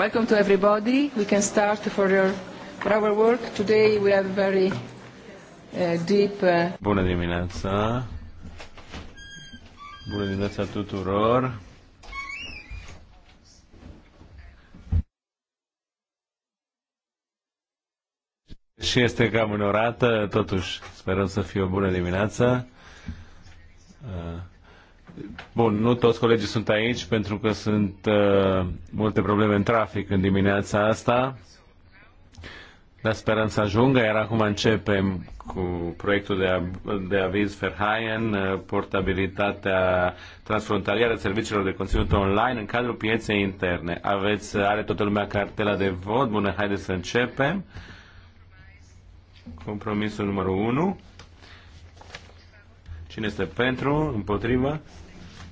Welcome to everybody. We can start for, your, for our work. Today we have very uh, deep... Uh... Bună dimineața! Bună dimineața tuturor! Și este cam în orată, totuși sperăm să fie o bună dimineață. Uh. Bun, nu toți colegii sunt aici pentru că sunt uh, multe probleme în trafic în dimineața asta, dar sperăm să ajungă, iar acum începem cu proiectul de, de aviz Ferhaien, uh, portabilitatea transfrontalieră a serviciilor de conținut online în cadrul pieței interne. Aveți, are toată lumea cartela de vot, bună, haideți să începem. Compromisul numărul 1. Cine este pentru? Împotrivă?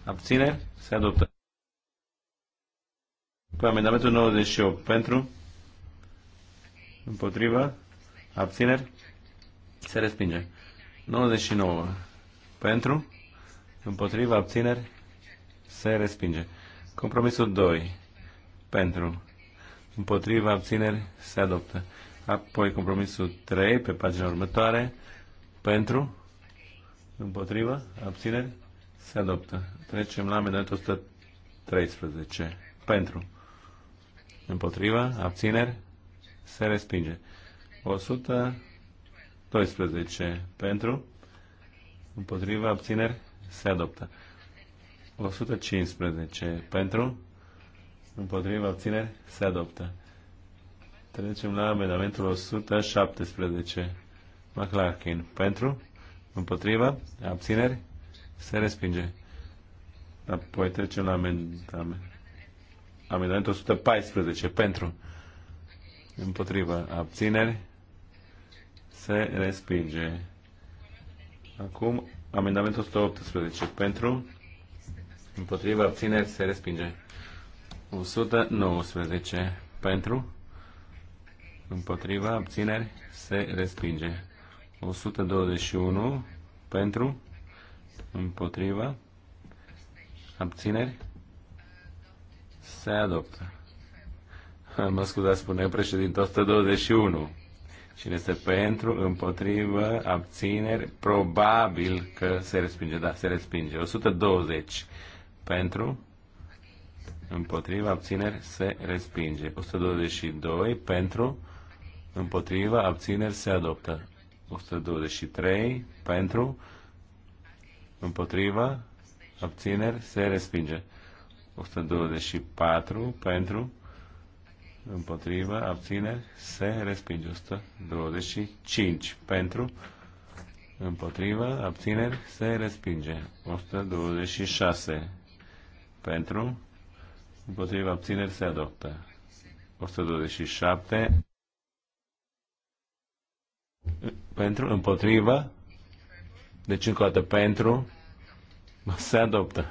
Abțineri? Se adoptă. Pe amendamentul 98. Pentru? Împotrivă? Abțineri? Se respinge. 99. Pentru? Împotrivă? Abțineri? Se respinge. Compromisul 2. Pentru? Împotrivă? Abțineri? Se adoptă. Apoi compromisul 3 pe pagina următoare. Pentru? Împotrivă? Abțineri? Se adoptă. Trecem la amendamentul 113. Pentru. Împotriva. Abțineri. Se respinge. 112. Pentru. Împotriva. Abțineri. Se adoptă. 115. Pentru. Împotriva. Abțineri. Se adoptă. Trecem la amendamentul 117. McLarkin. Pentru. Împotriva. Abțineri se respinge. Apoi trecem la amendament. Amendamentul 114 pentru împotriva abțineri se respinge. Acum amendamentul 118 pentru împotriva abțineri se respinge. 119 pentru împotriva abțineri se respinge. 121 pentru Împotriva? Abțineri? Se adoptă. Mă scuzați, spune președinte, 121. Cine este pentru, împotrivă, abțineri, probabil că se respinge. Da, se respinge. 120 pentru, împotrivă, abțineri, se respinge. 122 pentru, împotrivă, abțineri, se adoptă. 123 pentru, împotriva, abțineri, se respinge. 124 pentru, împotriva, abțineri, se respinge. 125 pentru, împotriva, abțineri, se respinge. 126 pentru, împotriva, abțineri, se adoptă. 127 pentru, împotriva, deci, încă o dată, pentru se adoptă.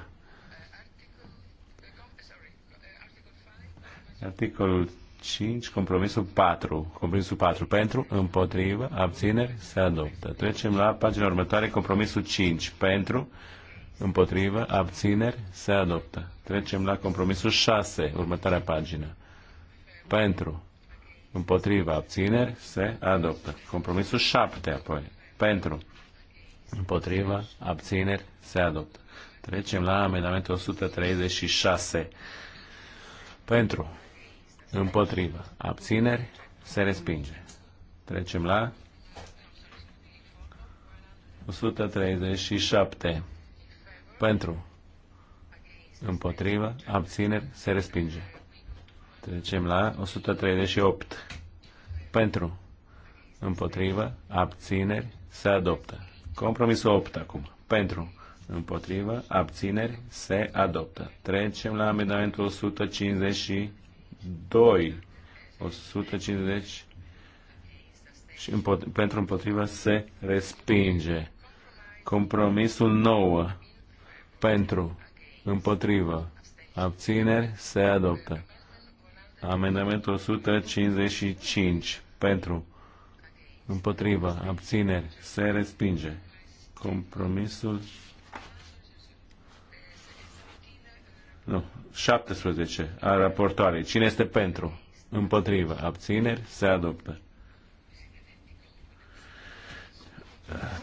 Articolul 5, compromisul 4. Compromisul 4 pentru, împotrivă, abțineri, se adoptă. Trecem la pagina următoare, compromisul 5 pentru, împotrivă, abțineri, se adoptă. Trecem la compromisul 6, următoarea pagină. Pentru, împotrivă, abțineri, se adoptă. Compromisul 7 apoi. Pentru, Împotriva, abțineri, se adoptă. Trecem la amendamentul 136. Pentru, împotriva, abțineri, se respinge. Trecem la 137. Pentru, împotriva, abțineri, se respinge. Trecem la 138. Pentru, împotriva, abțineri, se adoptă. Compromisul 8 acum. Pentru. Împotrivă. Abțineri. Se adoptă. Trecem la amendamentul 152. 150 și împot- pentru împotrivă se respinge. Compromisul 9 pentru împotrivă abțineri se adoptă. Amendamentul 155 pentru împotrivă abțineri se respinge. Compromisul Nu. 17 a raportoarei. Cine este pentru? Împotrivă. Abțineri? Se adoptă.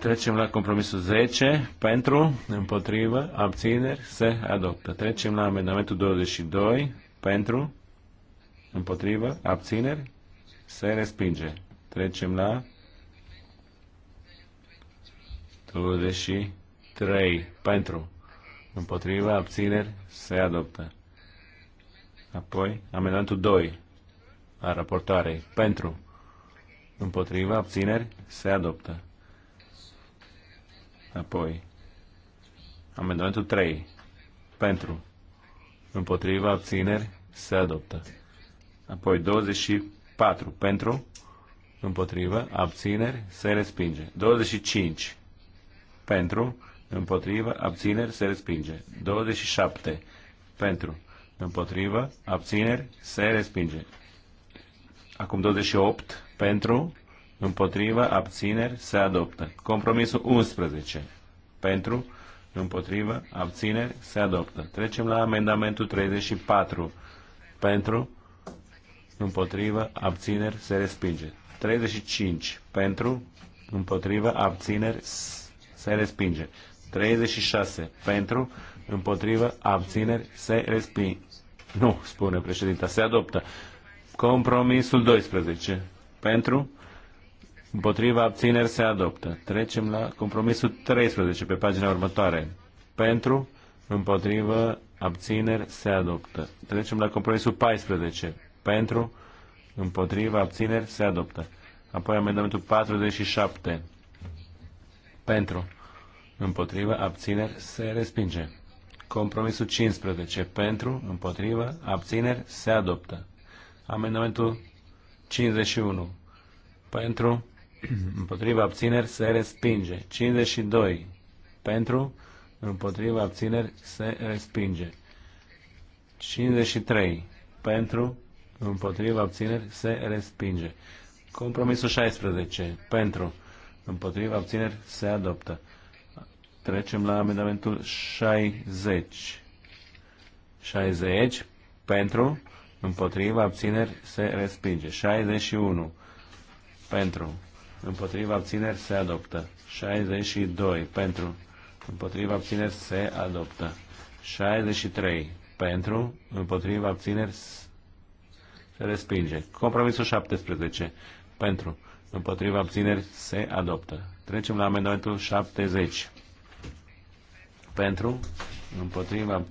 Trecem la compromisul 10. Pentru? Împotrivă. Abțineri? Se adoptă. Trecem la amendamentul 22. Pentru? Împotrivă. Abțineri? Se respinge. Trecem la 23 pentru. Împotriva abțineri se adoptă. Apoi, amendamentul 2 a raportoarei. Pentru. Împotriva abțineri se adoptă. Apoi, amendamentul 3. Pentru. Împotriva abțineri se adoptă. Apoi 24. Pentru. Împotriva abțineri se respinge. 25 pentru, împotrivă, abțineri, se respinge. 27 pentru, împotrivă, abțineri, se respinge. Acum 28 pentru, împotrivă, abțineri, se adoptă. Compromisul 11 pentru, împotrivă, abțineri, se adoptă. Trecem la amendamentul 34 pentru, împotrivă, abțineri, se respinge. 35 pentru, împotrivă, abțineri, se se respinge. 36 pentru, împotrivă, abțineri, se respinge. Nu, spune președinta, se adoptă. Compromisul 12 pentru, împotriva, abțineri, se adoptă. Trecem la compromisul 13 pe pagina următoare. Pentru, împotrivă, abțineri, se adoptă. Trecem la compromisul 14 pentru, împotriva, abțineri, se adoptă. Apoi amendamentul 47 pentru, împotrivă, abțineri, se respinge. Compromisul 15 pentru, împotrivă, abțineri, se adoptă. Amendamentul 51 pentru, împotrivă, abțineri, se respinge. 52 pentru, împotrivă, abțineri, se respinge. 53 pentru, împotrivă, abțineri, se respinge. Compromisul 16 pentru, împotriva, abțineri, se adoptă. Trecem la amendamentul 60. 60 pentru, împotriva, abțineri, se respinge. 61 pentru, împotriva, abțineri, se adoptă. 62 pentru, împotriva, abțineri, se adoptă. 63 pentru, împotriva, abțineri, se respinge. Compromisul 17 pentru, împotriva abțineri se adoptă. Trecem la amendamentul 70. Pentru, împotriva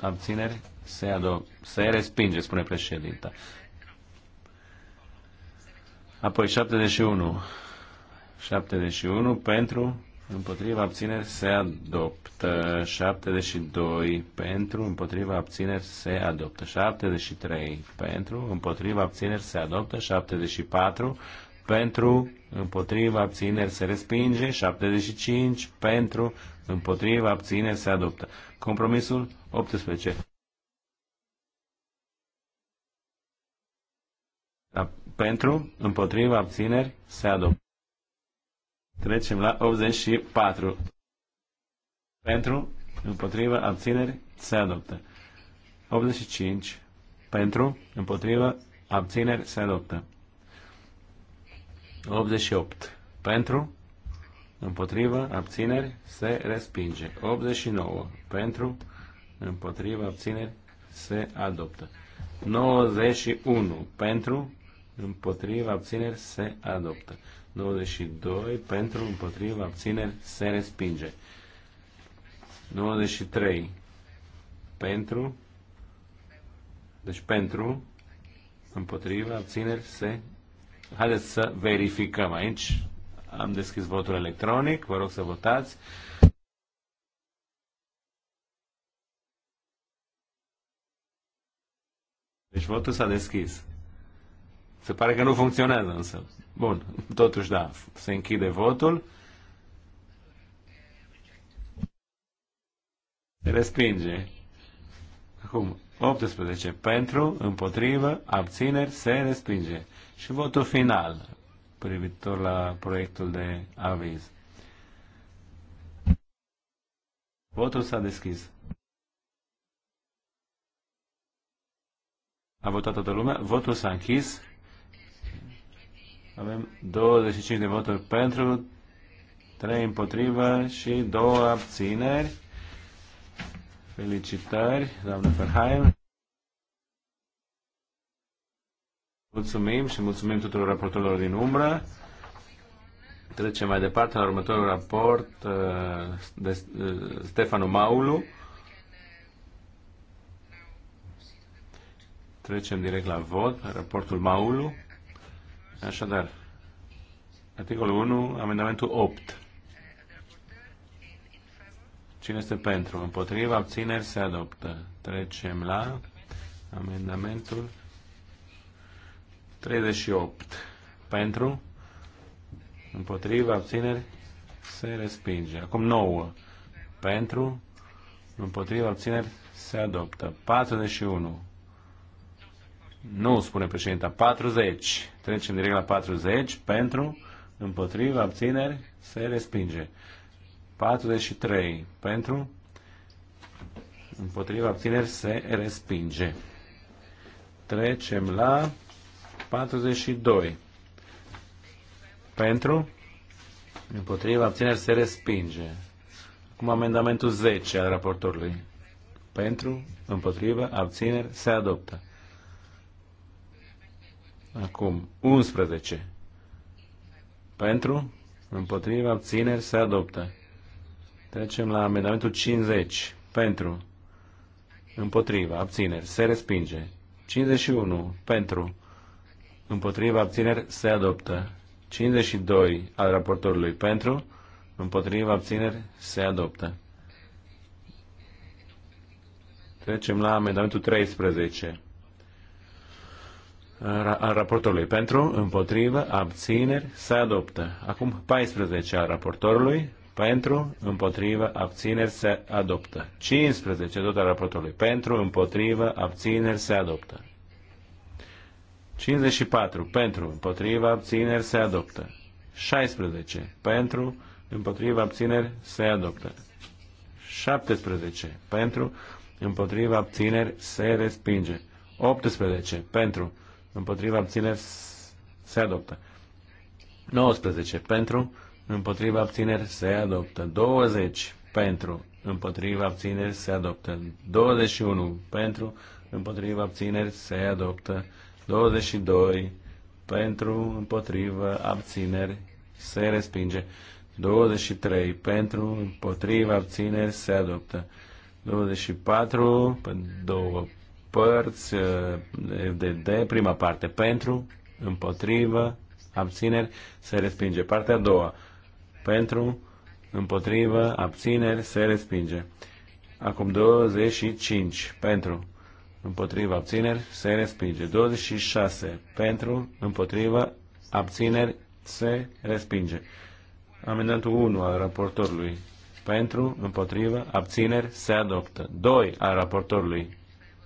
abțineri se, adoptă, se respinge, spune președinta. Apoi 71. 71 pentru, împotriva abțineri se adoptă. 72 pentru, împotriva abțineri se adoptă. 73 pentru, împotriva abțineri se adoptă. 74 pentru, împotriva, abțineri se respinge, 75 pentru, împotriva, abțineri se adoptă. Compromisul 18. Da, pentru, împotriva, abțineri se adoptă. Trecem la 84. Pentru, împotriva, abțineri se adoptă. 85. Pentru, împotriva, abțineri se adoptă. 88. Pentru, împotrivă, abțineri, se respinge. 89. Pentru, împotrivă, abțineri, se adoptă. 91. Pentru, împotrivă, abțineri, se adoptă. 92. Pentru, împotrivă, abțineri, se respinge. 93. Pentru, deci pentru, împotriva, abțineri, se Haideți să verificăm aici. Am deschis votul electronic. Vă rog să votați. Deci votul s-a deschis. Se pare că nu funcționează însă. Bun, totuși da, se închide votul. Se respinge. Acum, 18 pentru, împotrivă, abțineri, se respinge și votul final privitor la proiectul de aviz. Votul s-a deschis. A votat toată lumea. Votul s-a închis. Avem 25 de voturi pentru, 3 împotrivă și 2 abțineri. Felicitări, doamnă Ferhaim. Mulțumim și mulțumim tuturor raportorilor din umbră. Trecem mai departe la următorul raport uh, de uh, Stefano Maulu. Trecem direct la vot, raportul Maulu. Așadar, articolul 1, amendamentul 8. Cine este pentru? Împotriva, abțineri, se adoptă. Trecem la amendamentul 38 pentru, împotriva, abțineri, se respinge. Acum 9 pentru, împotriva, abțineri, se adoptă. 41 nu, spune președinta, 40. Trecem direct la 40. Pentru, împotriva, abțineri, se respinge. 43. Pentru, împotriva, abțineri, se respinge. Trecem la 42. Pentru? Împotriva abțineri se respinge. Acum amendamentul 10 al raportorului. Pentru? Împotriva abțineri se adoptă. Acum 11. Pentru? Împotriva abțineri se adoptă. Trecem la amendamentul 50. Pentru? Împotriva abțineri se respinge. 51. Pentru? împotriva abțineri se adoptă. 52 al raportorului pentru, împotriva abțineri se adoptă. Trecem la amendamentul 13 al raportorului pentru, Împotriva abțineri, se adoptă. Acum 14 al raportorului, pentru, Împotriva abțineri, se adoptă. 15 tot al raportorului, pentru, Împotriva abțineri, se adoptă. 54 pentru, împotriva abțineri se adoptă. 16 pentru, împotriva abțineri se adoptă. 17 pentru, împotriva abțineri se respinge. 18 pentru, împotriva abțineri se adoptă. 19 pentru, împotriva abțineri se adoptă. 20 pentru, împotriva abțineri se adoptă. 21 pentru, împotriva abțineri se adoptă. 22 pentru, împotrivă, abțineri, se respinge. 23 pentru, împotrivă, abțineri, se adoptă. 24 două părți, eh, de prima parte pentru, împotrivă, abțineri, se respinge. Partea a doua, pentru, împotrivă, abțineri, se respinge. Acum 25 pentru, împotriva abțineri, se respinge. 26 pentru, împotriva abțineri, se respinge. Amendamentul 1 al raportorului pentru, împotriva, abțineri, se adoptă. 2 al raportorului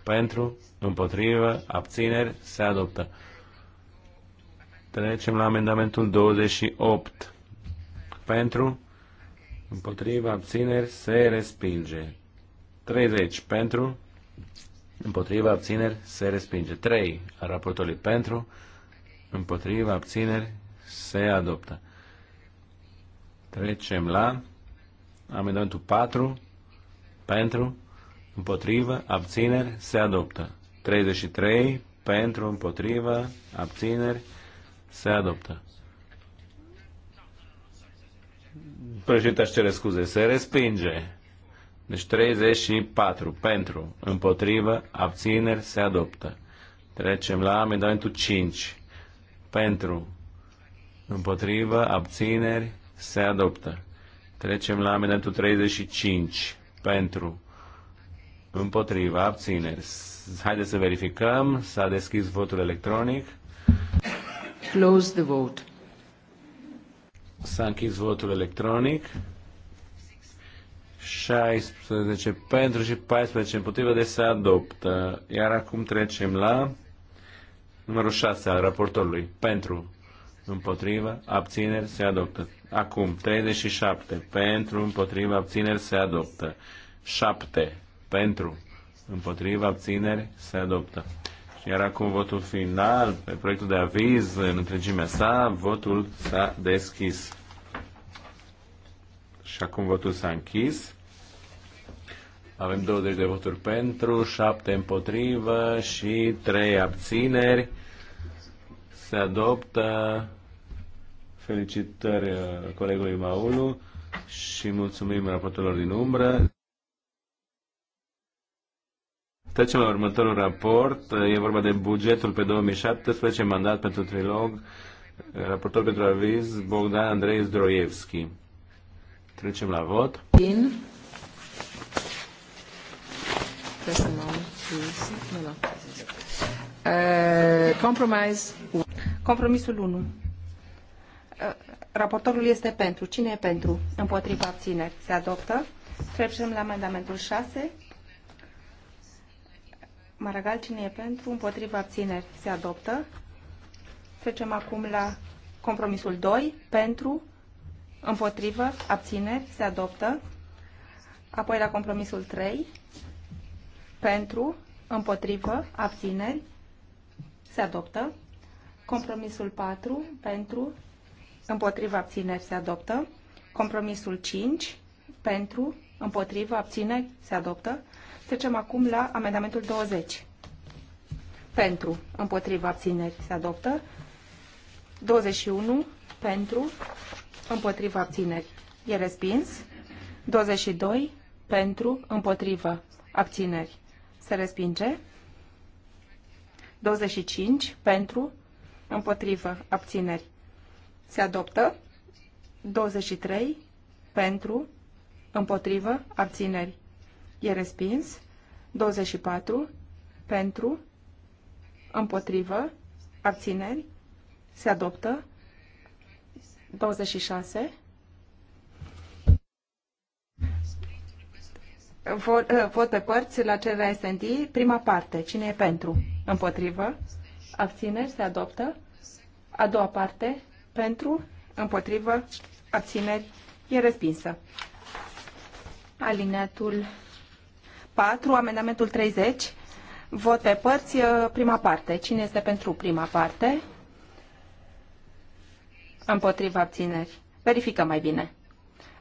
pentru, împotriva, abțineri, se adoptă. Trecem la amendamentul 28. Pentru, împotriva, abțineri, se respinge. 30 pentru, împotriva abțineri se respinge. 3 al raportului pentru, împotriva abțineri se adoptă. Trecem la amendamentul 4 pentru, împotriva abțineri se adoptă. 33 pentru, împotriva abțineri se adoptă. Președinte, aș cere scuze, se respinge. Deci 34 pentru, împotrivă, abțineri, se adoptă. Trecem la amendamentul 5. Pentru, împotrivă, abțineri, se adoptă. Trecem la amendamentul 35. Pentru, împotrivă, abțineri. Haideți să verificăm. S-a deschis votul electronic. Close the vote. S-a închis votul electronic. 16 pentru și 14 împotrivă, de deci se adoptă. Iar acum trecem la numărul 6 al raportorului. Pentru, împotrivă, abțineri, se adoptă. Acum, 37 pentru, împotrivă, abțineri, se adoptă. 7 pentru, împotrivă, abțineri, se adoptă. Iar acum votul final pe proiectul de aviz în întregimea sa, votul s-a deschis. Și acum votul s-a închis. Avem 20 de voturi pentru, 7 împotrivă și 3 abțineri. Se adoptă. Felicitări uh, colegului Maulu și mulțumim raportelor din umbră. Trecem la următorul raport. Uh, e vorba de bugetul pe 2017, mandat pentru trilog, uh, raportor pentru aviz Bogdan Andrei Zdroievski. Trecem la vot. In. Uh, compromise. Compromisul 1. Uh, raportorul este pentru. Cine e pentru? Împotriva abțineri. Se adoptă. Trecem la amendamentul 6. Maragal, cine e pentru? Împotriva abțineri. Se adoptă. Trecem acum la compromisul 2. Pentru. Împotrivă, abțineri, se adoptă. Apoi la compromisul 3, pentru, împotrivă, abțineri, se adoptă. Compromisul 4, pentru, împotrivă, abțineri, se adoptă. Compromisul 5, pentru, împotrivă, abțineri, se adoptă. Trecem acum la amendamentul 20. Pentru, împotrivă, abțineri, se adoptă. 21, pentru, împotriva abțineri e respins. 22 pentru, împotriva abțineri se respinge. 25 pentru, împotriva abțineri se adoptă. 23 pentru, împotriva abțineri e respins. 24 pentru, împotriva abțineri se adoptă. 26. Vot, eh, vot pe părți la cererea SND. Prima parte. Cine e pentru? Împotrivă. Abțineri. Se adoptă. A doua parte. Pentru. Împotrivă. Abțineri. E respinsă. Alineatul 4. Amendamentul 30. Vot pe părți. Eh, prima parte. Cine este pentru prima parte? Împotriva abțineri. Verificăm mai bine.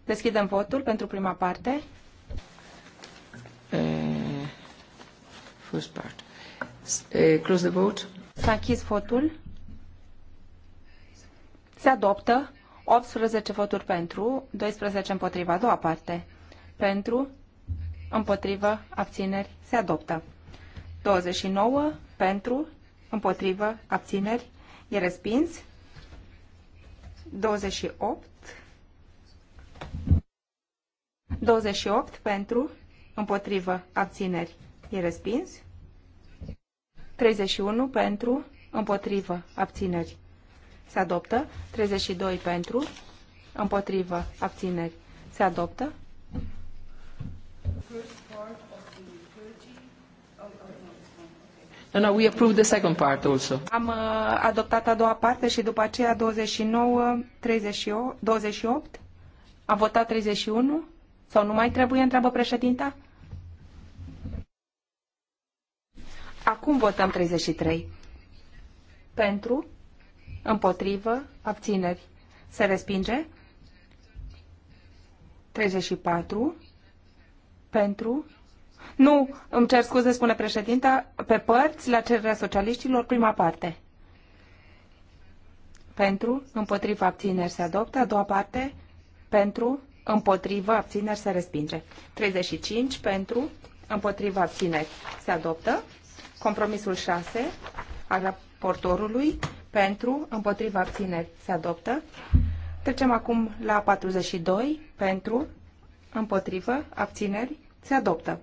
Deschidem votul pentru prima parte. Uh, first part. Uh, close the vote. S-a închis votul. Se adoptă 18 voturi pentru, 12 împotriva. A doua parte. Pentru, împotrivă, abțineri, se adoptă. 29 pentru, împotrivă, abțineri, e respins. 28. 28 pentru, împotrivă, abțineri, e respins. 31 pentru, împotrivă, abțineri, se adoptă. 32 pentru, împotrivă, abțineri, se adoptă. First part. No, no, we approved the second part also. Am uh, adoptat a doua parte și după aceea 29, 38, 28, am votat 31 sau nu mai trebuie, întreabă președinta? Acum votăm 33. Pentru, împotrivă, abțineri. Se respinge? 34. Pentru, nu, îmi cer scuze, spune președinta, pe părți, la cererea socialiștilor, prima parte. Pentru, împotriva, abțineri se adoptă. A doua parte, pentru, împotriva, abțineri se respinge. 35, pentru, împotriva, abțineri se adoptă. Compromisul 6 al raportorului, pentru, împotriva, abțineri se adoptă. Trecem acum la 42, pentru, împotrivă, abțineri, se adoptă.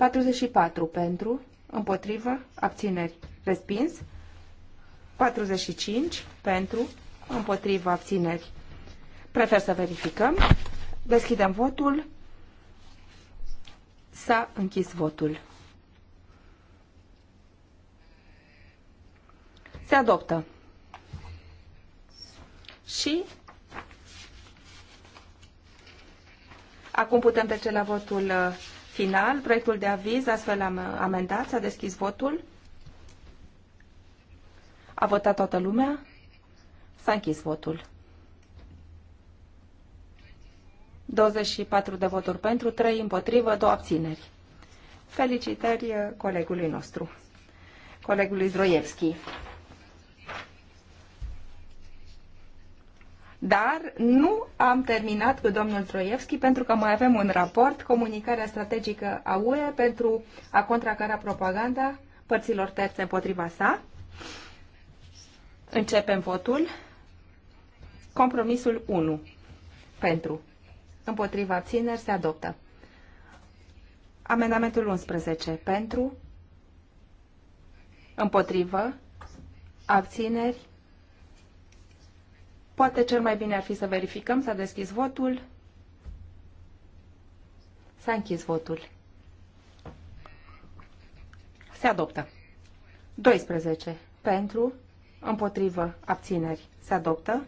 44 pentru, împotrivă, abțineri, respins. 45 pentru, împotrivă, abțineri. Prefer să verificăm. Deschidem votul. S-a închis votul. Se adoptă. Și acum putem trece la votul uh, final, proiectul de aviz, astfel am amendat, s-a deschis votul. A votat toată lumea. S-a închis votul. 24 de voturi pentru, 3 împotrivă, 2 abțineri. Felicitări colegului nostru, colegului Zdroievski. Dar nu am terminat cu domnul Troievski pentru că mai avem un raport, comunicarea strategică a UE pentru a contracara propaganda părților terțe împotriva sa. Începem votul. Compromisul 1. Pentru. Împotriva abțineri se adoptă. Amendamentul 11. Pentru. Împotrivă. Abțineri. Poate cel mai bine ar fi să verificăm, s-a deschis votul. S-a închis votul. Se adoptă. 12. Pentru, împotrivă, abțineri. Se adoptă.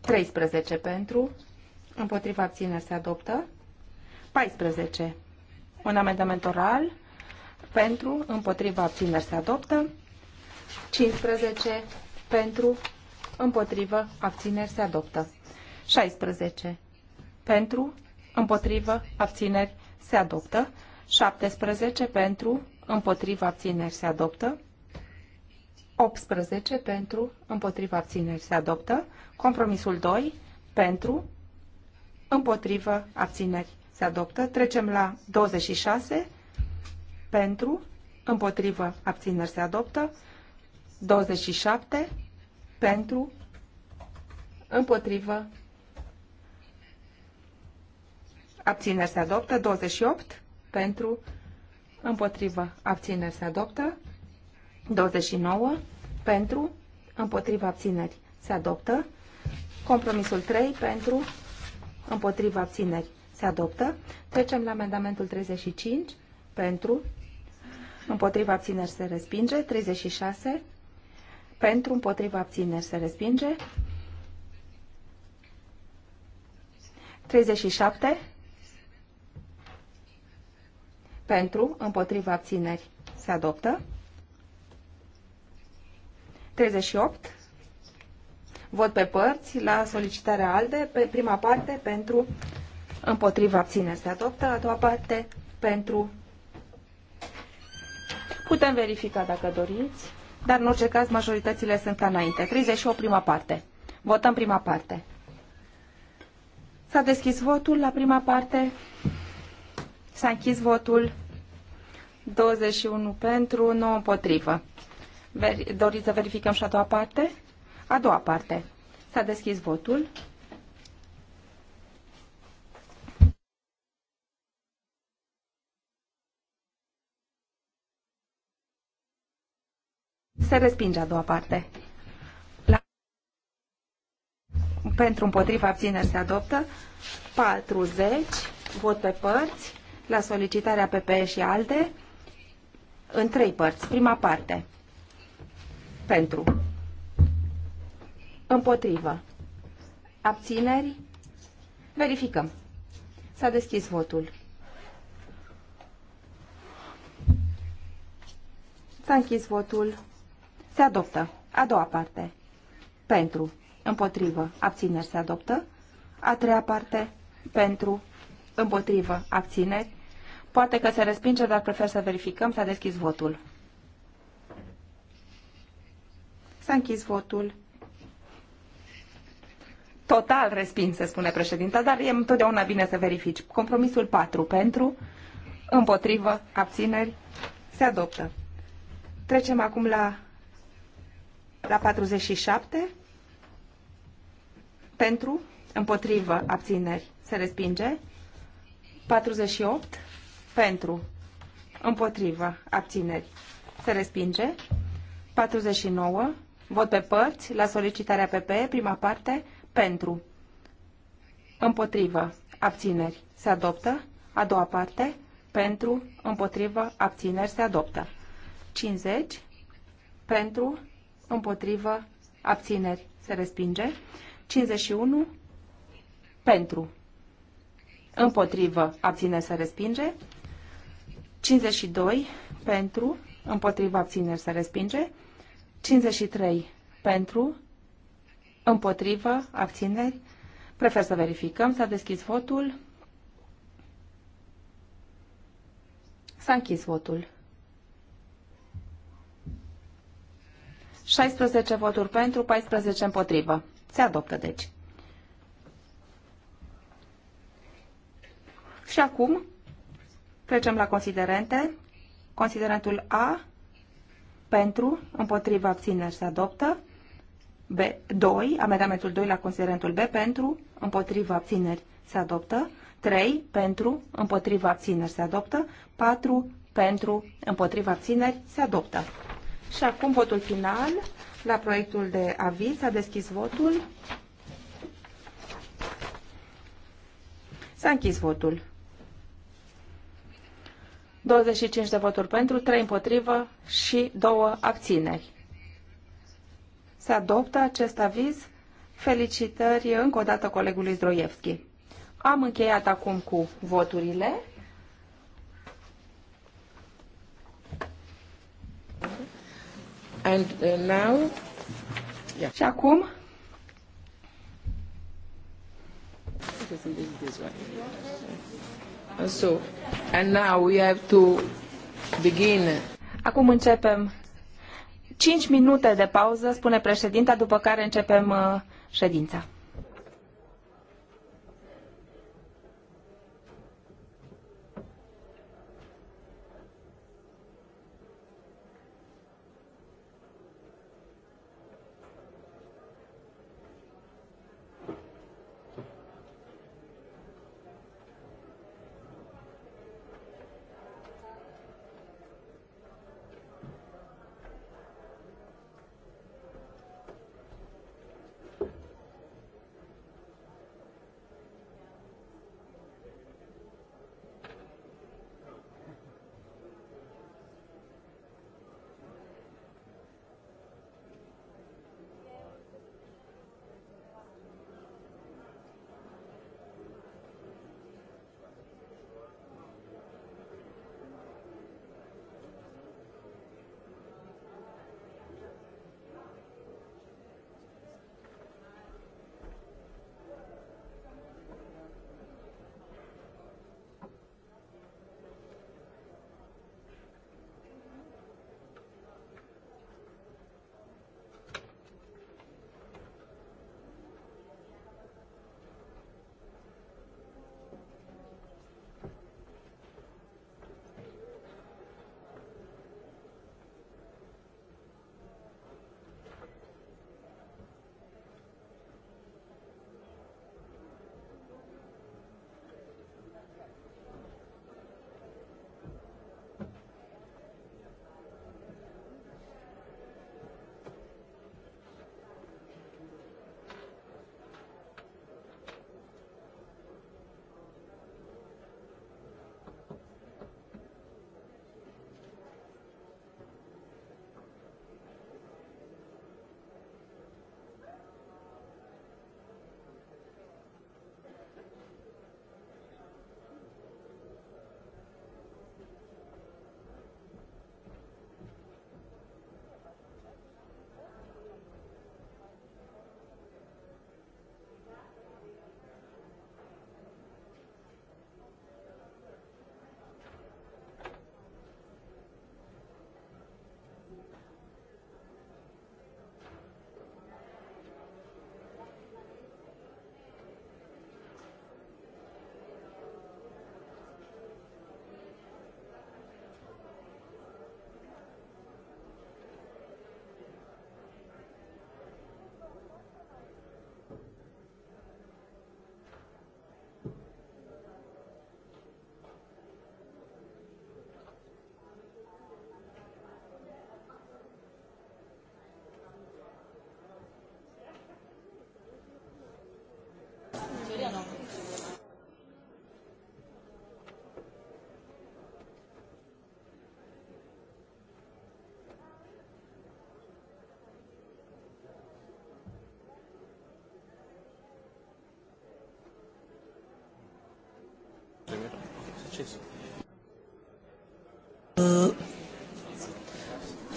13 pentru, Împotrivă. abțineri se adoptă. 14. Un amendament oral pentru, Împotrivă. abțineri se adoptă. 15 pentru, împotrivă, abțineri se adoptă. 16. Pentru, împotrivă, abțineri se adoptă. 17. Pentru, împotrivă, abțineri se adoptă. 18. Pentru, împotrivă, abțineri se adoptă. Compromisul 2. Pentru, împotrivă, abțineri se adoptă. Trecem la 26. Pentru, împotrivă, abțineri se adoptă. 27 pentru, împotrivă, abțineri se adoptă, 28 pentru, împotrivă, abțineri se adoptă, 29 pentru, împotrivă, abțineri se adoptă, compromisul 3 pentru, împotrivă, abțineri se adoptă. Trecem la amendamentul 35 pentru, împotrivă, abțineri se respinge, 36 pentru, împotriva abțineri se respinge. 37 pentru, împotriva abțineri se adoptă. 38 vot pe părți la solicitarea ALDE, pe prima parte pentru împotriva abțineri se adoptă, a doua parte pentru putem verifica dacă doriți dar în orice caz majoritățile sunt ca înainte. 38 prima parte. Votăm prima parte. S-a deschis votul la prima parte. S-a închis votul. 21 pentru, 9 împotrivă. Doriți să verificăm și a doua parte? A doua parte. S-a deschis votul. Se respinge a doua parte. La... Pentru împotriva abțineri se adoptă 40, vot pe părți, la solicitarea PPE și ALDE, în trei părți. Prima parte. Pentru. Împotrivă. Abțineri. Verificăm. S-a deschis votul. S-a închis votul. Se adoptă. A doua parte. Pentru. Împotrivă. Abțineri se adoptă. A treia parte. Pentru. Împotrivă. Abțineri. Poate că se respinge, dar prefer să verificăm. S-a deschis votul. S-a închis votul. Total respins, se spune președinta, dar e întotdeauna bine să verifici. Compromisul 4 pentru, împotrivă, abțineri, se adoptă. Trecem acum la la 47 pentru, împotrivă, abțineri, se respinge. 48 pentru, împotrivă, abțineri, se respinge. 49 vot pe părți la solicitarea PP, prima parte, pentru, împotrivă, abțineri, se adoptă. A doua parte, pentru, împotrivă, abțineri, se adoptă. 50 pentru, împotrivă, abțineri, se respinge. 51 pentru, împotrivă, abțineri, se respinge. 52 pentru, împotrivă, abțineri, se respinge. 53 pentru, împotrivă, abțineri. Prefer să verificăm. S-a deschis votul. S-a închis votul. 16 voturi pentru, 14 împotrivă. Se adoptă, deci. Și acum trecem la considerente. Considerentul A, pentru, împotrivă, abțineri, se adoptă. B2, amendamentul 2 la considerentul B, pentru, împotrivă, abțineri, se adoptă. 3, pentru, împotrivă, abțineri, se adoptă. 4, pentru, împotrivă, abțineri, se adoptă. Și acum votul final la proiectul de aviz. S-a deschis votul. S-a închis votul. 25 de voturi pentru, 3 împotrivă și 2 abțineri. Se adoptă acest aviz. Felicitări încă o dată colegului Zdroievski. Am încheiat acum cu voturile. And uh, now... Yeah. Și acum... And uh, so, and now we have to begin. Acum începem 5 minute de pauză, spune președinta, după care începem uh, ședința.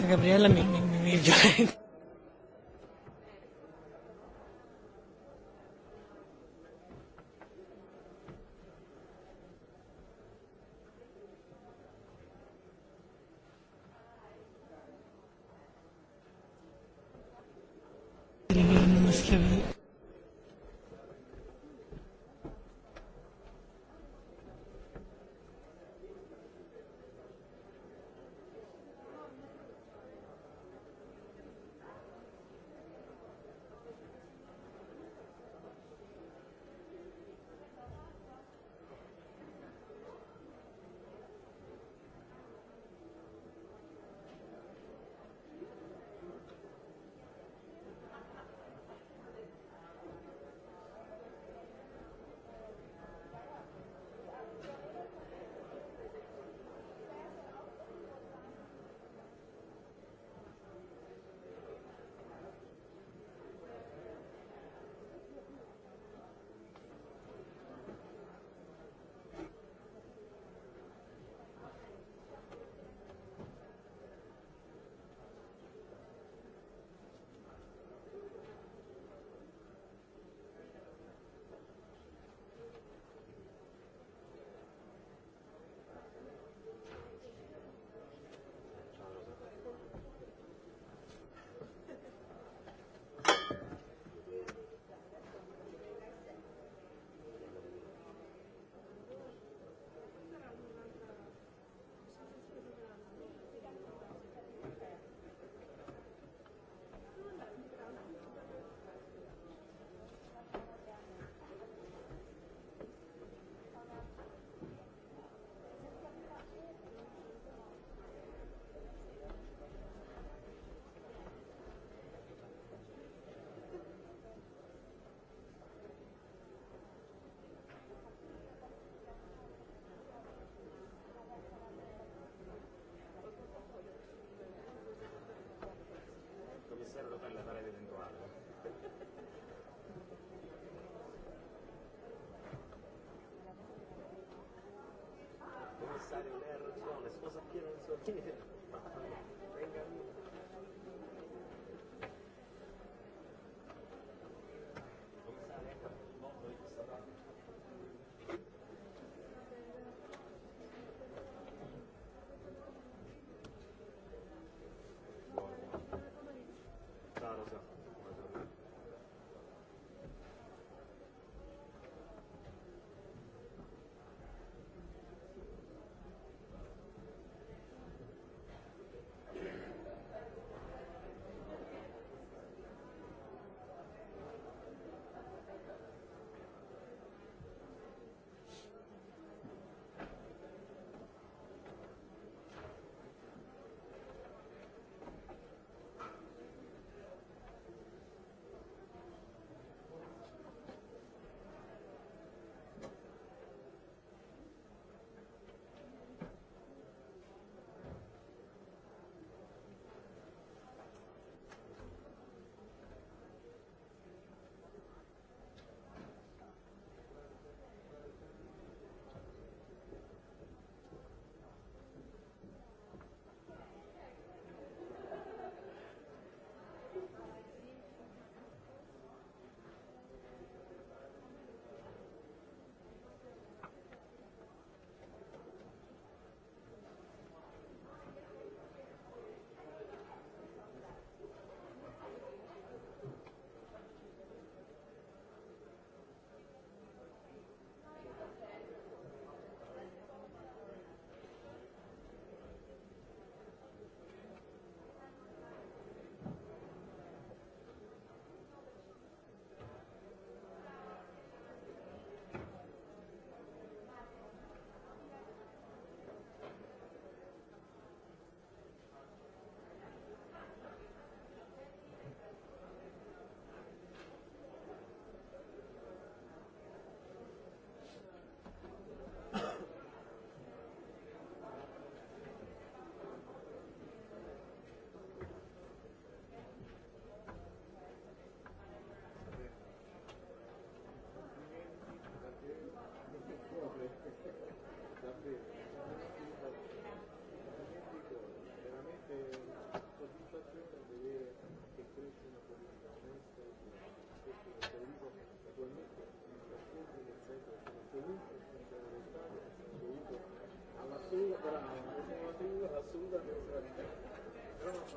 Gabriela mi, mi, mi, mi was appearance of Gracias.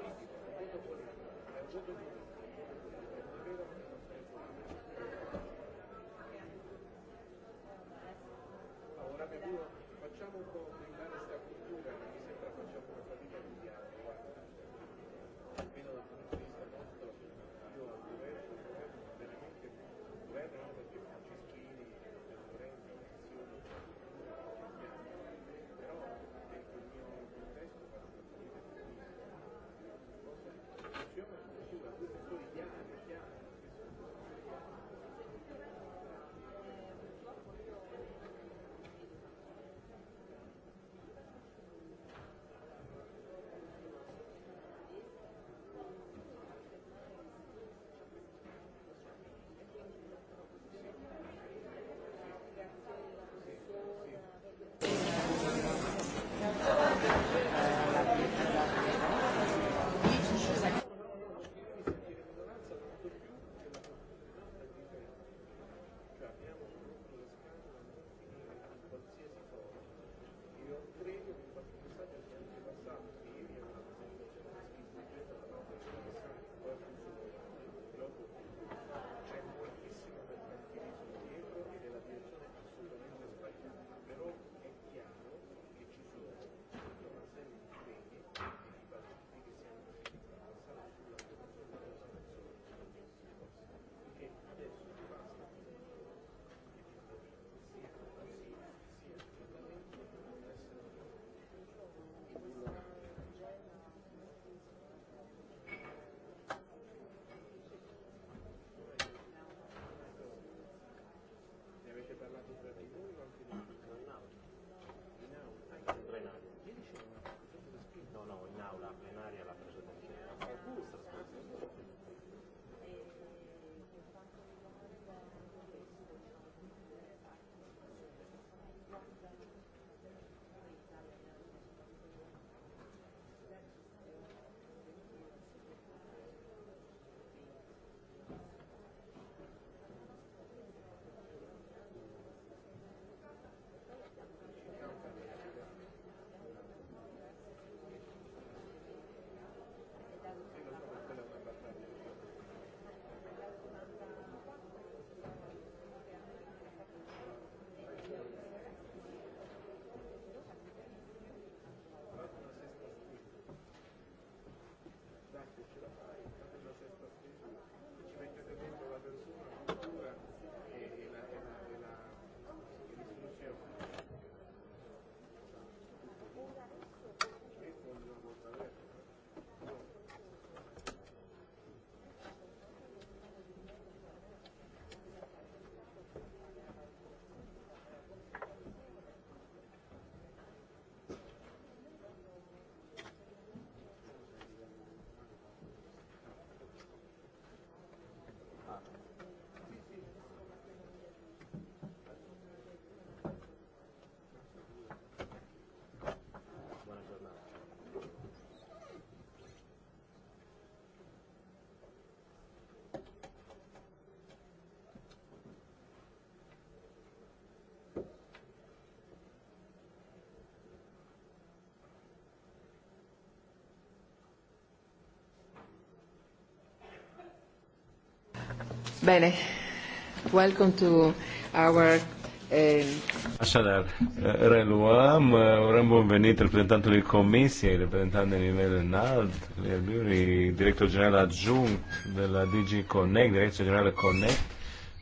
politică, regulă politică. Dar jocul Ora che facciamo un po' Bine. Welcome to our eh, Așadar, eh, reluăm, eh, urăm bun venit reprezentantului Comisiei, reprezentant de nivel înalt, director general adjunct de la DG Connect, director generală Connect,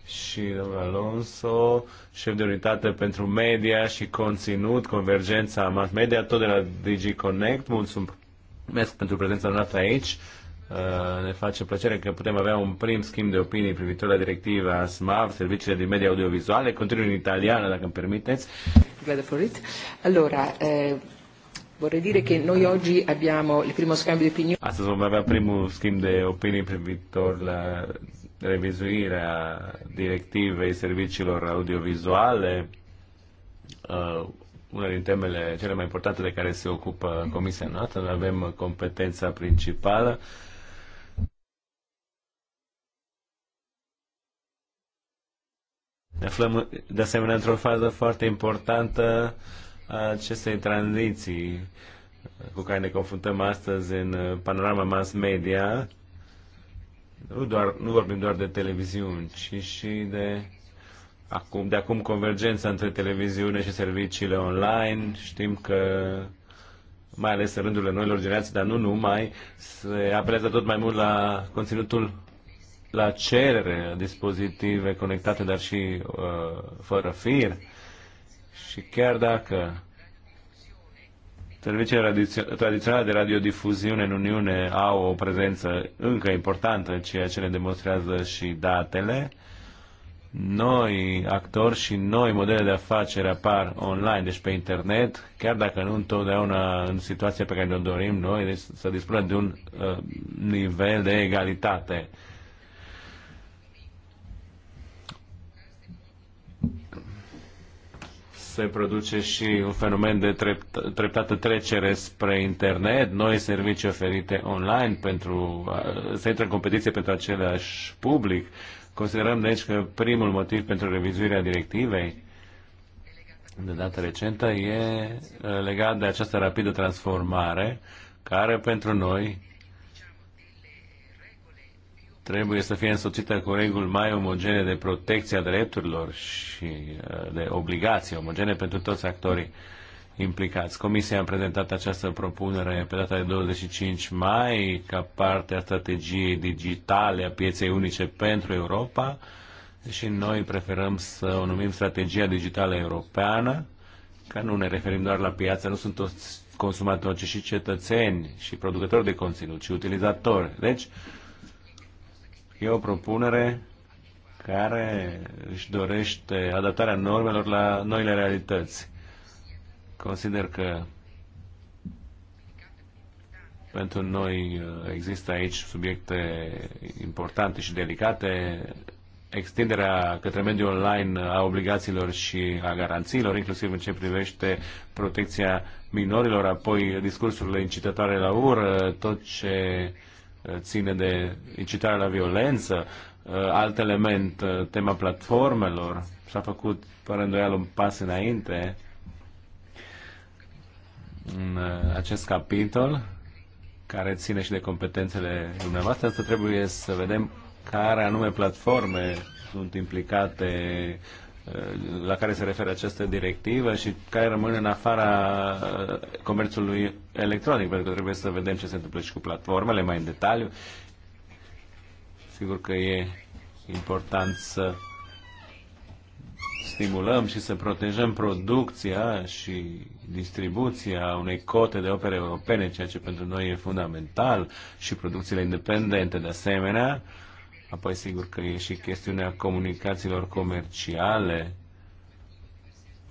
și domnul Alonso, șef de unitate pentru media și conținut, convergența mass media, tot de la DG Connect. Mulțumesc pentru prezența noastră aici ne face plăcere că putem avea un prim schimb de opinii privitor la directiva SMAV, serviciile de media audiovizuale, continuu în italiană, dacă îmi permiteți. Grazie for it. Allora, eh, vorrei dire che noi oggi abbiamo il primo scambio di opinioni. Astăzi vom avea primul schimb de opinii privitor la revizuirea directivei serviciilor audiovizuale, uh, una din temele cele mai importante de care se ocupă Comisia noastră. Noi avem competența principală. Uh, Ne aflăm de asemenea într-o fază foarte importantă a acestei tranziții cu care ne confruntăm astăzi în panorama mass media. Nu, doar, nu vorbim doar de televiziuni, ci și de acum, de acum convergența între televiziune și serviciile online. Știm că mai ales în rândurile noilor generații, dar nu numai, se apelează tot mai mult la conținutul la cerere dispozitive conectate, dar și uh, fără fir. Și chiar dacă serviciile tradiționale de radiodifuziune în Uniune au o prezență încă importantă, ceea ce ne demonstrează și datele, noi actori și noi modele de afacere apar online, deci pe internet, chiar dacă nu întotdeauna în situația pe care ne-o dorim noi, deci să dispunem de un uh, nivel de egalitate se produce și un fenomen de trept, treptată trecere spre internet, noi servicii oferite online pentru, se intre în competiție pentru același public. Considerăm deci că primul motiv pentru revizuirea directivei de dată recentă e legat de această rapidă transformare care pentru noi trebuie să fie însoțită cu reguli mai omogene de protecția drepturilor și uh, de obligații omogene pentru toți actorii implicați. Comisia a prezentat această propunere pe data de 25 mai ca parte a strategiei digitale a pieței unice pentru Europa și noi preferăm să o numim strategia digitală europeană, că nu ne referim doar la piață, nu sunt toți consumatori, ci și cetățeni și producători de conținut, ci utilizatori. Deci, E o propunere care își dorește adaptarea normelor la noile realități. Consider că pentru noi uh, există aici subiecte importante și delicate, extinderea către mediul online a obligațiilor și a garanțiilor, inclusiv în ce privește protecția minorilor, apoi discursurile incitatoare la ură, tot ce uh, Eh, ține de incitarea la violență, eh, alt element, eh, tema platformelor, s-a făcut fără îndoială un pas înainte în acest capitol care ține și de competențele dumneavoastră, asta trebuie să vedem care anume platforme sunt implicate Uh, la care se referă această directivă și care rămân în afara uh, comerțului electronic, pentru că trebuie să vedem ce se întâmplă și cu platformele mai în detaliu. Sigur că e important să stimulăm și să protejăm producția și distribuția unei cote de opere europene, ceea ce pentru noi e fundamental, și producțiile independente de asemenea Apoi sigur că e și chestiunea comunicațiilor comerciale,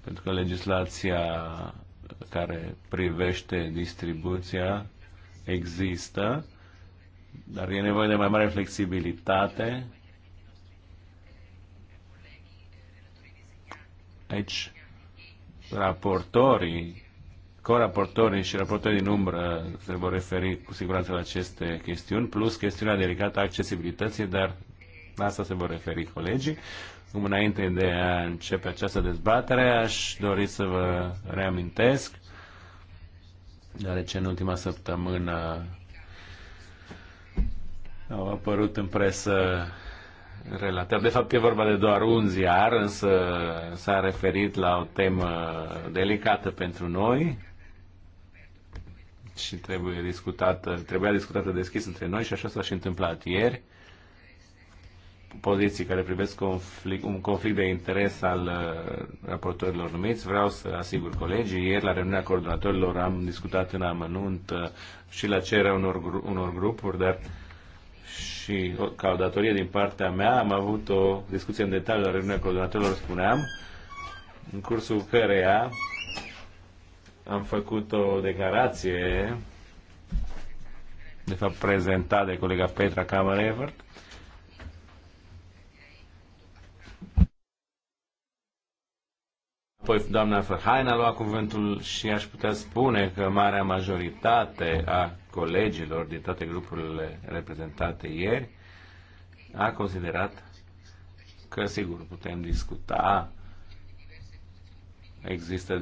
pentru că legislația care privește distribuția există, dar e nevoie de mai mare flexibilitate. Aici, raportorii coraportorii și raportorii din umbră se vor referi cu siguranță la aceste chestiuni, plus chestiunea delicată a accesibilității, dar la asta se vor referi colegii. Înainte de a începe această dezbatere, aș dori să vă reamintesc, deoarece în ultima săptămână au apărut în presă relativ. De fapt, e vorba de doar un ziar, însă s-a referit la o temă delicată pentru noi, și trebuie discutată, trebuia discutată deschis între noi și așa s-a și întâmplat ieri. Poziții care privesc conflict, un conflict de interes al uh, raportorilor numiți. Vreau să asigur colegii, ieri la reuniunea coordonatorilor am discutat în amănunt uh, și la cererea unor, unor grupuri, dar și ca o datorie din partea mea am avut o discuție în detaliu la reuniunea coordonatorilor, spuneam, în cursul căreia am făcut o declarație, de fapt prezentată de colega Petra Camerevert, Apoi doamna Ferhain a luat cuvântul și aș putea spune că marea majoritate a colegilor din toate grupurile reprezentate ieri a considerat că, sigur, putem discuta Există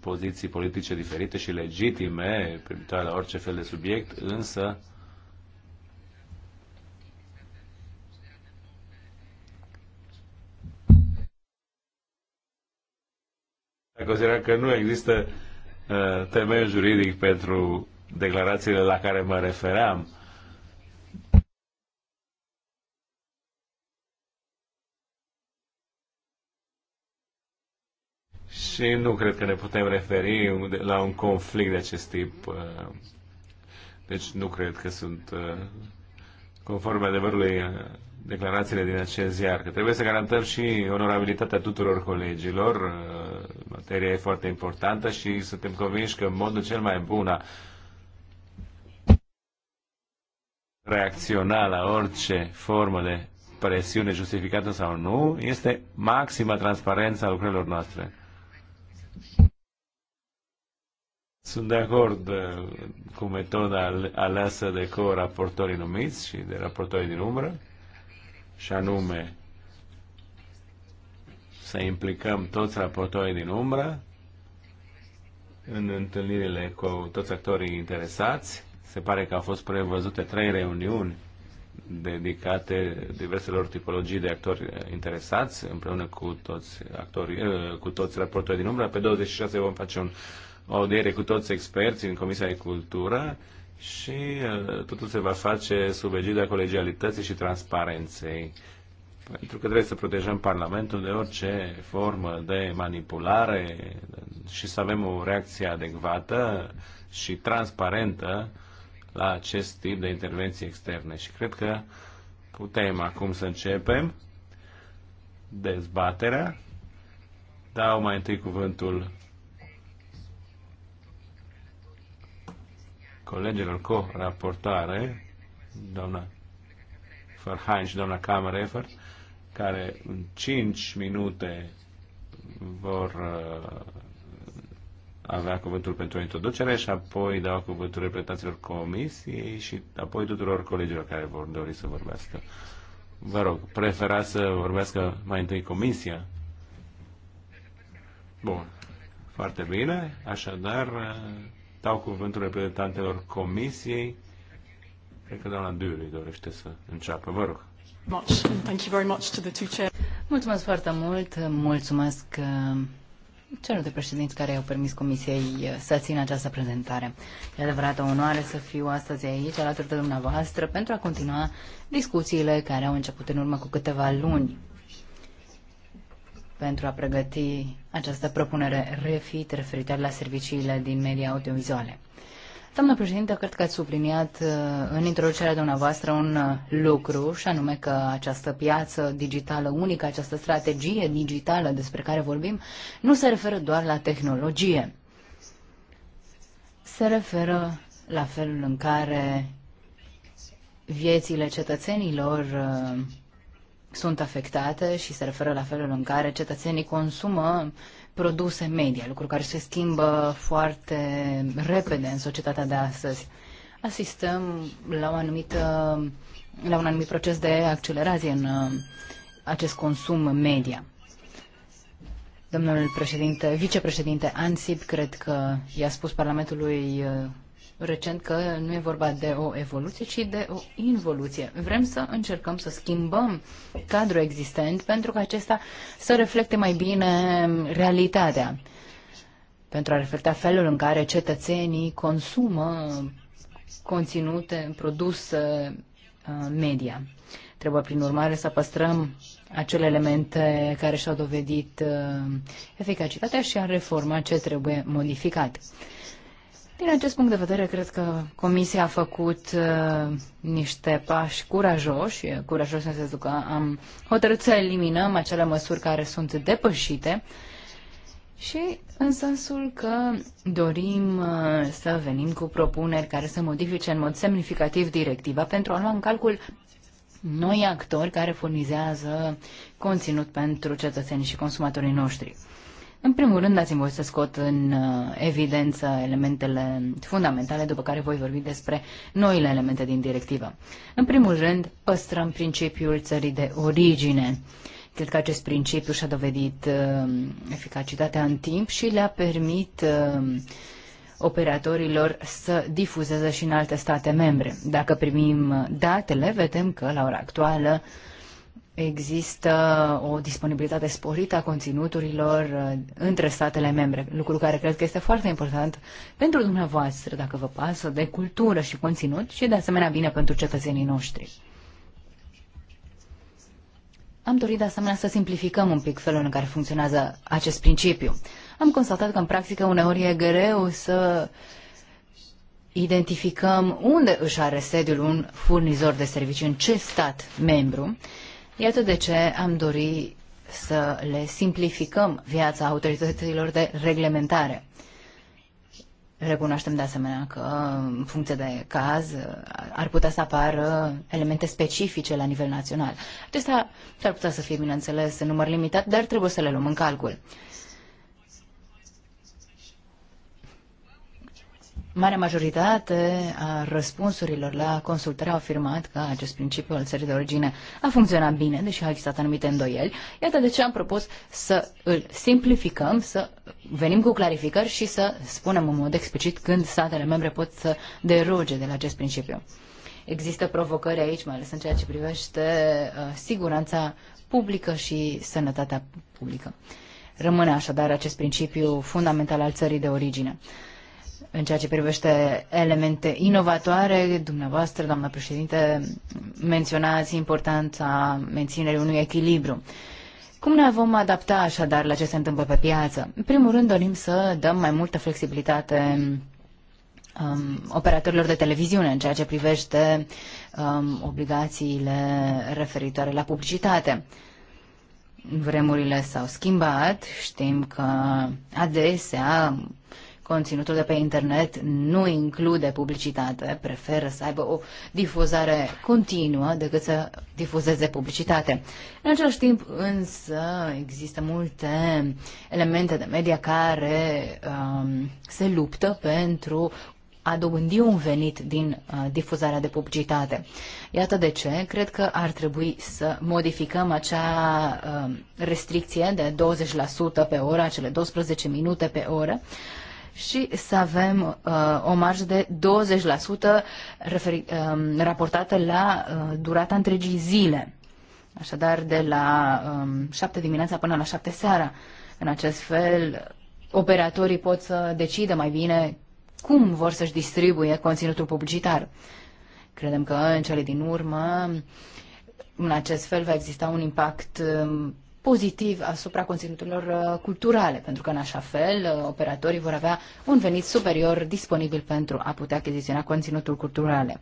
poziții politice diferite și legitime privitoare la orice fel de subiect, însă considerat că nu există uh, temei juridic pentru declarațiile la care mă refeream. și nu cred că ne putem referi la un conflict de acest tip. Uh, deci nu cred că sunt uh, conform adevărului uh, declarațiile din acest ziar, că trebuie să garantăm și onorabilitatea tuturor colegilor, materia e foarte importantă și suntem convinși că modul cel mai bun a reacționa la orice formă de presiune justificată sau nu, este maxima transparența lucrurilor noastre. Sunt de acord eh, cu metoda aleasă de co-raportorii numiți și de raportorii din umbră, și anume să implicăm toți raportorii din umbră în întâlnirile cu toți actorii interesați. Se pare că au fost prevăzute trei reuniuni dedicate diverselor tipologii de actori eh, interesați, împreună cu toți, actorii, eh, cu toți raportori din umbră. Pe 26 vom face un, o audiere cu toți experții în Comisia de Cultură și eh, totul se va face sub egida colegialității și transparenței. Pentru că trebuie să protejăm Parlamentul de orice formă de manipulare și să avem o reacție adecvată și transparentă la acest tip de intervenții externe. Și cred că putem acum să începem dezbaterea. Dau mai întâi cuvântul colegilor co-raportoare, doamna Farhain și doamna Kamerefer, care în 5 minute vor uh, avea cuvântul pentru introducere și apoi dau cuvântul reprezentanților comisiei și apoi tuturor colegilor care vor dori să vorbească. Vă rog, preferați să vorbească mai întâi comisia? Bun. Foarte bine. Așadar, dau cuvântul reprezentantelor comisiei. Cred că doamna Dury dorește să înceapă. Vă rog. Mulțumesc foarte mult. Mulțumesc uh, celor de președinți care au permis Comisiei uh, să țină această prezentare. E o onoare să fiu astăzi aici, alături de dumneavoastră, pentru a continua discuțiile care au început în urmă cu câteva luni pentru a pregăti această propunere refit referitoare la serviciile din media audiovizuale. Doamna președinte, cred că ați subliniat uh, în introducerea dumneavoastră un uh, lucru, și anume că această piață digitală unică, această strategie digitală despre care vorbim, nu se referă doar la tehnologie. Se referă la felul în care viețile cetățenilor uh, sunt afectate și se referă la felul în care cetățenii consumă uh, produse media, lucru care se schimbă foarte repede în societatea de astăzi. Asistăm la, o anumită, la un anumit proces de accelerație în uh, acest consum media. Domnul președinte, vicepreședinte Ansip, cred că i-a spus Parlamentului uh, recent că nu e vorba de o evoluție, ci de o involuție. Vrem să încercăm să schimbăm cadrul existent pentru că acesta să reflecte mai bine realitatea, pentru a reflecta felul în care cetățenii consumă conținute, produse uh, media. Trebuie, prin urmare, să păstrăm acele elemente care și-au dovedit uh, eficacitatea și a reforma ce trebuie modificat. Din acest punct de vedere, cred că Comisia a făcut uh, niște pași curajoși, curajoși în sensul că am hotărât să eliminăm acele măsuri care sunt depășite și în sensul că dorim uh, să venim cu propuneri care să modifice în mod semnificativ directiva pentru a lua în calcul noi actori care furnizează conținut pentru cetățenii și consumatorii noștri. În primul rând, dați-mi voi să scot în uh, evidență elementele fundamentale, după care voi vorbi despre noile elemente din directivă. În primul rând, păstrăm principiul țării de origine. Cred că acest principiu și-a dovedit uh, eficacitatea în timp și le-a permit uh, operatorilor să difuzeze și în alte state membre. Dacă primim datele, vedem că, la ora actuală, există o disponibilitate sporită a conținuturilor uh, între statele membre, lucru care cred că este foarte important pentru dumneavoastră, dacă vă pasă, de cultură și conținut și de asemenea bine pentru cetățenii noștri. Am dorit de asemenea să simplificăm un pic felul în care funcționează acest principiu. Am constatat că în practică uneori e greu să identificăm unde își are sediul un furnizor de servicii, în ce stat membru, Iată de ce am dori să le simplificăm viața autorităților de reglementare. Recunoaștem de asemenea că, în funcție de caz, ar putea să apară elemente specifice la nivel național. Acesta ar putea să fie, bineînțeles, în număr limitat, dar trebuie să le luăm în calcul. Marea majoritate a răspunsurilor la consultare au afirmat că acest principiu al țării de origine a funcționat bine, deși au existat anumite îndoieli. Iată de ce am propus să îl simplificăm, să venim cu clarificări și să spunem în mod explicit când statele membre pot să deroge de la acest principiu. Există provocări aici, mai ales în ceea ce privește uh, siguranța publică și sănătatea publică. Rămâne așadar acest principiu fundamental al țării de origine în ceea ce privește elemente inovatoare, dumneavoastră, doamna președinte, menționați importanța menținerii unui echilibru. Cum ne vom adapta așadar la ce se întâmplă pe piață? În primul rând dorim să dăm mai multă flexibilitate um, operatorilor de televiziune în ceea ce privește um, obligațiile referitoare la publicitate. Vremurile s-au schimbat, știm că adesea Conținutul de pe internet nu include publicitate, preferă să aibă o difuzare continuă decât să difuzeze publicitate. În același timp, însă, există multe elemente de media care um, se luptă pentru a dobândi un venit din uh, difuzarea de publicitate. Iată de ce cred că ar trebui să modificăm acea uh, restricție de 20% pe oră, acele 12 minute pe oră, și să avem uh, o marjă de 20% referi, uh, raportată la uh, durata întregii zile. Așadar, de la um, 7 dimineața până la 7 seara. În acest fel, operatorii pot să decidă mai bine cum vor să-și distribuie conținutul publicitar. Credem că în cele din urmă, în acest fel, va exista un impact um, pozitiv asupra conținuturilor uh, culturale, pentru că în așa fel uh, operatorii vor avea un venit superior disponibil pentru a putea achiziționa conținutul culturale.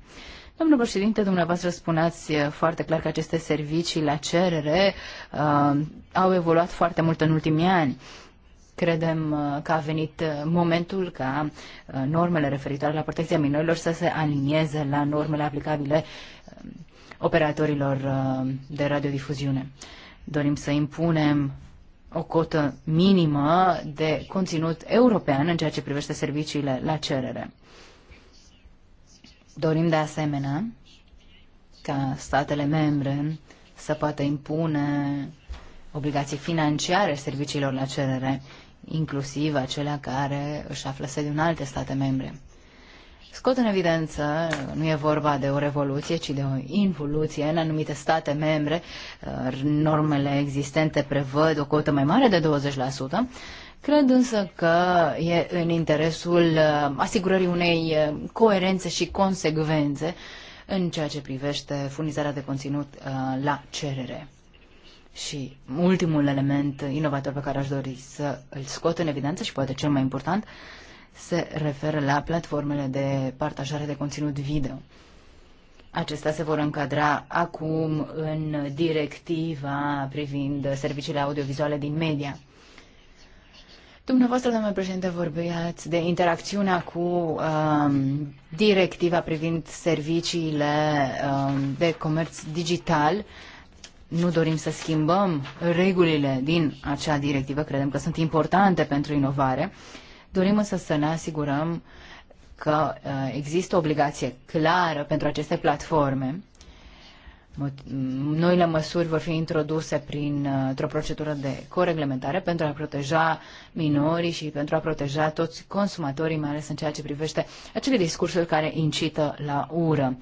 Domnule președinte, dumneavoastră spuneați uh, foarte clar că aceste servicii la cerere uh, au evoluat foarte mult în ultimii ani. Credem că a venit momentul ca normele referitoare la protecția minorilor să se alinieze la normele aplicabile operatorilor de radiodifuziune. Dorim să impunem o cotă minimă de conținut european în ceea ce privește serviciile la cerere. Dorim de asemenea ca statele membre să poată impune obligații financiare serviciilor la cerere, inclusiv acelea care își află sediul în alte state membre scot în evidență, nu e vorba de o revoluție, ci de o involuție în anumite state membre. Normele existente prevăd o cotă mai mare de 20%. Cred însă că e în interesul uh, asigurării unei uh, coerențe și consecvențe în ceea ce privește furnizarea de conținut uh, la cerere. Și ultimul element inovator pe care aș dori să îl scot în evidență și poate cel mai important se referă la platformele de partajare de conținut video. Acestea se vor încadra acum în directiva privind serviciile audiovizuale din media. Dumneavoastră, domnule președinte, vorbeați de interacțiunea cu um, directiva privind serviciile um, de comerț digital. Nu dorim să schimbăm regulile din acea directivă, credem că sunt importante pentru inovare. Uh, Dorim însă să ne asigurăm că uh, există o obligație clară pentru aceste platforme. Noile măsuri vor fi introduse printr-o uh, procedură de coreglementare pentru a proteja minorii și pentru a proteja toți consumatorii, mai ales în ceea ce privește acele discursuri care incită la ură.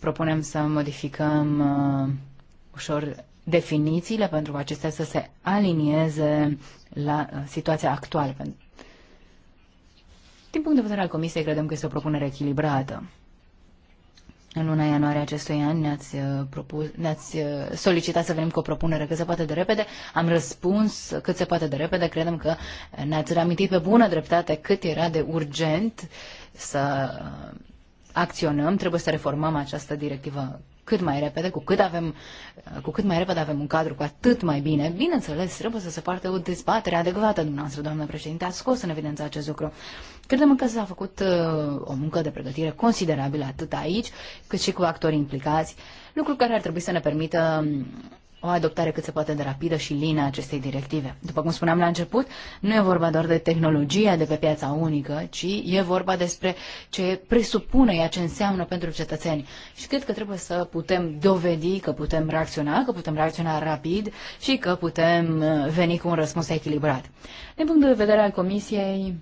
Propunem să modificăm uh, ușor definițiile pentru că acestea să se alinieze la uh, situația actuală din punct de vedere al Comisiei, credem că este o propunere echilibrată. În luna ianuarie acestui an ne-ați, uh, propus, ne-ați uh, solicitat să venim cu o propunere cât se poate de repede. Am răspuns cât se poate de repede. Credem că ne-ați reamintit pe bună dreptate cât era de urgent să uh, acționăm. Trebuie să reformăm această directivă cât mai repede, cu cât, avem, cu cât mai repede avem un cadru, cu atât mai bine. Bineînțeles, trebuie să se poartă o dezbatere adecvată, dumneavoastră, doamnă președinte, a scos în evidență acest lucru. Credem că s-a făcut uh, o muncă de pregătire considerabilă atât aici, cât și cu actorii implicați, lucru care ar trebui să ne permită um, o adoptare cât se poate de rapidă și lină acestei directive. După cum spuneam la început, nu e vorba doar de tehnologia de pe piața unică, ci e vorba despre ce presupune ea, ce înseamnă pentru cetățeni. Și cred că trebuie să putem dovedi că putem reacționa, că putem reacționa rapid și că putem uh, veni cu un răspuns echilibrat. Din punct de vedere al Comisiei,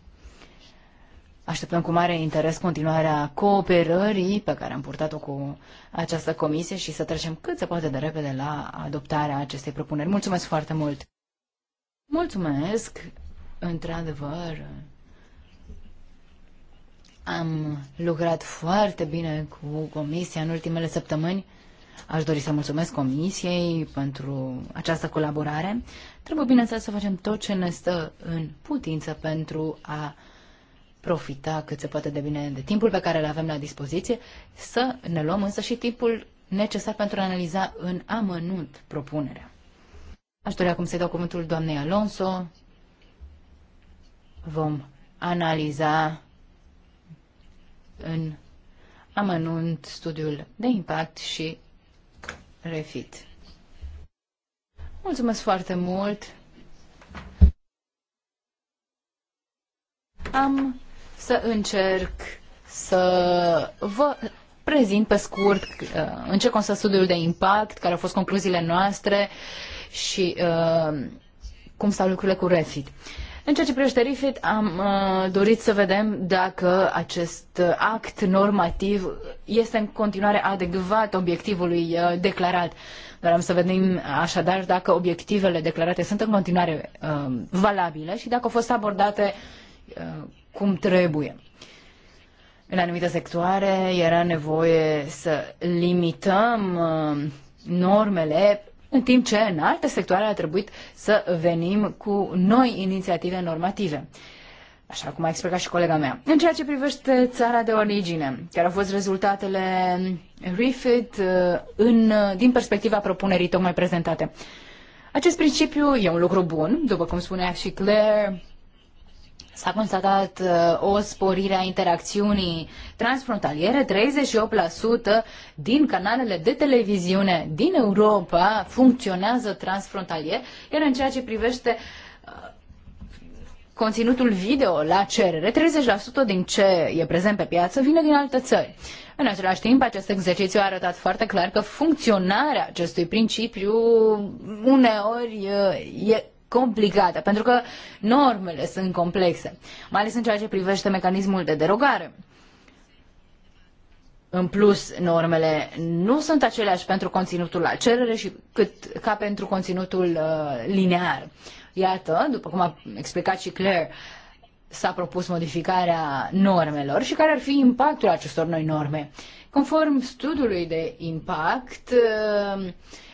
Așteptăm cu mare interes continuarea cooperării pe care am purtat-o cu această comisie și să trecem cât se poate de repede la adoptarea acestei propuneri. Mulțumesc foarte mult! Mulțumesc! Într-adevăr, am lucrat foarte bine cu comisia în ultimele săptămâni. Aș dori să mulțumesc comisiei pentru această colaborare. Trebuie, bineînțeles, să facem tot ce ne stă în putință pentru a profita cât se poate de bine de timpul pe care îl avem la dispoziție, să ne luăm însă și timpul necesar pentru a analiza în amănunt propunerea. Aș dori acum să-i dau cuvântul doamnei Alonso. Vom analiza în amănunt studiul de impact și refit. Mulțumesc foarte mult! Am să încerc să vă prezint pe scurt uh, în ce constă studiul de impact, care au fost concluziile noastre și uh, cum stau lucrurile cu Refit. În ceea ce privește Refit, am uh, dorit să vedem dacă acest act normativ este în continuare adecvat obiectivului declarat. Vrem să vedem așadar dacă obiectivele declarate sunt în continuare uh, valabile și dacă au fost abordate cum trebuie. În anumite sectoare era nevoie să limităm uh, normele, în timp ce în alte sectoare a trebuit să venim cu noi inițiative normative așa cum a explicat și colega mea. În ceea ce privește țara de origine, care au fost rezultatele refit uh, în, uh, din perspectiva propunerii tocmai prezentate. Acest principiu e un lucru bun, după cum spunea și Claire, s-a constatat uh, o sporire a interacțiunii transfrontaliere. 38% din canalele de televiziune din Europa funcționează transfrontalier, iar în ceea ce privește uh, conținutul video la cerere, 30% din ce e prezent pe piață vine din alte țări. În același timp, acest exercițiu a arătat foarte clar că funcționarea acestui principiu uneori uh, e complicată, pentru că normele sunt complexe, mai ales în ceea ce privește mecanismul de derogare. În plus, normele nu sunt aceleași pentru conținutul la cerere și cât ca pentru conținutul uh, linear. Iată, după cum a explicat și Claire, s-a propus modificarea normelor și care ar fi impactul acestor noi norme. Conform studiului de impact, uh,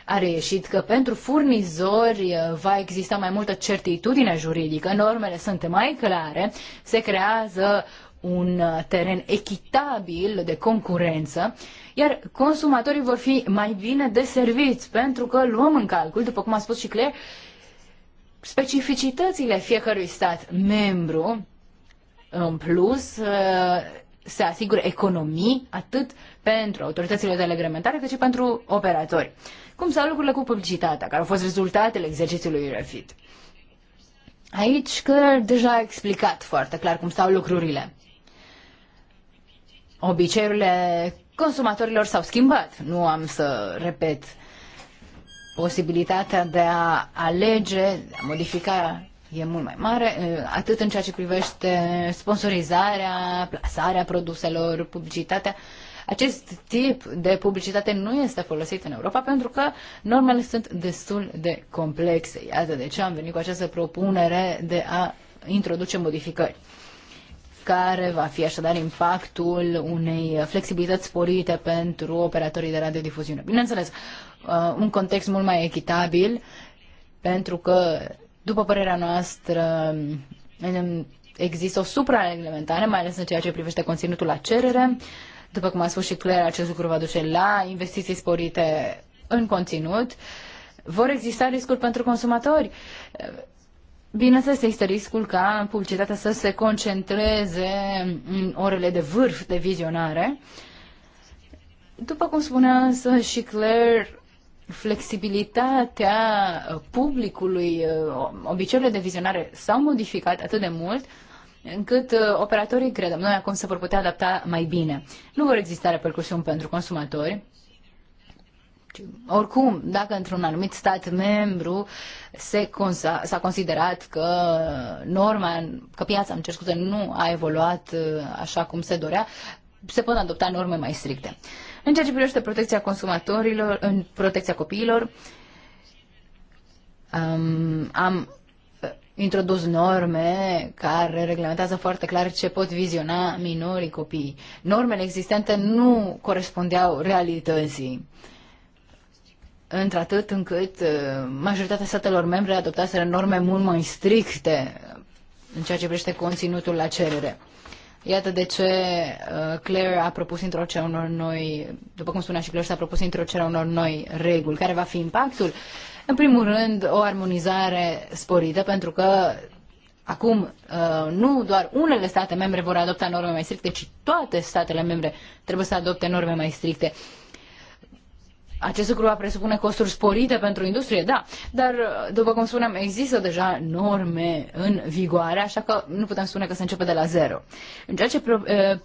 a reieșit că pentru furnizori uh, va exista mai multă certitudine juridică, normele sunt mai clare, se creează un uh, teren echitabil de concurență, iar consumatorii vor fi mai bine deserviți, pentru că luăm în calcul, după cum a spus și Claire, specificitățile fiecărui stat membru, în plus, uh, se asigură economii atât pentru autoritățile de reglementare cât și pentru operatori cum stau lucrurile cu publicitatea, care au fost rezultatele exercițiului Refit. Aici că deja a explicat foarte clar cum stau lucrurile. Obiceiurile consumatorilor s-au schimbat. Nu am să repet posibilitatea de a alege, de a modifica e mult mai mare, atât în ceea ce privește sponsorizarea, plasarea produselor, publicitatea, acest tip de publicitate nu este folosit în Europa pentru că normele sunt destul de complexe. Iată de ce am venit cu această propunere de a introduce modificări care va fi așadar impactul unei flexibilități sporite pentru operatorii de radiodifuziune. Bineînțeles, uh, un context mult mai echitabil, pentru că, după părerea noastră, um, există o suprareglementare, mai ales în ceea ce privește conținutul la cerere, după cum a spus și Claire, acest lucru va duce la investiții sporite în conținut. Vor exista riscuri pentru consumatori. Bineînțeles, există riscul ca publicitatea să se concentreze în orele de vârf de vizionare. După cum spunea însă și Claire, flexibilitatea publicului, obiceiurile de vizionare s-au modificat atât de mult încât uh, operatorii, credem noi, acum se vor putea adapta mai bine. Nu vor exista repercusiuni pentru consumatori, oricum, dacă într-un anumit stat membru se s-a considerat că norma, că piața, îmi cer scuze, nu a evoluat uh, așa cum se dorea, se pot adopta norme mai stricte. În ceea ce privește protecția consumatorilor, în protecția copiilor, um, am introdus norme care reglementează foarte clar ce pot viziona minorii copii. Normele existente nu corespundeau realității într-atât încât uh, majoritatea statelor membre adoptaseră norme mult mai stricte în ceea ce privește conținutul la cerere. Iată de ce uh, Claire a propus introducerea unor noi, după cum spunea și Claire, s-a propus introducerea unor noi reguli. Care va fi impactul? În primul rând, o armonizare sporită, pentru că acum uh, nu doar unele state membre vor adopta norme mai stricte, ci toate statele membre trebuie să adopte norme mai stricte. Acest lucru va presupune costuri sporite pentru industrie, da, dar, uh, după cum spuneam, există deja norme în vigoare, așa că nu putem spune că se începe de la zero. În ceea ce uh,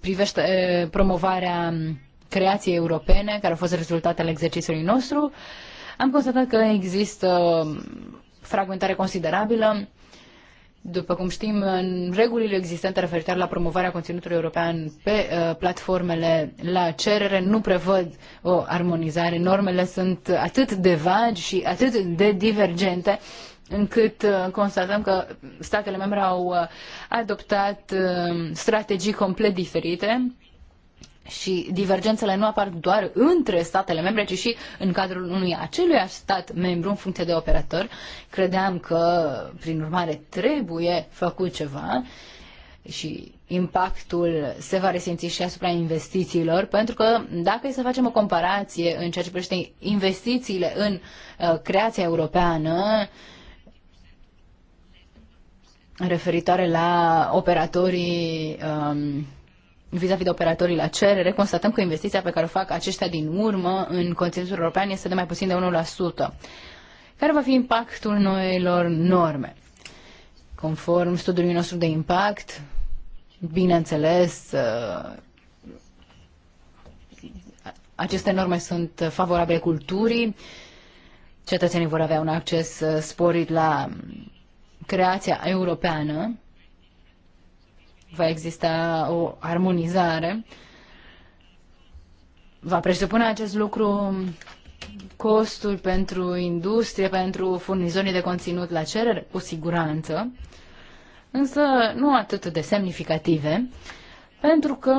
privește promovarea um, creației europene, care au fost rezultatele exercițiului nostru, uh, am constatat că există fragmentare considerabilă. După cum știm, în regulile existente referitoare la promovarea conținutului european pe uh, platformele la cerere nu prevăd o armonizare. Normele sunt atât de vagi și atât de divergente încât uh, constatăm că statele membre au uh, adoptat uh, strategii complet diferite și divergențele nu apar doar între statele membre, ci și în cadrul unui acelui stat membru în funcție de operator. Credeam că, prin urmare, trebuie făcut ceva și impactul se va resimți și asupra investițiilor, pentru că dacă e să facem o comparație în ceea ce privește investițiile în uh, creația europeană, referitoare la operatorii um, vis-a-vis -vis de operatorii la cerere, constatăm că investiția pe care o fac aceștia din urmă în conținutul european este de mai puțin de 1%. Care va fi impactul noilor norme? Conform studiului nostru de impact, bineînțeles, uh, aceste norme sunt favorabile culturii, cetățenii vor avea un acces uh, sporit la creația europeană, va exista o armonizare. Va presupune acest lucru costuri pentru industrie, pentru furnizorii de conținut la cerere, cu siguranță, însă nu atât de semnificative, pentru că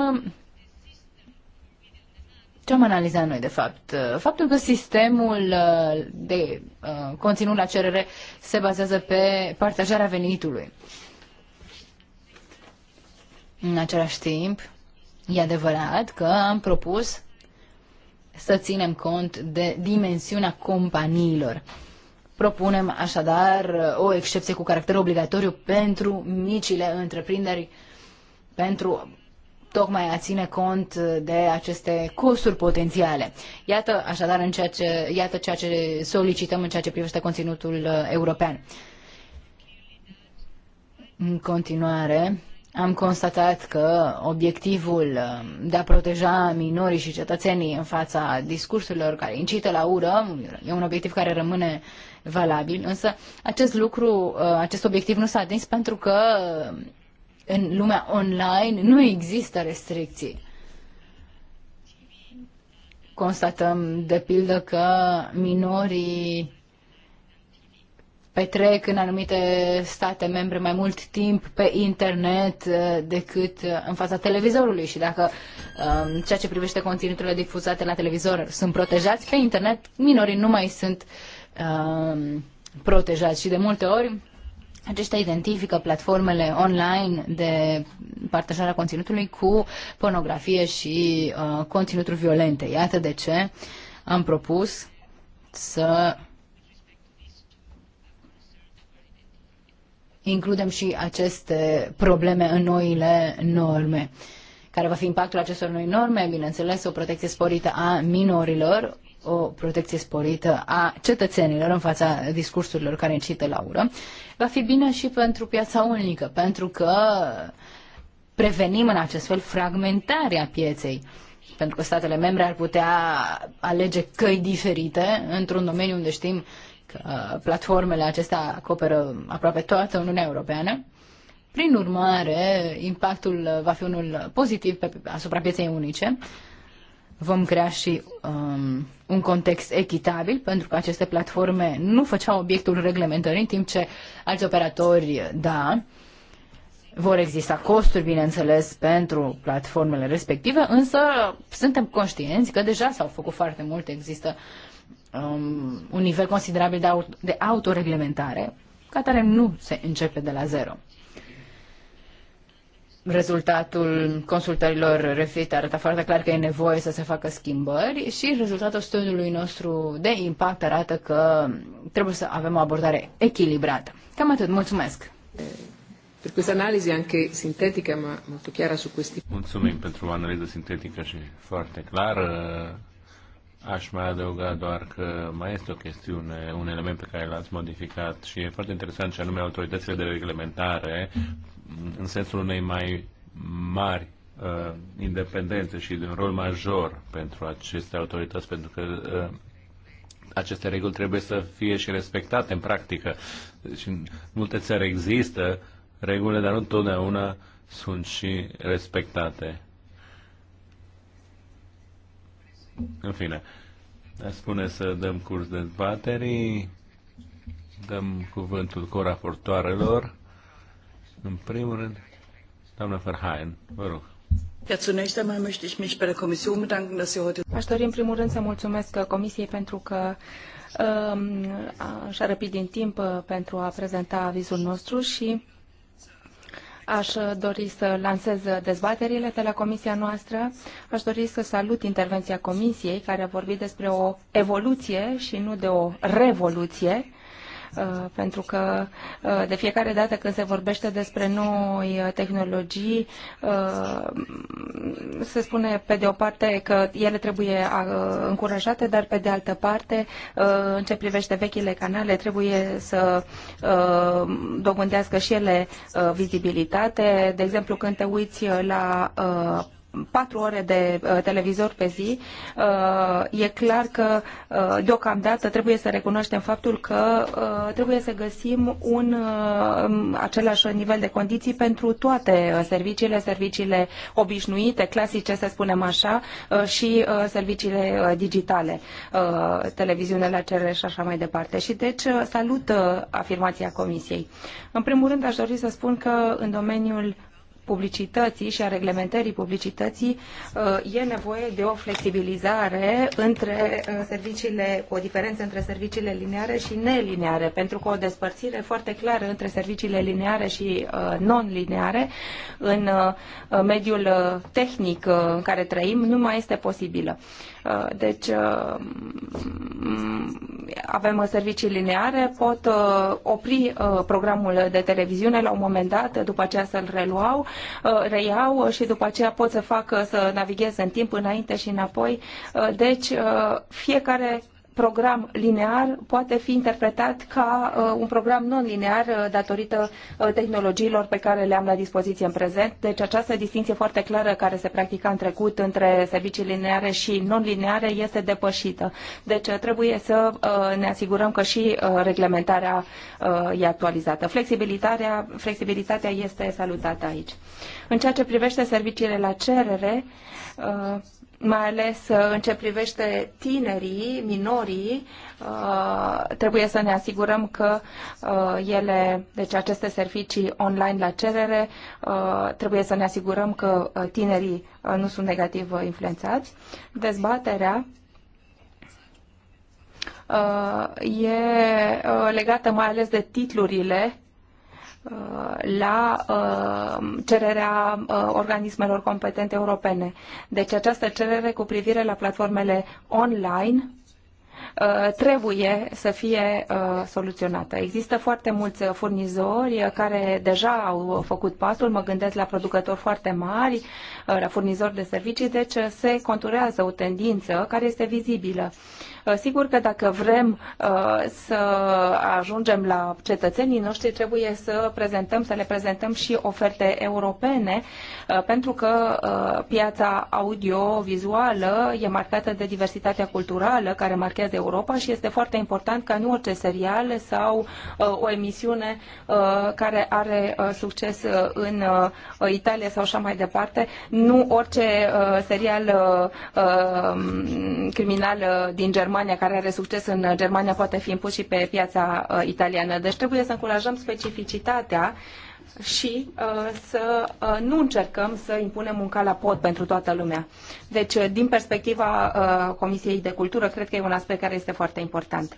ce am analizat noi, de fapt? Faptul că sistemul uh, de uh, conținut la cerere se bazează pe partajarea venitului. În același timp, e adevărat că am propus să ținem cont de dimensiunea companiilor. Propunem așadar o excepție cu caracter obligatoriu pentru micile întreprinderi, pentru tocmai a ține cont de aceste costuri potențiale. Iată așadar în ceea ce, iată ceea ce solicităm în ceea ce privește conținutul european. În continuare, am constatat că obiectivul um, de a proteja minorii și cetățenii în fața discursurilor care incită la ură e un obiectiv care rămâne valabil, însă acest lucru, uh, acest obiectiv nu s-a atins pentru că uh, în lumea online nu există restricții. Constatăm, de pildă, că minorii petrec în anumite state membre mai mult timp pe internet uh, decât uh, în fața televizorului și dacă um, ceea ce privește conținuturile difuzate la televizor sunt protejați, pe internet minorii nu mai sunt um, protejați și de multe ori aceștia identifică platformele online de partajarea conținutului cu pornografie și uh, conținuturi violente. Iată de ce am propus să includem și aceste probleme în noile norme. Care va fi impactul acestor noi norme? Bineînțeles, o protecție sporită a minorilor, o protecție sporită a cetățenilor în fața discursurilor care incită la ură. Va fi bine și pentru piața unică, pentru că prevenim în acest fel fragmentarea pieței pentru că statele membre ar putea alege căi diferite într-un domeniu unde știm uh, platformele acestea acoperă aproape toată Uniunea Europeană. Prin urmare, impactul va fi unul pozitiv pe, asupra pieței unice. Vom crea și um, un context echitabil, pentru că aceste platforme nu făceau obiectul reglementării, în timp ce alți operatori, da, vor exista costuri, bineînțeles, pentru platformele respective, însă suntem conștienți că deja s-au făcut foarte multe, există uh, um, un nivel considerabil de, aut- de autoreglementare, ca care nu se începe de la zero. Rezultatul consultărilor refit arată foarte clar că e nevoie să se facă schimbări și rezultatul studiului nostru de impact arată că trebuie să avem o abordare echilibrată. Cam atât, mulțumesc! Per questa analisi anche sintetica ma molto chiara su questi. Mulțumim pentru o analiză sintetică și foarte clară Aș mai adăuga doar că mai este o chestiune, un element pe care l-ați modificat și e foarte interesant și anume autoritățile de reglementare în sensul unei mai mari uh, independențe și de un rol major pentru aceste autorități, pentru că uh, aceste reguli trebuie să fie și respectate în practică. Deci în multe țări există regulile, dar nu întotdeauna sunt și respectate. În fine, ne spune să dăm curs de baterii, dăm cuvântul raportoarelor. În primul rând, doamna Ferhain, vă rog. Aș dori în primul rând să mulțumesc Comisiei pentru că um, și-a răpit din timp uh, pentru a prezenta avizul nostru și Aș dori să lansez dezbaterile de la comisia noastră. Aș dori să salut intervenția comisiei care a vorbit despre o evoluție și nu de o revoluție Uh, pentru că uh, de fiecare dată când se vorbește despre noi uh, tehnologii, se spune pe de o parte că ele trebuie încurajate, dar pe de altă parte, în ce privește vechile canale, trebuie să dobândească și ele vizibilitate. De exemplu, când te uiți la patru ore de uh, televizor pe zi, uh, e clar că uh, deocamdată trebuie să recunoaștem faptul că trebuie să găsim un același nivel de condiții pentru toate serviciile, serviciile obișnuite, clasice, să spunem așa, și serviciile digitale, televiziunile la cerere și așa mai departe. Și deci salut afirmația Comisiei. În primul rând aș dori să spun că în domeniul publicității și a reglementării publicității uh, e nevoie de o flexibilizare între uh, serviciile, cu o diferență între serviciile lineare și neliniare, pentru că o despărțire foarte clară între serviciile lineare și uh, non-lineare în mediul tehnic în care trăim nu mai este posibilă. Uh, deci uh, avem servicii lineare, pot uh, opri programul de televiziune la un moment dat, după aceea să-l reluau, reiau și după aceea pot să fac să navighez în timp înainte și înapoi. Deci fiecare program linear poate fi interpretat ca uh, un program non-linear uh, datorită uh, tehnologiilor pe care le am la dispoziție în prezent. Deci această distinție foarte clară care se practica în trecut între servicii lineare și non-lineare este depășită. Deci trebuie să ne asigurăm că și reglementarea e actualizată. Flexibilitatea, flexibilitatea este salutată aici. În ceea ce privește serviciile la cerere, mai ales uh, în ce privește tinerii, minorii, uh, trebuie să ne asigurăm că uh, ele, deci aceste servicii online la cerere, trebuie să ne asigurăm că tinerii nu sunt negativ influențați. Dezbaterea e legată mai ales de titlurile Uh, la uh, cererea uh, organismelor competente europene. Deci această cerere cu privire la platformele online trebuie să fie soluționată. Există foarte mulți furnizori care deja au făcut pasul, mă gândesc la producători foarte mari, la furnizori de servicii, deci se conturează o tendință care este vizibilă Uh, sigur că dacă vrem uh, să ajungem la cetățenii noștri, trebuie să prezentăm, să le prezentăm și oferte europene, uh, pentru că piața audio-vizuală e marcată de diversitatea culturală care marchează Europa și este foarte important ca nu orice serial sau o emisiune care are succes în Italia sau așa mai departe, nu orice serial criminal din Germania Germania, care are succes în Germania, poate fi impus și pe piața uh, italiană. Deci trebuie să încurajăm specificitatea și uh, să uh, nu încercăm să impunem un cal la pot pentru toată lumea. Deci, uh, din perspectiva uh, Comisiei de Cultură, cred că e un aspect care este foarte important.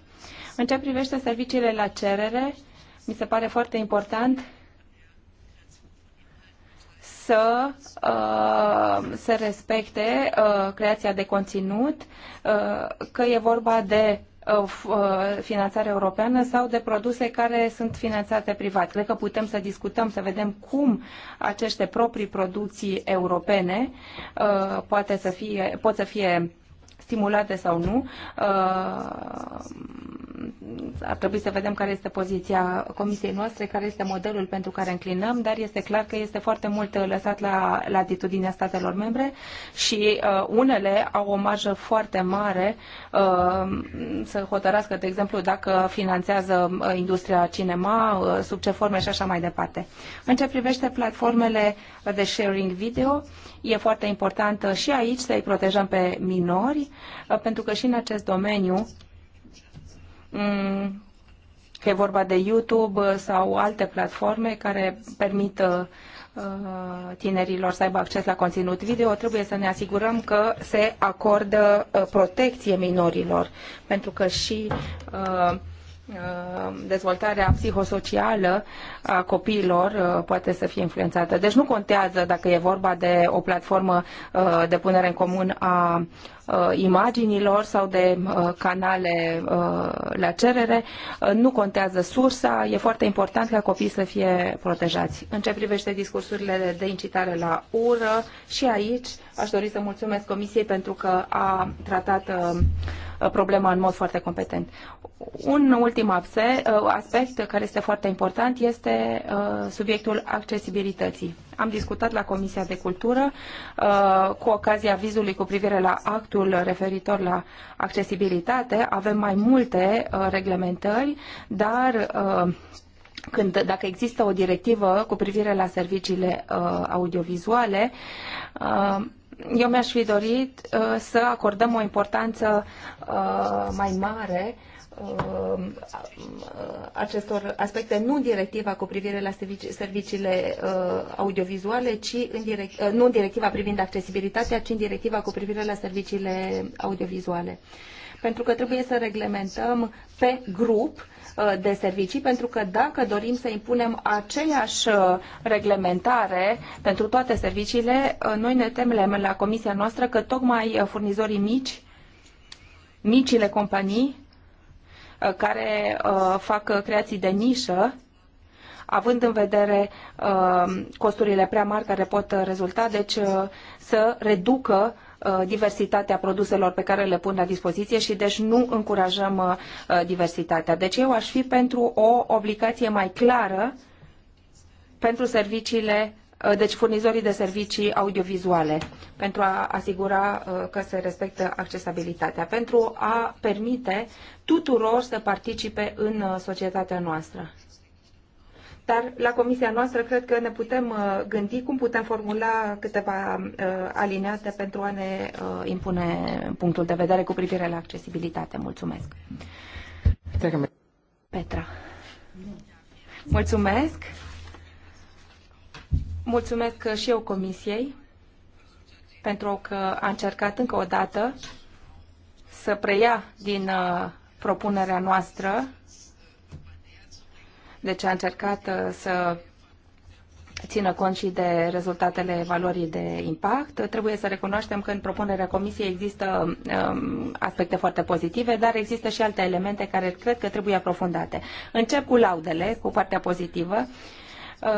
În ce privește serviciile la cerere, mi se pare foarte important să uh, se respecte uh, creația de conținut, uh, că e vorba de uh, uh, finanțare europeană sau de produse care sunt finanțate privat. Cred că putem să discutăm, să vedem cum aceste proprii producții europene uh, poate să fie, pot să fie stimulate sau nu. Uh, ar trebui să vedem care este poziția comisiei noastre, care este modelul pentru care înclinăm, dar este clar că este foarte mult lăsat la latitudinea statelor membre și uh, unele au o marjă foarte mare uh, să hotărască, de exemplu, dacă finanțează industria cinema, sub ce forme și așa mai departe. În ce privește platformele de sharing video, uh, E foarte important și aici să-i protejăm pe minori, uh, pentru că și în acest domeniu mm, că e vorba de YouTube uh, sau alte platforme care permit uh, tinerilor să aibă acces la conținut video, trebuie să ne asigurăm că se acordă protecție minorilor, pentru că și uh, Uh, dezvoltarea psihosocială a copiilor uh, poate să fie influențată. Deci nu contează dacă e vorba de o platformă uh, de punere în comun a imaginilor sau de canale la cerere, nu contează sursa, e foarte important ca copiii să fie protejați. În ce privește discursurile de incitare la ură, și aici aș dori să mulțumesc Comisiei pentru că a tratat problema în mod foarte competent. Un ultim aspect care este foarte important este uh, subiectul accesibilității. Am discutat la Comisia de Cultură uh, cu ocazia vizului cu privire la actul referitor la accesibilitate. Avem mai multe uh, reglementări, dar când, dacă există o directivă cu privire la serviciile uh, audiovizuale, uh, eu mi-aș fi dorit uh, să acordăm o importanță uh, mai mare uh, acestor aspecte, nu directiva cu privire la serviciile audiovizuale, ci în direct, nu în directiva privind accesibilitatea, ci în directiva cu privire la serviciile audiovizuale. Pentru că trebuie să reglementăm pe grup Uh, de servicii, pentru că dacă dorim să impunem aceeași uh, reglementare pentru toate serviciile, uh, noi ne temem la comisia noastră că tocmai furnizorii mici, micile companii care fac creații de nișă, având în vedere costurile prea mari care pot rezulta, deci să reducă Uh, diversitatea produselor pe care le pun la dispoziție și deci nu încurajăm uh, diversitatea. Deci eu aș fi pentru o obligație mai clară pentru serviciile uh, deci furnizorii de servicii audiovizuale, pentru a asigura că se respectă accesibilitatea, pentru a permite tuturor să participe în societatea noastră dar la comisia noastră cred că ne putem uh, gândi cum putem formula câteva uh, alineate pentru a ne uh, impune punctul de vedere cu privire la accesibilitate. Mulțumesc. Petra. Mulțumesc. Mulțumesc și eu comisiei pentru că a încercat încă o dată să preia din propunerea noastră deci a încercat uh, să țină cont și de rezultatele valorii de impact. Trebuie să recunoaștem că în propunerea Comisiei există um, aspecte foarte pozitive, dar există și alte elemente care cred că trebuie aprofundate. Încep cu laudele, cu partea pozitivă. Uh,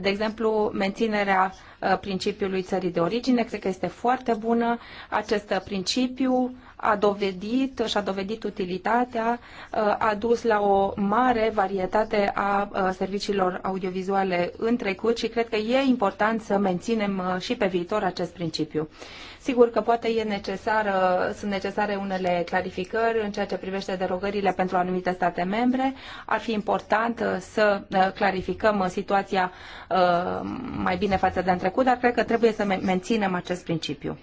de exemplu, menținerea uh, principiului țării de origine, cred că este foarte bună. Acest principiu a dovedit și a dovedit utilitatea, uh, a dus la o mare varietate a uh, serviciilor audiovizuale în trecut și cred că e important să menținem uh, și pe viitor acest principiu. Sigur că poate e necesară, sunt necesare unele clarificări în ceea ce privește derogările pentru anumite state membre. Ar fi important să clarificăm situația mai bine față de în trecut, dar cred că trebuie să menținem acest principiu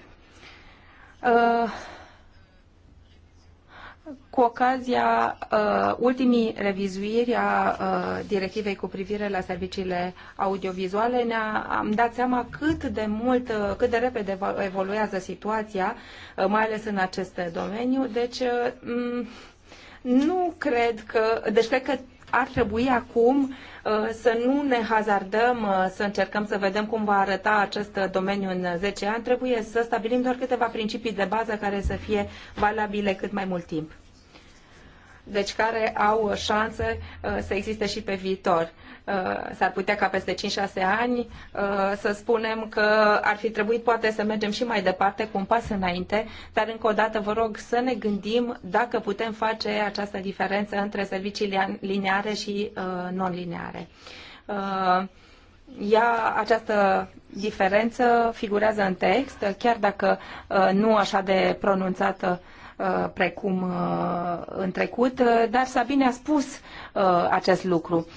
cu ocazia uh, ultimii revizuiri a uh, directivei cu privire la serviciile audiovizuale, ne-am dat seama cât de mult, uh, cât de repede evoluează situația, uh, mai ales în acest domeniu. Deci, uh, nu cred că, deci cred că ar trebui acum uh, să nu ne hazardăm, uh, să încercăm să vedem cum va arăta acest domeniu în 10 ani. Trebuie să stabilim doar câteva principii de bază care să fie valabile cât mai mult timp deci care au șanse uh, să existe și pe viitor. Uh, s-ar putea ca peste 5-6 ani uh, să spunem că ar fi trebuit poate să mergem și mai departe cu un pas înainte, dar încă o dată vă rog să ne gândim dacă putem face această diferență între serviciile lineare și uh, non-lineare. Ea, această diferență figurează în text, chiar dacă nu așa de pronunțată Uh, precum uh, în trecut, uh, dar Sabine a spus acest lucru.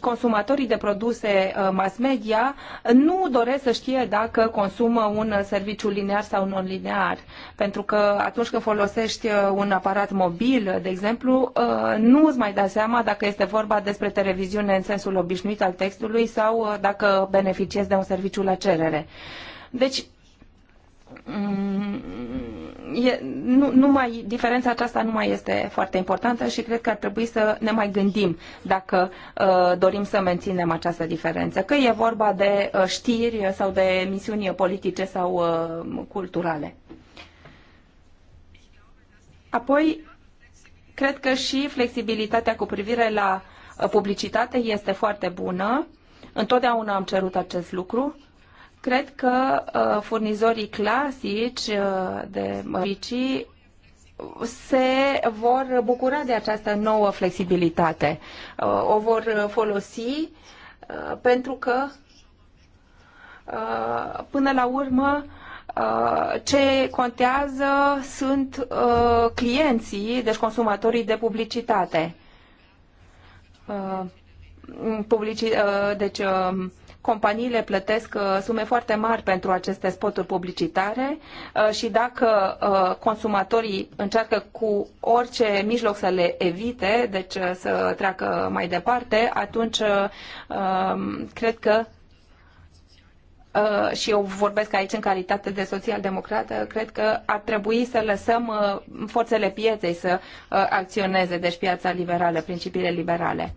Consumatorii de produse mass media nu doresc să știe dacă consumă un serviciu linear sau non-linear, pentru că atunci când folosești un aparat mobil, de exemplu, nu îți mai da seama dacă este vorba despre televiziune în sensul obișnuit al textului sau dacă beneficiezi de un serviciu la cerere. Deci, Mm, e, nu, nu mai, diferența aceasta nu mai este foarte importantă și cred că ar trebui să ne mai gândim dacă uh, dorim să menținem această diferență. Că e vorba de uh, știri sau de misiuni politice sau uh, culturale. Apoi, cred că și flexibilitatea cu privire la uh, publicitate este foarte bună. Întotdeauna am cerut acest lucru Cred că uh, furnizorii clasici uh, de servicii se vor bucura de această nouă flexibilitate. Uh, o vor folosi uh, pentru că uh, până la urmă uh, ce contează sunt uh, clienții, deci consumatorii de publicitate. Uh, publici, deci companiile plătesc uh, sume foarte mari pentru aceste spoturi publicitare uh, și dacă uh, consumatorii încearcă cu orice mijloc să le evite, deci să treacă mai departe, atunci um, cred că și eu vorbesc aici în calitate de social-democrată, cred că ar trebui să lăsăm forțele pieței să acționeze, deci piața liberală, principiile liberale.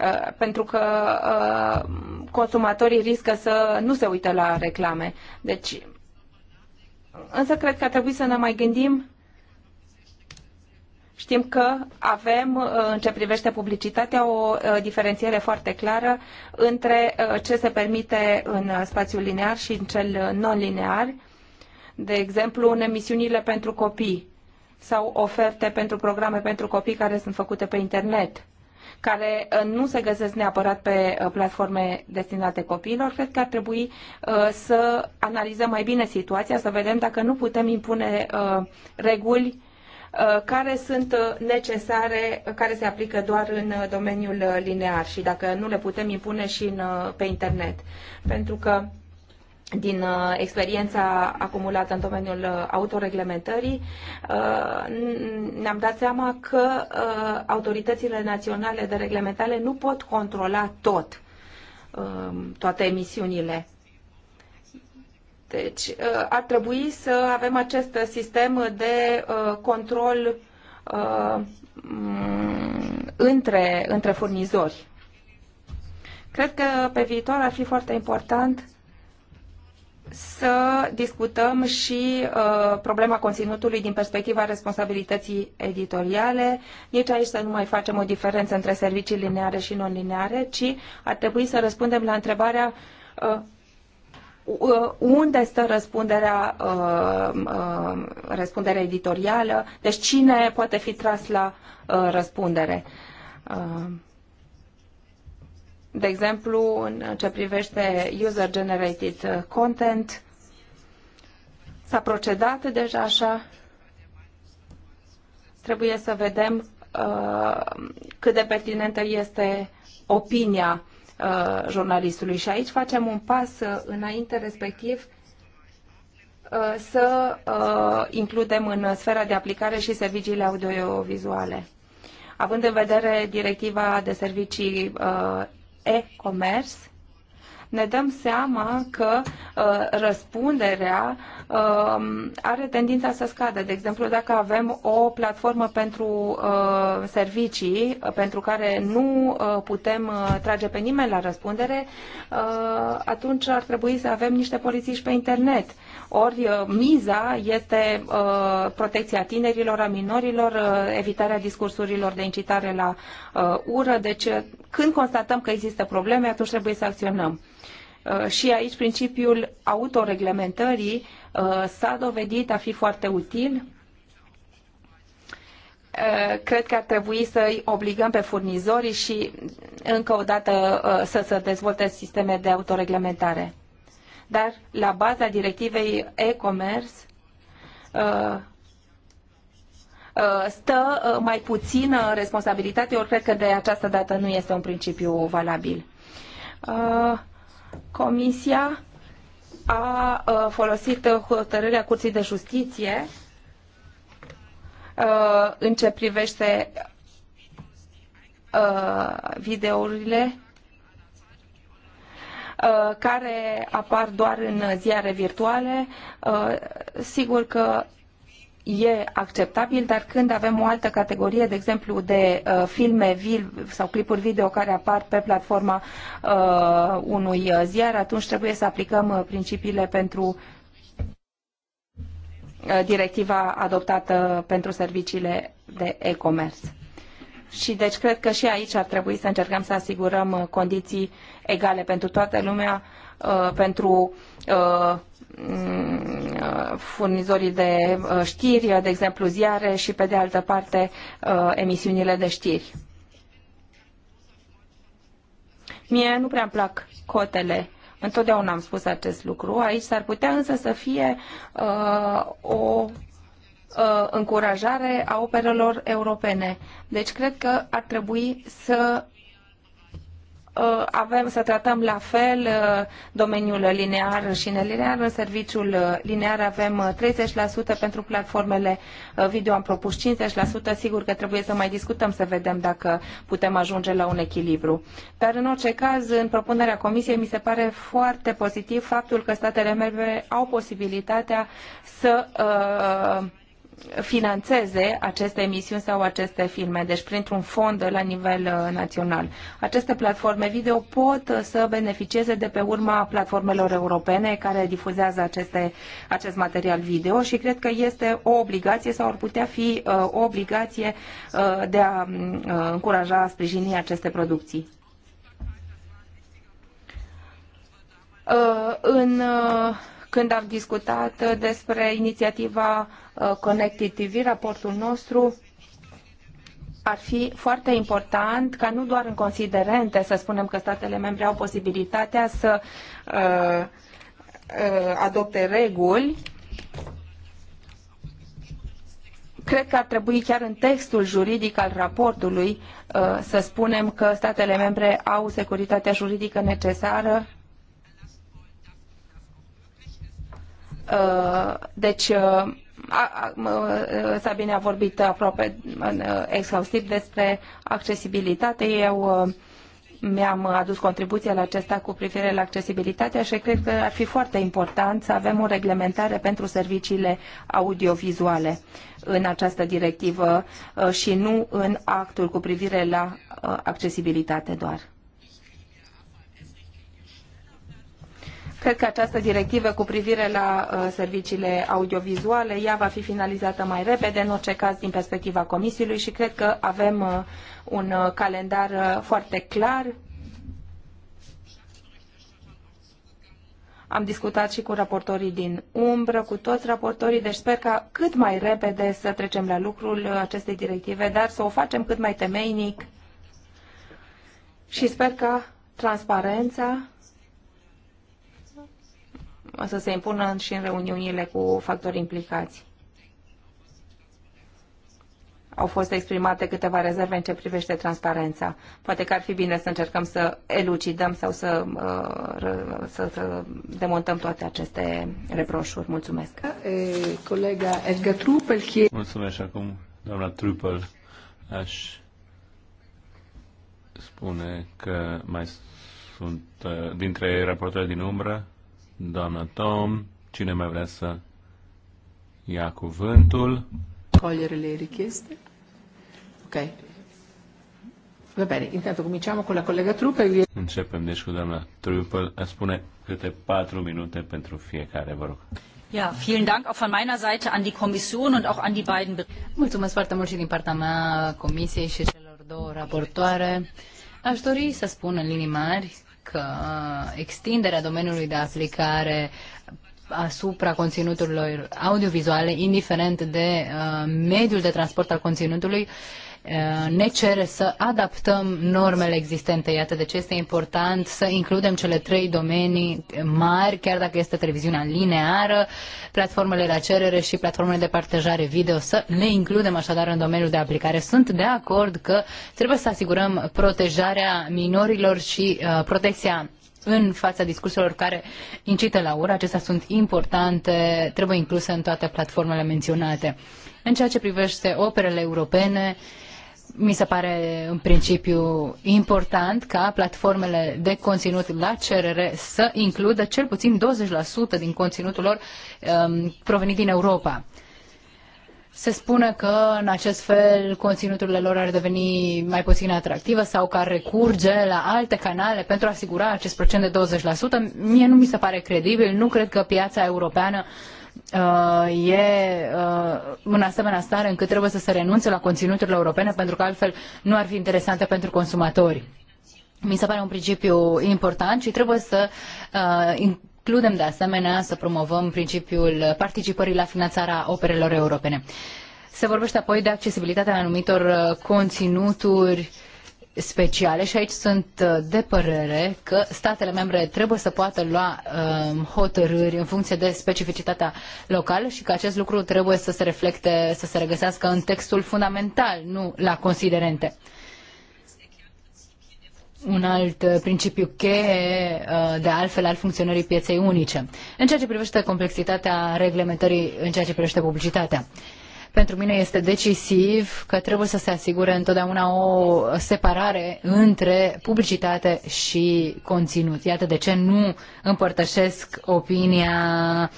Uh, pentru că uh, consumatorii riscă să nu se uite la reclame. Deci, însă cred că ar trebui să ne mai gândim Știm că avem, uh, în ce privește publicitatea, o diferențiere foarte clară între ce se permite în spațiul linear și în cel non-linear, de exemplu, în emisiunile pentru copii sau oferte pentru programe pentru copii care sunt făcute pe internet care uh, nu se găsesc neapărat pe uh, platforme destinate copiilor, cred că ar trebui uh, să analizăm mai bine situația, să vedem dacă nu putem impune reguli care sunt necesare, care se aplică doar în domeniul linear și dacă nu le putem impune și în, pe internet. Pentru că din uh, experiența acumulată în domeniul uh, autoreglementării, uh, ne-am dat seama că autoritățile naționale de reglementare nu pot controla tot, um, toate emisiunile. Deci ar trebui să avem acest sistem de control între, între furnizori. Cred că pe viitor ar fi foarte important să discutăm și uh, problema conținutului din perspectiva responsabilității editoriale. Nici aici să nu mai facem o diferență între servicii lineare și non-lineare, ci ar trebui să răspundem la întrebarea uh, uh unde stă răspunderea, uh, uh, răspunderea editorială, deci cine poate fi tras la uh, răspundere. Uh, de exemplu, în ce privește user-generated content, s-a procedat deja așa. Trebuie să vedem uh, cât de pertinentă este opinia uh, jurnalistului. Și aici facem un pas uh, înainte, respectiv uh, să uh, includem în sfera de aplicare și serviciile audiovizuale. Având în vedere directiva de servicii uh, e-commerce, ne dăm seama că uh, răspunderea uh, are tendința să scadă. De exemplu, dacă avem o platformă pentru uh, servicii uh, pentru care nu uh, putem uh, trage pe nimeni la răspundere, uh, atunci ar trebui să avem niște polițiști pe internet. Uh, ori uh, miza este uh, protecția tinerilor, a minorilor, uh, evitarea discursurilor de incitare la ură. Deci când constatăm că există probleme, atunci trebuie să acționăm. Și aici principiul autoreglementării s-a dovedit a fi foarte util cred că ar trebui să îi obligăm pe furnizori și încă o dată să se dezvolte sisteme de autoreglementare dar la baza directivei e-commerce uh, uh, stă uh, mai puțină responsabilitate, ori cred că de această dată nu este un principiu valabil. Comisia a folosit hotărârea Curții de Justiție în ce privește videourile Uh, care apar doar în ziare virtuale. Uh, sigur că e acceptabil, dar când avem o altă categorie, de exemplu, de uh, filme sau clipuri video care apar pe platforma unui ziar, atunci trebuie să aplicăm principiile pentru directiva adoptată pentru serviciile de e-commerce. Și deci cred că și aici ar trebui să încercăm să asigurăm uh, condiții egale pentru toată lumea, uh, pentru uh, mm, furnizorii de știri, de exemplu ziare și pe de altă parte emisiunile de știri. Mie nu prea îmi plac cotele. Întotdeauna am spus acest lucru. Aici s-ar putea însă să fie uh, o uh, încurajare a operelor europene. Deci cred că ar trebui să uh, avem să tratăm la fel uh, domeniul linear și nelinear. În serviciul uh, linear avem 30% uh, pentru platformele uh, video, am propus 50%. Sigur că trebuie să mai discutăm să vedem dacă putem ajunge la un echilibru. Dar în orice caz, în propunerea Comisiei mi se pare foarte pozitiv faptul că statele membre au posibilitatea să uh, financeze aceste emisiuni sau aceste filme, deci printr-un fond la nivel uh, național. Aceste platforme video pot uh, să beneficieze de pe urma platformelor europene care difuzează aceste, acest material video și cred că este o obligație sau ar putea fi uh, o obligație de a mm, încuraja, a sprijini aceste producții. În când am discutat uh, despre inițiativa uh, Connected TV, raportul nostru, ar fi foarte important ca nu doar în considerente să spunem că statele membre au posibilitatea să uh, uh, adopte reguli. Cred că ar trebui chiar în textul juridic al raportului uh, să spunem că statele membre au securitatea juridică necesară Uh, deci, uh, uh, Sabine a vorbit aproape exhaustiv despre accesibilitate. Eu mi-am adus contribuția la acesta cu privire la accesibilitatea și cred că ar fi foarte important să avem o reglementare pentru serviciile audiovizuale în această directivă și nu în actul cu privire la accesibilitate doar. Cred că această directivă cu privire la uh, serviciile audiovizuale, ea va fi finalizată mai repede, în orice caz din perspectiva Comisiei și cred că avem uh, un uh, calendar foarte clar. Am discutat și cu raportorii din umbră, cu toți raportorii, deci sper ca cât mai repede să trecem la lucrul acestei directive, dar să o facem cât mai temeinic și sper ca transparența să se impună și în reuniunile cu factori implicați. Au fost exprimate câteva rezerve în ce privește transparența. Poate că ar fi bine să încercăm să elucidăm sau să, uh, să, să demontăm toate aceste reproșuri. Mulțumesc. Colega Edgar Trupel. Mulțumesc acum, doamna Trupel. Aș spune că mai sunt uh, dintre raportele din umbră doamna Tom. Cine mai vrea să ia cuvântul? Coglierele richieste? Ok. Va bene, intanto cominciamo con la collega Truppel. Începem deci cu doamna Truppel. A spune câte patru minute pentru fiecare, vă rog. Ja, vielen Dank auch von meiner Seite an die Kommission und auch an die beiden. Mulțumesc foarte mult și din partea mea Comisiei și celor două raportoare. Aș dori să spun în linii mari că uh, extinderea domeniului de aplicare asupra conținuturilor audiovizuale, indiferent de uh, mediul de transport al conținutului, uh, Eh, ne cere să adaptăm normele existente. Iată de ce este important să includem cele trei domenii mari, chiar dacă este televiziunea lineară, platformele la cerere și platformele de partajare video, să le includem așadar în domeniul de aplicare. Sunt de acord că trebuie să asigurăm protejarea minorilor și uh, protecția în fața discursurilor care incită la ură. Acestea sunt importante, trebuie incluse în toate platformele menționate. În ceea ce privește operele europene, uh, mi se pare în principiu important ca platformele de conținut la cerere să includă cel puțin 20% din conținutul lor um, provenit din Europa. Se spune că în acest fel conținuturile lor ar deveni mai puțin atractive sau că ar recurge la alte canale pentru a asigura acest procent de 20%. Mie nu mi se pare credibil, nu cred că piața europeană uh, uh, e uh, în asemenea stare încât trebuie să se renunțe la conținuturile europene pentru că altfel nu ar fi interesante pentru consumatori. Mi se pare un principiu important și trebuie să uh, includem de asemenea să promovăm principiul participării la finanțarea operelor europene. Se vorbește apoi de accesibilitatea anumitor uh, conținuturi speciale și aici sunt uh, de părere că statele membre trebuie să poată lua um, hotărâri în funcție de specificitatea locală și că acest lucru trebuie să se reflecte, să se regăsească în textul fundamental, nu la considerente. Un alt principiu cheie, uh, de altfel, al funcționării pieței unice. În ceea ce privește complexitatea reglementării, în ceea ce privește publicitatea. Pentru mine este decisiv că trebuie să se asigure întotdeauna o separare între publicitate și conținut. Iată de ce nu împărtășesc opinia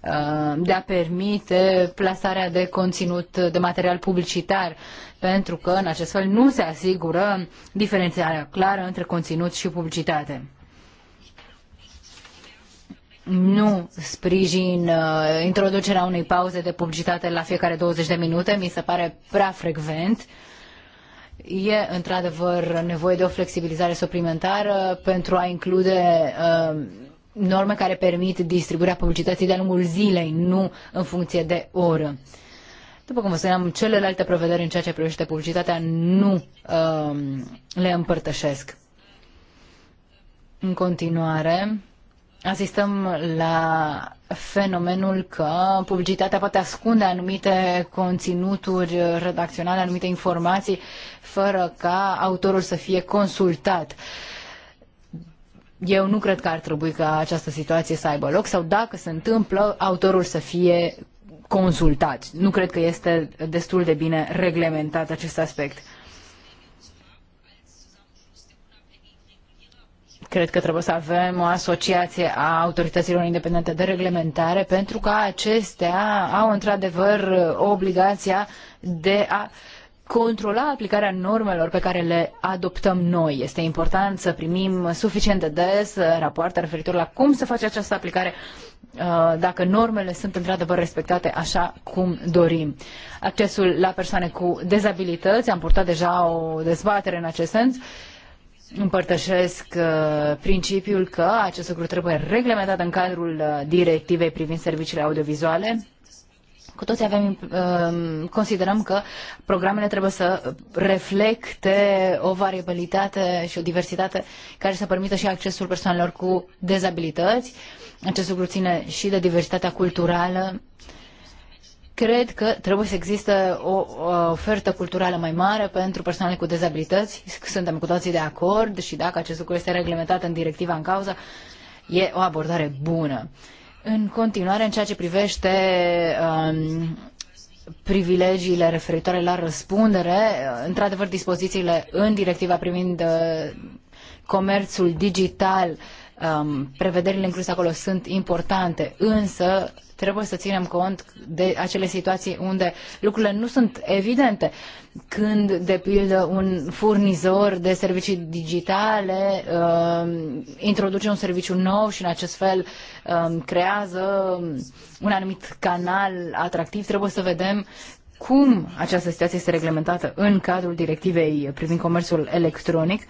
uh, de a permite plasarea de conținut de material publicitar, pentru că în acest fel nu se asigură diferențiarea clară între conținut și publicitate nu sprijin uh, introducerea unei pauze de publicitate la fiecare 20 de minute, mi se pare prea frecvent. E într-adevăr nevoie de o flexibilizare suplimentară pentru a include uh, norme care permit distribuirea publicității de-a lungul zilei, nu în funcție de oră. După cum vă spuneam, celelalte prevederi în ceea ce privește publicitatea nu uh, le împărtășesc. În continuare, asistăm la fenomenul că publicitatea poate ascunde anumite conținuturi redacționale, anumite informații, fără ca autorul să fie consultat. Eu nu cred că ar trebui ca această situație să aibă loc sau dacă se întâmplă, autorul să fie consultat. Nu cred că este destul de bine reglementat acest aspect. Cred că trebuie să avem o asociație a autorităților independente de reglementare pentru că acestea au într-adevăr obligația de a controla aplicarea normelor pe care le adoptăm noi. Este important să primim suficient de des rapoarte referitor la cum se face această aplicare uh, dacă normele sunt într-adevăr respectate așa cum dorim. Accesul la persoane cu dezabilități, am purtat deja o dezbatere în acest sens Împărtășesc uh, principiul că acest lucru trebuie reglementat în cadrul uh, directivei privind serviciile audiovizuale. Cu toții avem, uh, considerăm că programele trebuie să reflecte o variabilitate și o diversitate care să permită și accesul persoanelor cu dezabilități. Acest lucru ține și de diversitatea culturală Cred că trebuie să există o, o ofertă culturală mai mare pentru persoanele cu dezabilități. Suntem cu toții de acord și dacă acest lucru este reglementat în directiva în cauză, e o abordare bună. În continuare, în ceea ce privește um, privilegiile referitoare la răspundere, într-adevăr, dispozițiile în directiva privind uh, comerțul digital uh, um, prevederile incluse acolo sunt importante, însă trebuie să ținem cont de acele situații unde lucrurile nu sunt evidente. Când, de pildă, un furnizor de servicii digitale um, introduce un serviciu nou și în acest fel um, creează un anumit canal atractiv, trebuie să vedem cum această situație este reglementată în cadrul directivei privind comerțul electronic. Uh,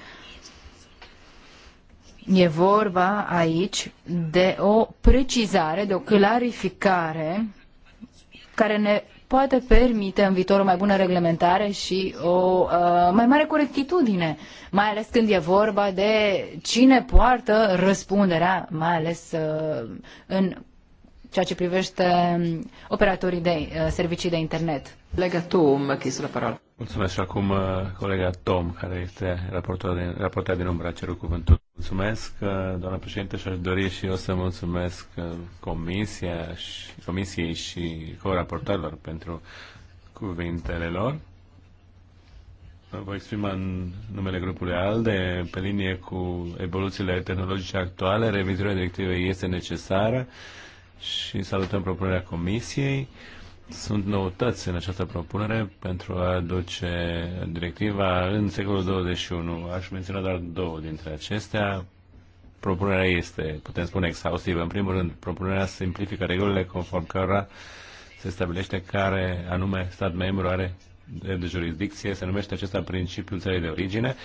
E vorba aici de o precizare, de o clarificare care ne poate permite în viitor o mai bună reglementare și o uh, mai mare corectitudine, mai ales când e vorba de cine poartă răspunderea, mai ales uh, în ceea ce privește um, operatorii de uh, servicii de internet. Colega Tom, chis la parola. Mulțumesc și acum uh, colega Tom, care este raportor din, raportat din umbră, a cerut cuvântul. Mulțumesc, uh, doamna președinte, și aș dori și eu să mulțumesc comisia și, comisiei și co-raportorilor pentru cuvintele lor. voi exprima în numele grupului ALDE, pe linie cu evoluțiile tehnologice actuale, revizuirea directivei este necesară și salutăm propunerea Comisiei. Sunt noutăți în această propunere pentru a aduce directiva în secolul 21. Aș menționa doar două dintre acestea. Propunerea este, putem spune, exhaustivă. În primul rând, propunerea simplifică regulile conform cărora se stabilește care anume stat membru are de jurisdicție. Se numește acesta principiul țării de origine.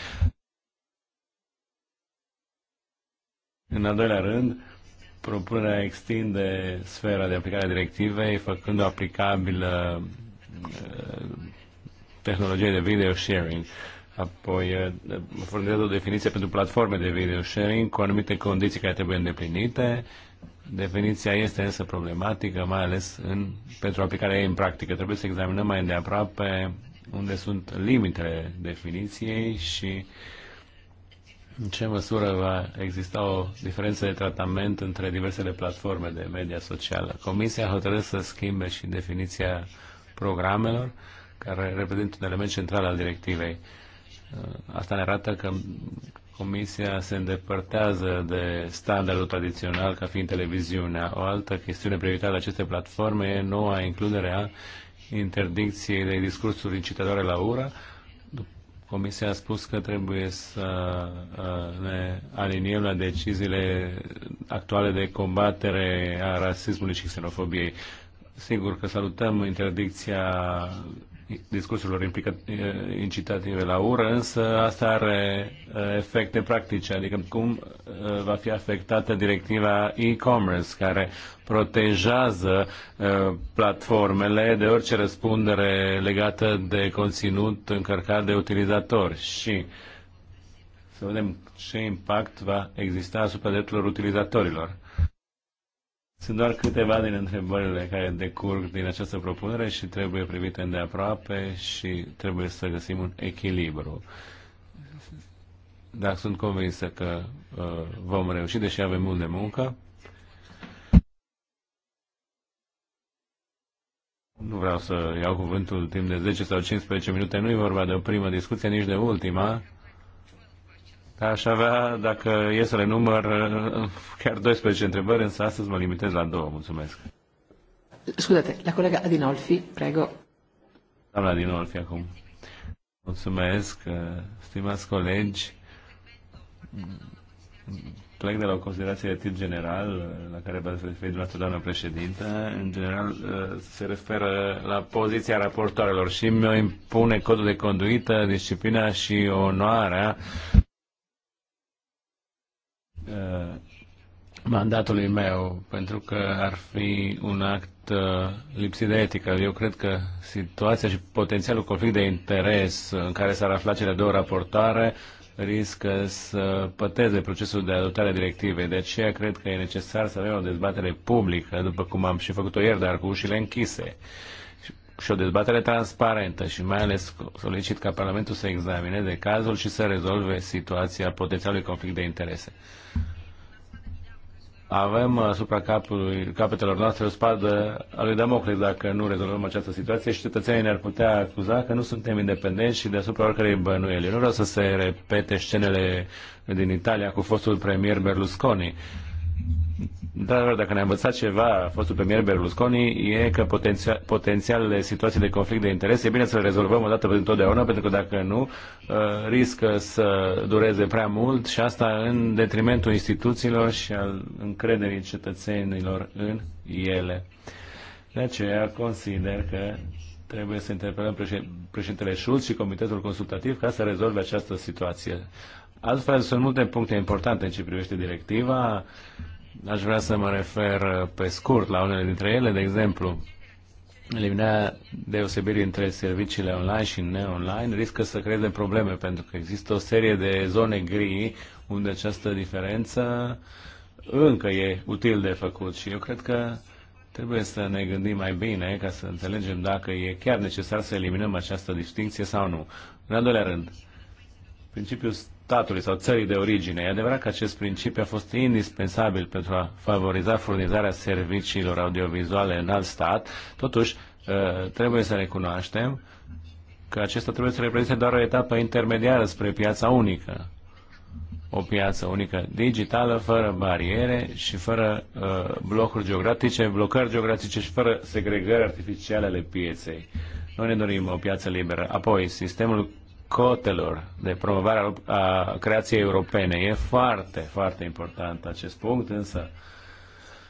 În al doilea rând, propunerea extinde sfera de aplicare a directivei, făcând-o aplicabilă uh, tehnologiei de video sharing. Apoi uh, furnizează o definiție pentru platforme de video sharing cu anumite condiții care trebuie îndeplinite. Definiția este însă problematică, mai ales în, pentru aplicarea ei în practică. Trebuie să examinăm mai îndeaproape unde sunt limitele definiției și uh, în ce măsură va exista o diferență de tratament între diversele platforme de media socială? Comisia a hotărât să schimbe și definiția programelor, care reprezintă un element central al directivei. Uh, asta ne arată că Comisia se îndepărtează de standardul tradițional ca fiind televiziunea. O altă chestiune prioritară a acestei platforme e noua includere a interdicției de discursuri incitatoare la ură, Comisia a spus că trebuie să uh, ne aliniem la deciziile actuale de combatere a rasismului și xenofobiei. Sigur că salutăm interdicția discursurilor implicat, incitative la ură, însă asta are efecte practice, adică cum va fi afectată directiva e-commerce, care protejează platformele de orice răspundere legată de conținut încărcat de utilizatori și să vedem ce impact va exista asupra drepturilor utilizatorilor. Sunt doar câteva din întrebările care decurg din această propunere și trebuie privite îndeaproape și trebuie să găsim un echilibru. Dar sunt convinsă că uh, vom reuși, deși avem mult de muncă. Nu vreau să iau cuvântul timp de 10 sau 15 minute, nu e vorba de o primă discuție, nici de ultima. Da, aș avea, dacă e să le număr, chiar 12 întrebări, însă astăzi mă limitez la două. Mulțumesc. Scuzate, la colega Adinolfi, prego. Doamna Adinolfi, acum. Mulțumesc, uh, stimați colegi. Plec de la o considerație de tip general, uh, la care v-ați referit dumneavoastră, doamnă președintă. În general, uh, se referă la poziția raportoarelor și mi-o impune codul de conduită, disciplina și onoarea Uh, mandatului meu, pentru că ar fi un act uh, lipsit de etică. Eu cred că situația și potențialul conflict de interes în care s-ar afla cele două raportoare riscă să păteze procesul de adoptare a directivei. De aceea cred că e necesar să avem o dezbatere publică, după cum am și făcut-o ieri, dar cu ușile închise. Uh, și o dezbatere transparentă și mai ales solicit ca Parlamentul să examineze cazul și să rezolve situația potențialului conflict de interese. Avem asupra uh, capului, capetelor noastre o spadă a lui Democle, dacă nu rezolvăm această situație și cetățenii ne-ar putea acuza că nu suntem independenți și deasupra oricărei bănuieli. nu vreau să se repete scenele din Italia cu fostul premier Berlusconi dar dacă ne-a învățat ceva fostul premier Berlusconi, e că potențial, potențialele situații de conflict de interes e bine să le rezolvăm odată pentru totdeauna, pentru că dacă nu, uh, riscă să dureze prea mult și asta în detrimentul instituțiilor și al încrederii cetățenilor în ele. De aceea consider că trebuie să interpelăm președintele Schulz și Comitetul Consultativ ca să rezolve această situație. Altfel, sunt multe puncte importante în ce privește directiva Aș vrea să mă refer uh, pe scurt la unele dintre ele, de exemplu, eliminarea deosebirii între serviciile online și neonline riscă să creeze probleme, pentru că există o serie de zone gri unde această diferență încă e util de făcut și eu cred că trebuie să ne gândim mai bine ca să înțelegem dacă e chiar necesar să eliminăm această distinție sau nu. În al doilea rând, principiul statului sau țării de origine. E adevărat că acest principiu a fost indispensabil pentru a favoriza furnizarea serviciilor audiovizuale în alt stat. Totuși, ă, trebuie să recunoaștem că acesta trebuie să reprezinte doar o etapă intermediară spre piața unică. O piață unică digitală, fără bariere și fără uh, blocuri geografice, blocări geografice și fără segregări artificiale ale pieței. Noi ne dorim o piață liberă. Apoi, sistemul cotelor, de promovare a creației europene. E foarte, foarte important acest punct, însă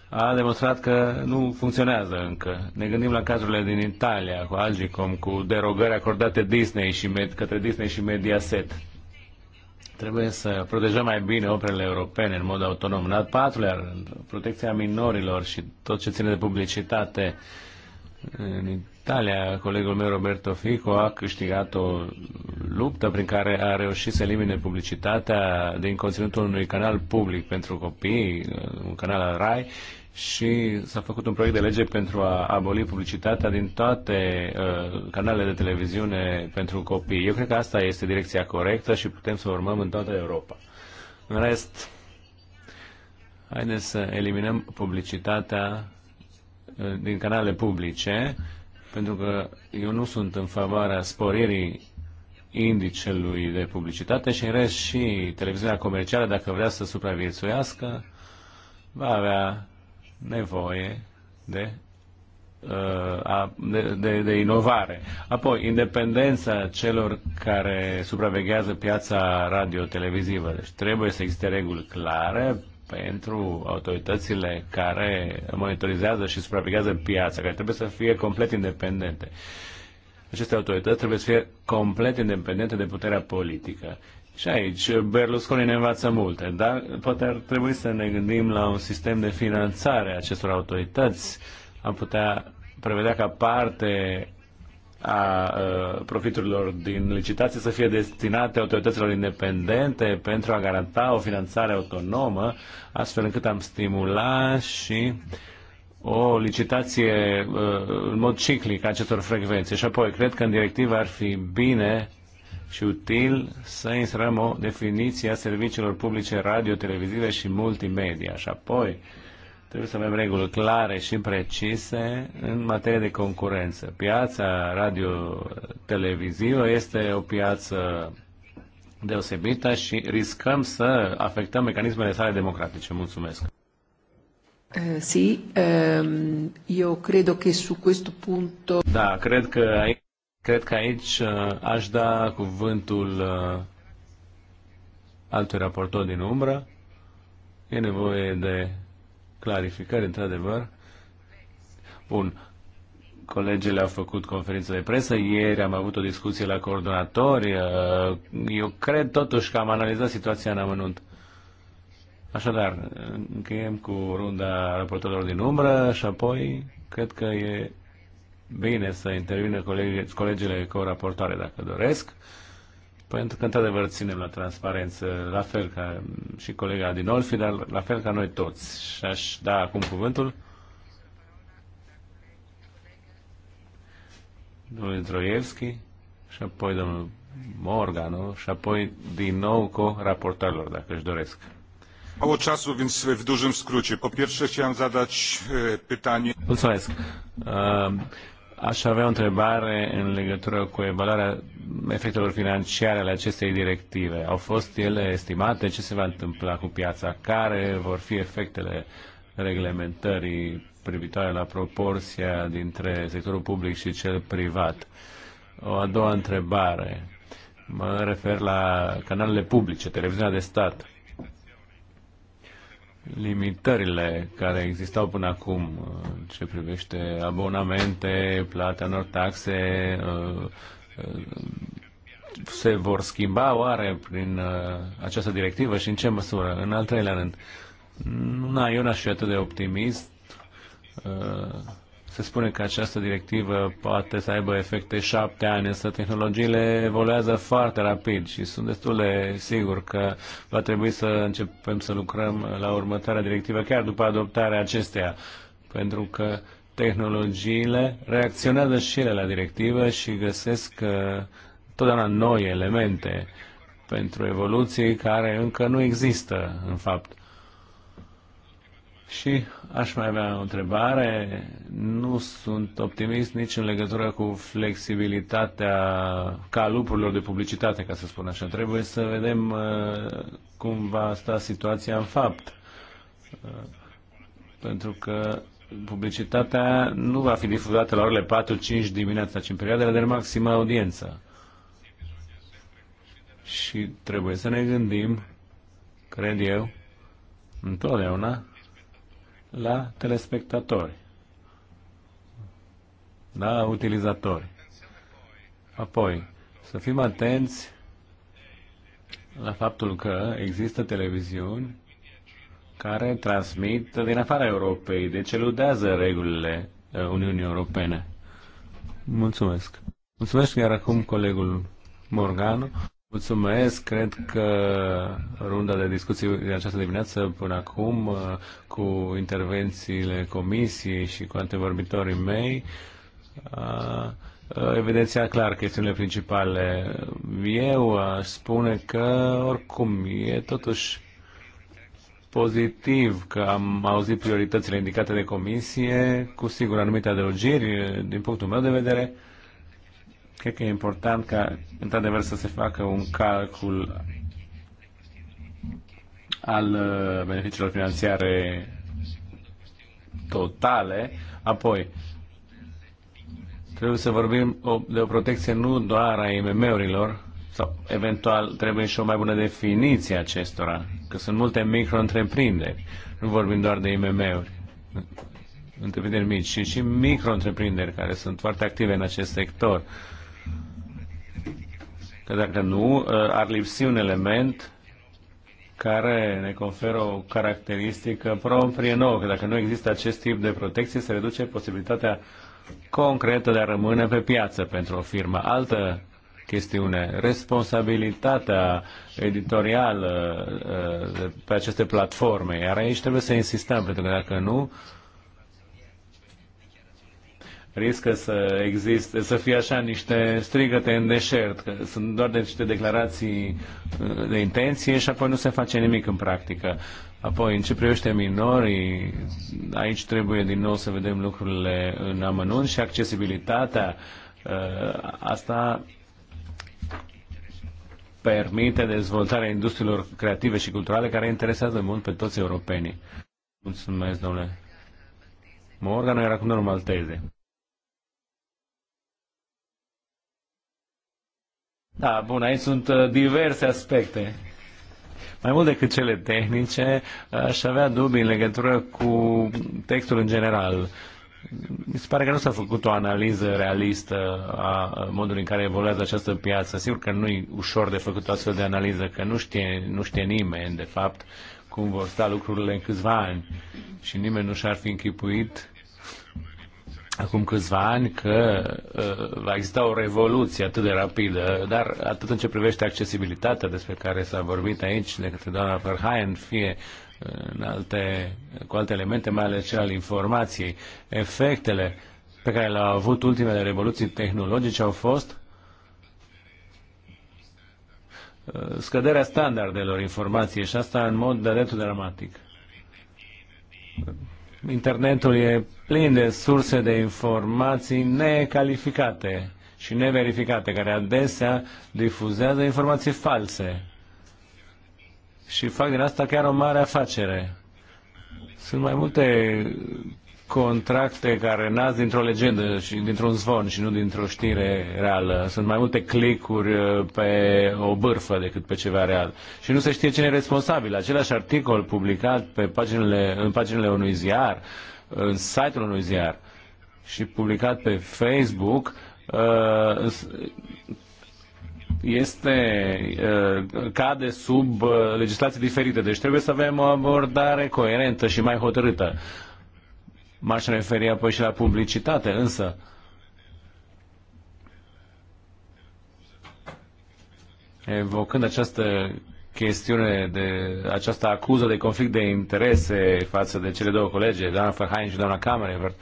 a demonstrat că nu funcționează încă. Ne gândim la cazurile din Italia cu Algicom, cu derogări acordate Disney și med- către Disney și Mediaset. Trebuie să protejăm mai bine operele europene în mod autonom. În al patrulea rând, protecția minorilor și tot ce ține de publicitate în Italia, colegul meu Roberto Fico a câștigat o luptă prin care a reușit să elimine publicitatea din conținutul unui canal public pentru copii, un canal al RAI, și s-a făcut un proiect de lege pentru a aboli publicitatea din toate uh, canalele de televiziune pentru copii. Eu cred că asta este direcția corectă și putem să urmăm în toată Europa. În rest, haideți să eliminăm publicitatea din canale publice, pentru că eu nu sunt în favoarea sporirii indicelui de publicitate și în rest și televiziunea comercială, dacă vrea să supraviețuiască, va avea nevoie de, uh, de, de, de inovare. Apoi, independența celor care supraveghează piața radio-televizivă. Deci trebuie să existe reguli clare pentru autoritățile care monitorizează și supraveghează piața, care trebuie să fie complet independente. Aceste autorități trebuie să fie complet independente de puterea politică. Și aici Berlusconi ne învață multe, dar poate ar trebui să ne gândim la un sistem de finanțare a acestor autorități. Am putea prevedea ca parte a profiturilor din licitație să fie destinate autorităților independente pentru a garanta o finanțare autonomă, astfel încât am stimula și o licitație în mod ciclic a acestor frecvențe. Și apoi, cred că în directivă ar fi bine și util să inserăm o definiție a serviciilor publice radio, televiziune și multimedia. Și apoi, uh, Trebuie să avem reguli clare și precise în materie de concurență. Piața radio-televizivă este o piață deosebită și riscăm să afectăm mecanismele sale democratice. Mulțumesc. Uh, sì, um, io credo che su questo punto... Da, cred că aici, cred că aici eh, aș da cuvântul uh, altui raportor din umbră. E nevoie de clarificări, într-adevăr. Bun. Colegele au făcut conferință de presă, ieri am avut o discuție la coordonatori. Uh, eu cred totuși că am analizat situația în amănunt. Așadar, încheiem cu runda raportorilor din umbră și apoi cred că e bine să intervină colegele, cu co-raportoare dacă doresc pentru că, într-adevăr, ținem la transparență, la fel ca și colega din Olfi, dar la fel ca noi toți. Și aș da acum cuvântul domnul Droievski și apoi domnul Morganu și apoi din nou cu raportorilor, dacă își doresc. Mało czasu, więc w dużym skrócie. Po pierwsze chciałem zadać pytanie. Mulțumesc. Ehm, Aș avea o întrebare în legătură cu evaluarea efectelor financiare ale acestei directive. Au fost ele estimate? Ce se va întâmpla cu piața? Care vor fi efectele reglementării privitoare la proporția dintre sectorul public și cel privat? O a doua întrebare. Mă refer la canalele publice, televiziunea de stat limitările care existau până acum uh, în ce privește abonamente, plata unor taxe, uh, uh, se vor schimba oare prin această directivă și în ce măsură? În al treilea rând, nu, eu n-aș fi atât de optimist se spune că această directivă poate să aibă efecte șapte ani, însă tehnologiile evoluează foarte rapid și sunt destul de sigur că va trebui să începem să lucrăm la următoarea directivă chiar după adoptarea acesteia, pentru că tehnologiile reacționează și ele la directivă și găsesc uh, totdeauna noi elemente pentru evoluții care încă nu există, în fapt. Și aș mai avea o întrebare. Nu sunt optimist nici în legătură cu flexibilitatea calupurilor de publicitate, ca să spun așa. Trebuie să vedem uh, cum va sta situația în fapt. Uh, pentru că publicitatea nu va fi difuzată la orele 4-5 dimineața, ci în perioadele de maximă audiență. Și trebuie să ne gândim, cred eu, întotdeauna, la telespectatori, la utilizatori. Apoi, să fim atenți la faptul că există televiziuni care transmit din afara Europei, deci eludează regulile uh, Uniunii Europene. Mulțumesc. Mulțumesc iar acum colegul Morgano. Mulțumesc, cred că runda de discuții din această dimineață până acum cu intervențiile comisiei și cu antevorbitorii mei a evidenția clar chestiunile principale. Eu aș spune că oricum e totuși pozitiv că am auzit prioritățile indicate de comisie, cu sigur anumite adăugiri din punctul meu de vedere, Cred că e important ca, într-adevăr, să se facă un calcul al uh, beneficiilor financiare totale. Apoi, trebuie să vorbim de o protecție nu doar a IMM-urilor, sau eventual trebuie și o mai bună definiție acestora, că sunt multe micro-întreprinderi. Nu vorbim doar de IMM-uri, întreprinderi mici, ci și micro-întreprinderi care sunt foarte active în acest sector. Că dacă nu, uh, ar lipsi un element care ne conferă o caracteristică proprie nouă, că dacă nu există acest tip de protecție, se reduce posibilitatea concretă de a rămâne pe piață pentru o firmă. Altă chestiune, responsabilitatea editorială uh, pe aceste platforme, iar aici trebuie să insistăm, pentru că dacă nu, riscă să existe, să fie așa niște strigăte în deșert, că sunt doar de niște declarații uh, de intenție și apoi nu se face nimic în practică. Apoi, în ce privește minorii, aici trebuie din nou să vedem lucrurile în amănunt și accesibilitatea. Uh, asta permite dezvoltarea industriilor creative și culturale care interesează mult pe toți europenii. Mulțumesc, domnule. Morgan era cu normal teze. Da, bun, aici sunt uh, diverse aspecte. Mai mult decât cele tehnice, aș avea dubii în legătură cu textul în general. Mi se pare că nu s-a făcut o analiză realistă a modului în care evoluează această piață. Sigur că nu e ușor de făcut o astfel de analiză, că nu știe, nu știe nimeni, de fapt, cum vor sta lucrurile în câțiva ani. Și nimeni nu și-ar fi închipuit acum câțiva ani că uh, va exista o revoluție atât de rapidă, dar atât în ce privește accesibilitatea despre care s-a vorbit aici de către doamna Verheyen, fie în alte, cu alte elemente, mai ales cel al informației, efectele pe care le-au avut ultimele revoluții tehnologice au fost uh, scăderea standardelor informației și asta în mod de dramatic internetul e plin de surse de informații necalificate și neverificate, care adesea difuzează informații false. Și fac din asta chiar o mare afacere. Sunt mai multe contracte care nasc dintr-o legendă și dintr-un zvon și nu dintr-o știre reală. Sunt mai multe clicuri uh, pe o bârfă decât pe ceva real. Și nu se știe cine e responsabil. Același articol publicat pe paginile, în paginile unui ziar, în site-ul unui ziar și publicat pe Facebook, uh, este, uh, cade sub legislații diferite. Deci trebuie să avem o abordare coerentă și mai hotărâtă. M-aș referi apoi și la publicitate, însă evocând această chestiune de această acuză de conflict de interese față de cele două colege, doamna Făhain și doamna Cameron,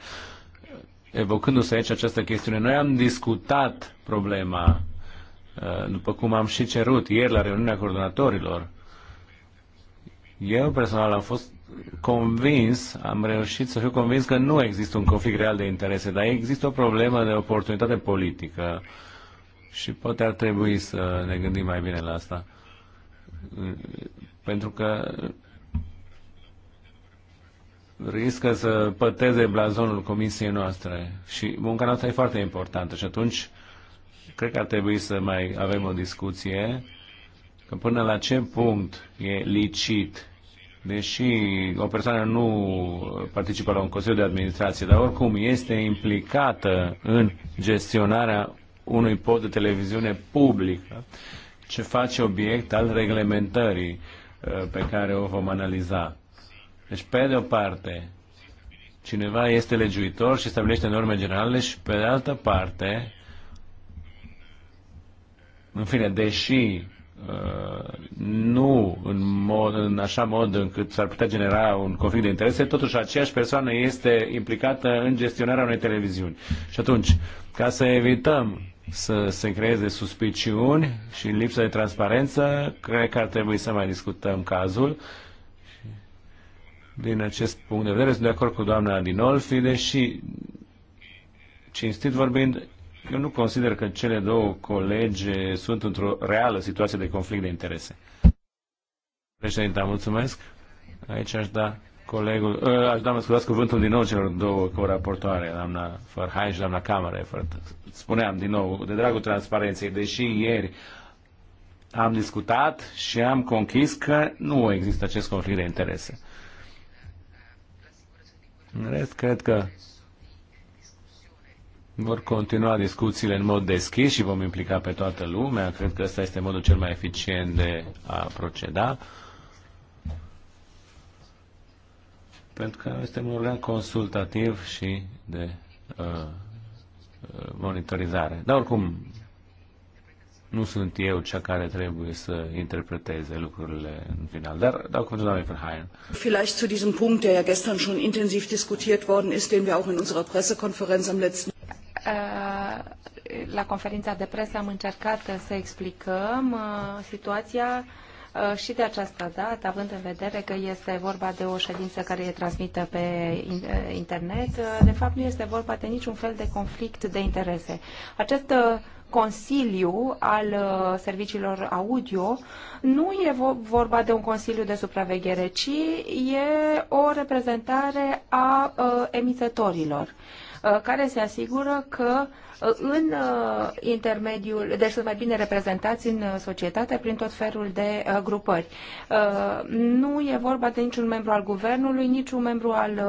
evocându-se aici această chestiune. Noi am discutat problema, uh, după cum am și cerut ieri la reuniunea coordonatorilor. Eu personal am fost convins, am reușit să fiu convins că nu există un conflict real de interese, dar există o problemă de oportunitate politică și poate ar trebui să ne gândim mai bine la asta. Pentru că riscă să păteze blazonul comisiei noastre și munca noastră e foarte importantă și atunci cred că ar trebui să mai avem o discuție că până la ce punct e licit deși o persoană nu participă la un consiliu de administrație, dar oricum este implicată în gestionarea unui pod de televiziune publică, ce face obiect al reglementării uh, pe care o vom analiza. Deci, pe de o parte, cineva este legiuitor și stabilește norme generale și, pe de altă parte, în fine, deși Uh, nu în, mod, în așa mod încât s-ar putea genera un conflict de interese, totuși aceeași persoană este implicată în gestionarea unei televiziuni. Și atunci, ca să evităm să se creeze suspiciuni și lipsă de transparență, cred că ar trebui să mai discutăm cazul. Din acest punct de vedere, sunt de acord cu doamna Adinolfi, deși, cinstit vorbind, eu nu consider că cele două colege sunt într-o reală situație de conflict de interese. Președinte, mulțumesc. Aici aș da colegul, ă, aș da, mă scuzați, cuvântul din nou celor două co-raportoare, doamna Fărhai și doamna Cameră. Spuneam din nou, de dragul transparenței, deși ieri am discutat și am conchis că nu există acest conflict de interese. În rest, cred că vor continua discuțiile în mod deschis și vom implica pe toată lumea. Cred că ăsta este modul cel mai eficient de a proceda. Pentru că este un organ consultativ și de uh, uh monitorizare. Dar oricum, nu sunt eu cea care trebuie să interpreteze lucrurile în final. Dar dau cuvântul doamnei Verheyen. Vielleicht zu diesem punct, der ja gestern schon intensiv diskutiert worden ist, den wir auch in unserer Pressekonferenz am letzten Uh, la conferința de presă am încercat să explicăm uh, situația uh, și de această dată, având în vedere că este vorba de o ședință care e transmită pe internet, de fapt nu este vorba de niciun fel de conflict de interese. Acest Consiliu al serviciilor audio nu e vorba de un consiliu de supraveghere, ci e o reprezentare a emițătorilor. Uh, care se asigură că uh, în uh, intermediul, deci sunt mai bine reprezentați în societate prin tot felul de grupări. Nu e vorba de niciun membru al guvernului, niciun membru al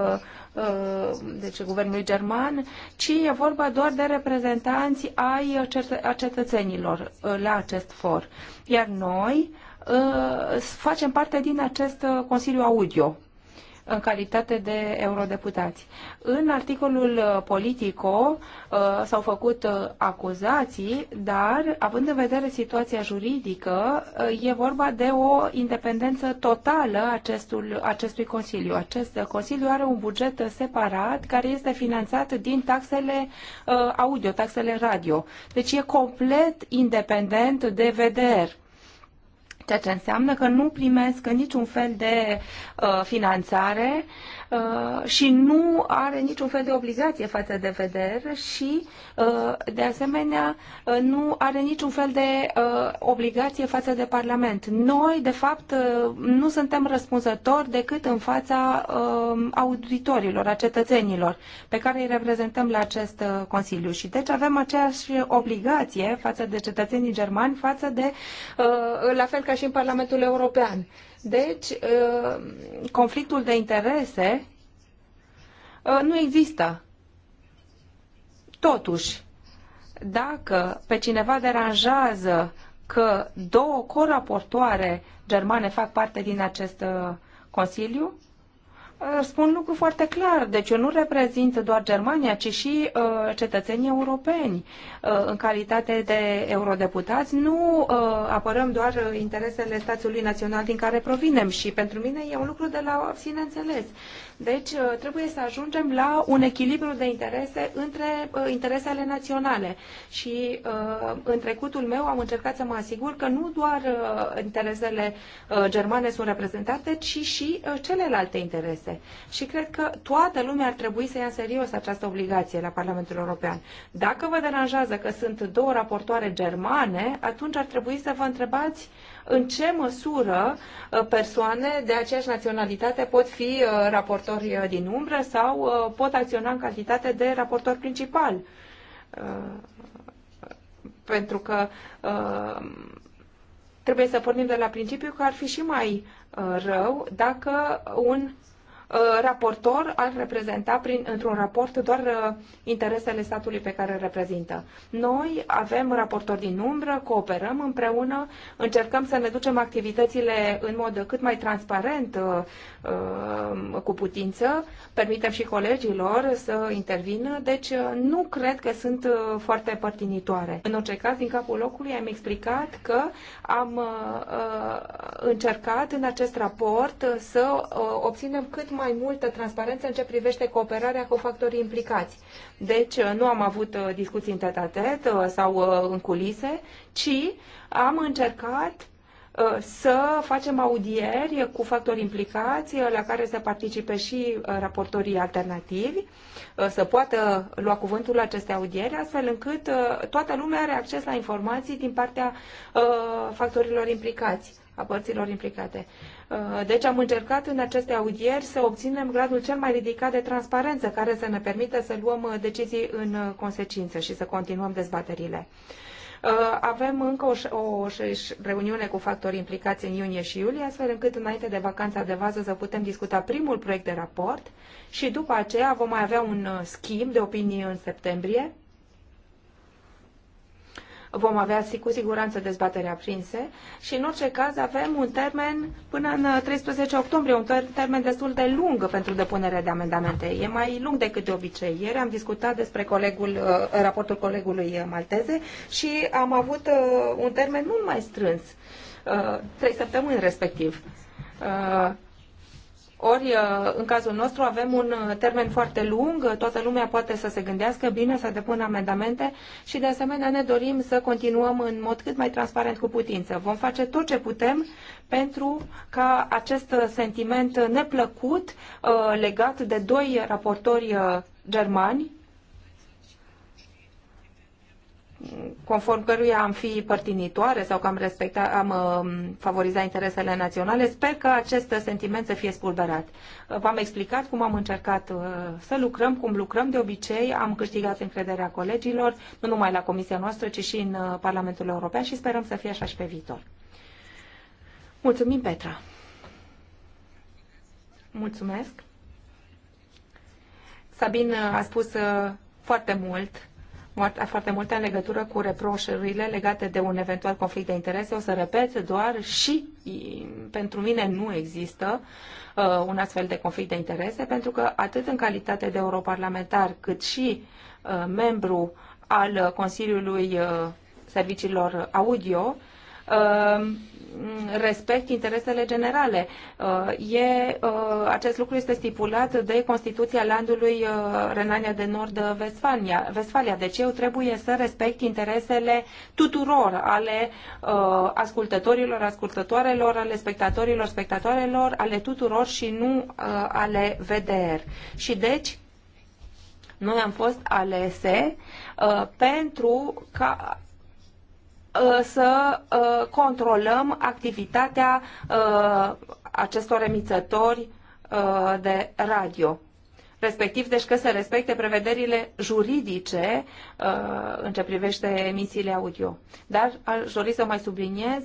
deci guvernului german, ci e vorba doar de reprezentanți ai cetățenilor la acest for. Iar noi facem parte din acest Consiliu Audio în calitate de eurodeputați. În articolul uh, Politico uh, s-au făcut uh, acuzații, dar având în vedere situația juridică, e vorba de o independență totală acestul, acestui Consiliu. Acest Consiliu are un buget separat care este finanțat din taxele audio, taxele radio. Deci e complet independent de VDR ceea ce înseamnă că nu primesc niciun fel de uh, finanțare uh, Uh, și nu are niciun fel de obligație față de FEDER și, uh, de asemenea, uh, nu are niciun fel de obligație față de Parlament. Noi, de fapt, nu suntem răspunzători decât în fața auditorilor, a cetățenilor pe care îi reprezentăm la acest Consiliu. Și deci avem aceeași obligație față de cetățenii germani, față de, la fel ca și în Parlamentul European. Deci, uh, conflictul de interese uh, nu există. Totuși, dacă pe cineva deranjează că două coraportoare germane fac parte din acest uh, Consiliu, Uh, spun lucru foarte clar. Deci eu nu reprezint doar Germania, ci și uh, cetățenii europeni. Uh, în calitate de eurodeputați, nu uh, apărăm doar interesele statului național din care provinem și pentru mine e un lucru de la sine înțeles. Deci uh, trebuie să ajungem la un echilibru de interese între uh, interesele naționale. Și uh, în trecutul meu am încercat să mă asigur că nu doar interesele germane sunt reprezentate, ci și celelalte interese. Și cred că toată lumea ar trebui să ia în serios această obligație la Parlamentul European. Dacă vă deranjează că sunt două raportoare germane, atunci ar trebui să vă întrebați uh, în ce măsură uh, persoane de aceeași naționalitate pot fi uh, raportori uh, din umbră sau pot acționa în calitate de raportor principal. Pentru că trebuie să pornim de la principiu că ar fi și mai rău dacă un Uh, raportor ar reprezenta prin, într-un raport doar uh, interesele statului pe care îl reprezintă. Noi avem raportori din umbră, cooperăm împreună, încercăm să ne ducem activitățile în mod cât mai transparent uh, cu putință, permitem și colegilor să intervină, deci nu cred că sunt foarte părtinitoare. În orice caz, din capul locului am explicat că am încercat în acest raport să obținem cât mai mai multă transparență în ce privește cooperarea cu factorii implicați. Deci uh, nu am avut uh, discuții în tet uh, sau în culise, ci am încercat să facem audieri cu factori implicați la care să participe și raportorii alternativi, să poată lua cuvântul la aceste audieri, astfel încât toată lumea are acces la informații din partea factorilor implicați a părților implicate. Uh, deci am încercat în aceste audieri să obținem gradul cel mai ridicat de transparență care să ne permită să luăm uh, decizii în uh, consecință și să continuăm dezbaterile. Avem încă o, o, o reuniune cu factori implicați în iunie și iulie, astfel încât înainte de vacanța de vază să putem discuta primul proiect de raport și după aceea vom mai avea un schimb de opinii în septembrie vom avea cu siguranță dezbaterea aprinse și în orice caz avem un termen până în 13 uh, octombrie, un termen destul de lung pentru depunerea de amendamente. E mai lung decât de obicei. Ieri am discutat despre colegul, uh, raportul colegului uh, malteze și am avut un termen mult mai strâns, trei săptămâni respectiv. Ori, uh, în cazul nostru, avem un uh, termen foarte lung, uh, toată lumea poate să se gândească bine, să depună amendamente și, de asemenea, ne dorim să continuăm în mod cât mai transparent cu putință. Vom face tot ce putem pentru ca acest sentiment neplăcut legat de doi raportori germani conform căruia am fi părtinitoare sau că am, respecta, am um, favorizat interesele naționale, sper că acest sentiment să fie spulberat. Uh, v-am explicat cum am încercat uh, să lucrăm, cum lucrăm de obicei, am câștigat încrederea colegilor, nu numai la comisia noastră, ci și în uh, Parlamentul European și sperăm să fie așa și pe viitor. Mulțumim, Petra! Mulțumesc! Sabin a spus foarte mult foarte multe în legătură cu reproșurile legate de un eventual conflict de interese. O să repet doar și pentru mine nu există uh, un astfel de conflict de interese, pentru că atât în calitate de europarlamentar cât și uh, membru al Consiliului uh, Serviciilor Audio, uh, respect interesele generale. Uh, e, uh, acest lucru este stipulat de Constituția landului uh, Renania de Nord-Vestfalia. Deci eu trebuie să respect interesele tuturor ale ascultătorilor, ascultătoarelor, ale spectatorilor, spectatoarelor, ale tuturor și nu ale VDR. Și deci noi am fost alese uh, pentru ca Uh, să uh, controlăm activitatea uh, acestor emițători de radio. Respectiv, deci că se respecte prevederile juridice în ce privește emisiile audio. Dar aș dori să mai subliniez,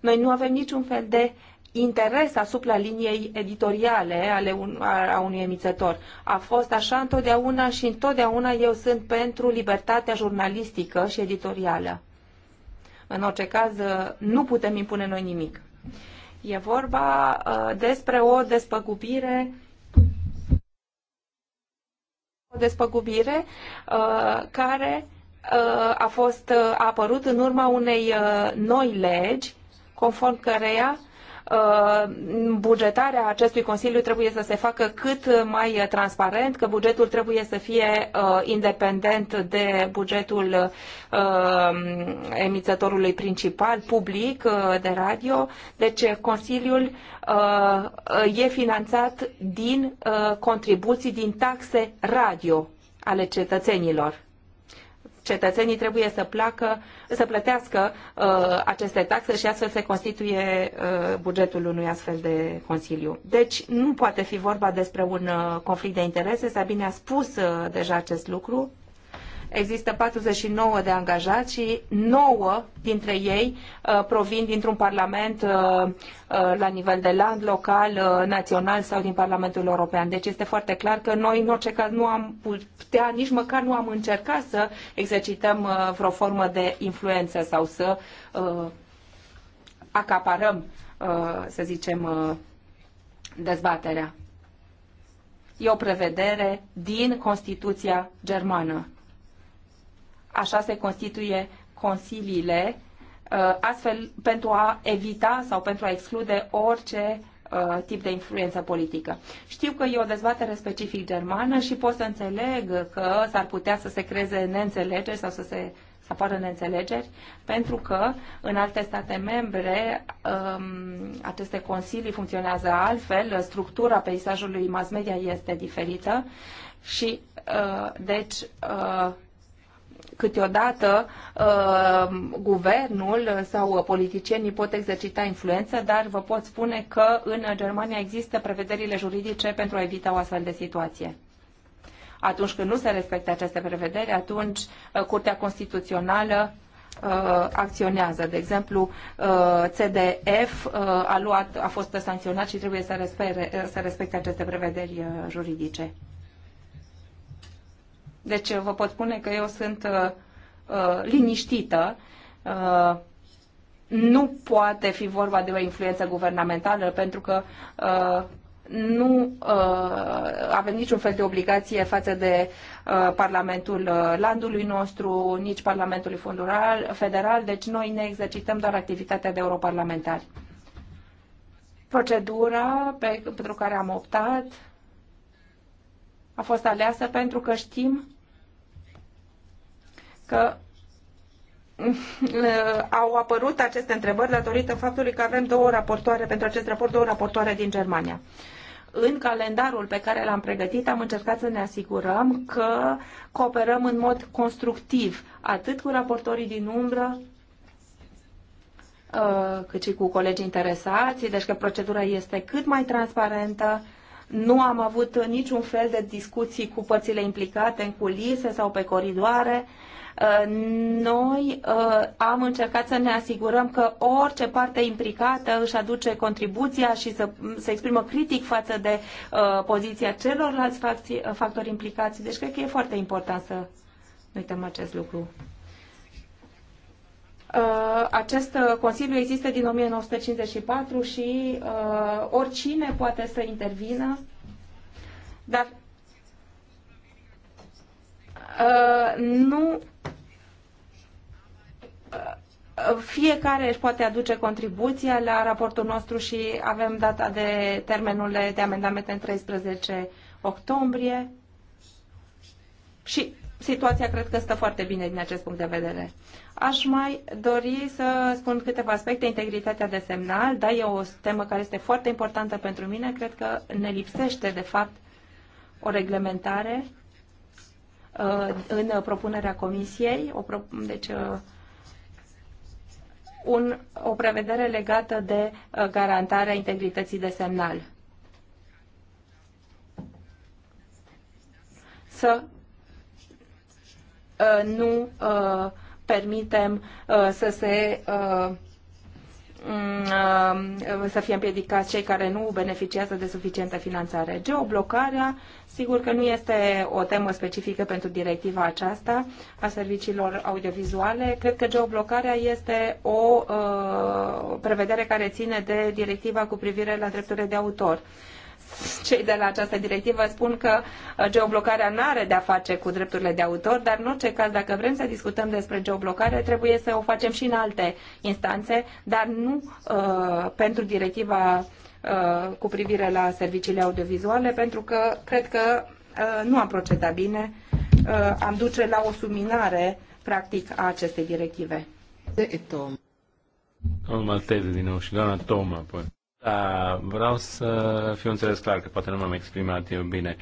noi nu avem niciun fel de interes asupra liniei editoriale ale un, a, a unui emițător. A fost așa întotdeauna și întotdeauna eu sunt pentru libertatea jurnalistică și editorială. În orice caz, uh, nu putem impune noi nimic. E vorba uh, despre o despăgubire o despăgubire uh, care a fost a apărut în urma unei noi legi conform căreia Uh, bugetarea acestui Consiliu trebuie să se facă cât mai transparent, că bugetul trebuie să fie uh, independent de bugetul uh, emițătorului principal, public, de radio. Deci Consiliul e finanțat din contribuții, din taxe radio ale cetățenilor cetățenii trebuie să, placă, să plătească uh, aceste taxe și astfel se constituie uh, bugetul unui astfel de consiliu. Deci nu poate fi vorba despre un uh, conflict de interese, Sabine a spus uh, deja acest lucru, Există 49 de angajați și 9 dintre ei uh, provin dintr-un parlament uh, uh, la nivel de land, local, național sau din Parlamentul European. Deci este foarte clar că noi în orice caz nu am putea, nici măcar nu am încercat să exercităm vreo formă de influență sau să acaparăm, să zicem, dezbaterea. E o prevedere din Constituția germană. Așa se constituie consiliile, uh, astfel pentru a evita sau pentru a exclude orice uh, tip de influență politică. Știu că e o dezbatere specific germană și pot să înțeleg că s-ar putea să se creeze neînțelegeri sau să se să apară neînțelegeri, pentru că în alte state membre um, aceste consilii funcționează altfel, structura peisajului mass media este diferită și uh, deci câteodată uh, guvernul sau politicienii pot exercita influență, dar vă pot spune că în Germania există prevederile juridice pentru a evita o astfel de situație. Atunci când nu se respectă aceste prevederi, atunci uh, Curtea Constituțională uh, acționează. De exemplu, CDF a, luat, a fost sancționat și trebuie să respecte, să respecte aceste prevederi juridice. Deci uh, vă pot spune că eu sunt uh, uh, liniștită. Uh, nu poate fi vorba de o influență guvernamentală pentru că uh, nu uh, avem niciun fel de obligație față de uh, Parlamentul uh, landului nostru, nici parlamentul fundural, federal, deci noi ne exercităm doar activitatea de europarlamentari. Procedura pe, pentru care am optat a fost aleasă pentru că știm că uh, au apărut aceste întrebări datorită faptului că avem două raportoare pentru acest raport, două raportoare din Germania. În calendarul pe care l-am pregătit am încercat să ne asigurăm că cooperăm în mod constructiv atât cu raportorii din umbră, uh, cât și cu colegii interesați, deci că procedura este cât mai transparentă, nu am avut niciun fel de discuții cu părțile implicate în culise sau pe coridoare. Uh, noi uh, am încercat să ne asigurăm că orice parte implicată își aduce contribuția și să se exprimă critic față de uh, poziția celorlalți factori implicați. Deci cred că e foarte important să uităm acest lucru. Uh, acest Consiliu există din 1954 și uh, oricine poate să intervină, dar uh, nu uh, fiecare își poate aduce contribuția la raportul nostru și avem data de termenul de amendamente în 13 octombrie și situația cred că stă foarte bine din acest punct de vedere. Aș mai dori să spun câteva aspecte. Integritatea de semnal, da, e o temă care este foarte importantă pentru mine. Cred că ne lipsește, de fapt, o reglementare uh, în propunerea comisiei, o pro- deci uh, un, o prevedere legată de uh, garantarea integrității de semnal. Să Uh, nu uh, permitem uh, să se mm, să fie împiedicați cei care nu beneficiază de suficientă finanțare. Geoblocarea, sigur că nu este o temă specifică pentru directiva aceasta a serviciilor audiovizuale. Cred că geoblocarea este o uh, prevedere care ține de directiva cu privire la drepturile de autor. Uh, cei de la această directivă spun că uh, geoblocarea nu are de-a face cu drepturile de autor, dar în orice caz, dacă vrem să discutăm despre geoblocare, trebuie să o facem și în alte instanțe, dar nu uh, pentru directiva uh, cu privire la serviciile audiovizuale, pentru că cred că uh, nu am procedat bine, uh, am duce la o suminare, practic, a acestei directive. Domnul Malteze din nou și doamna Toma, apoi. Da, vreau să fiu înțeles clar, că poate nu m-am exprimat eu bine.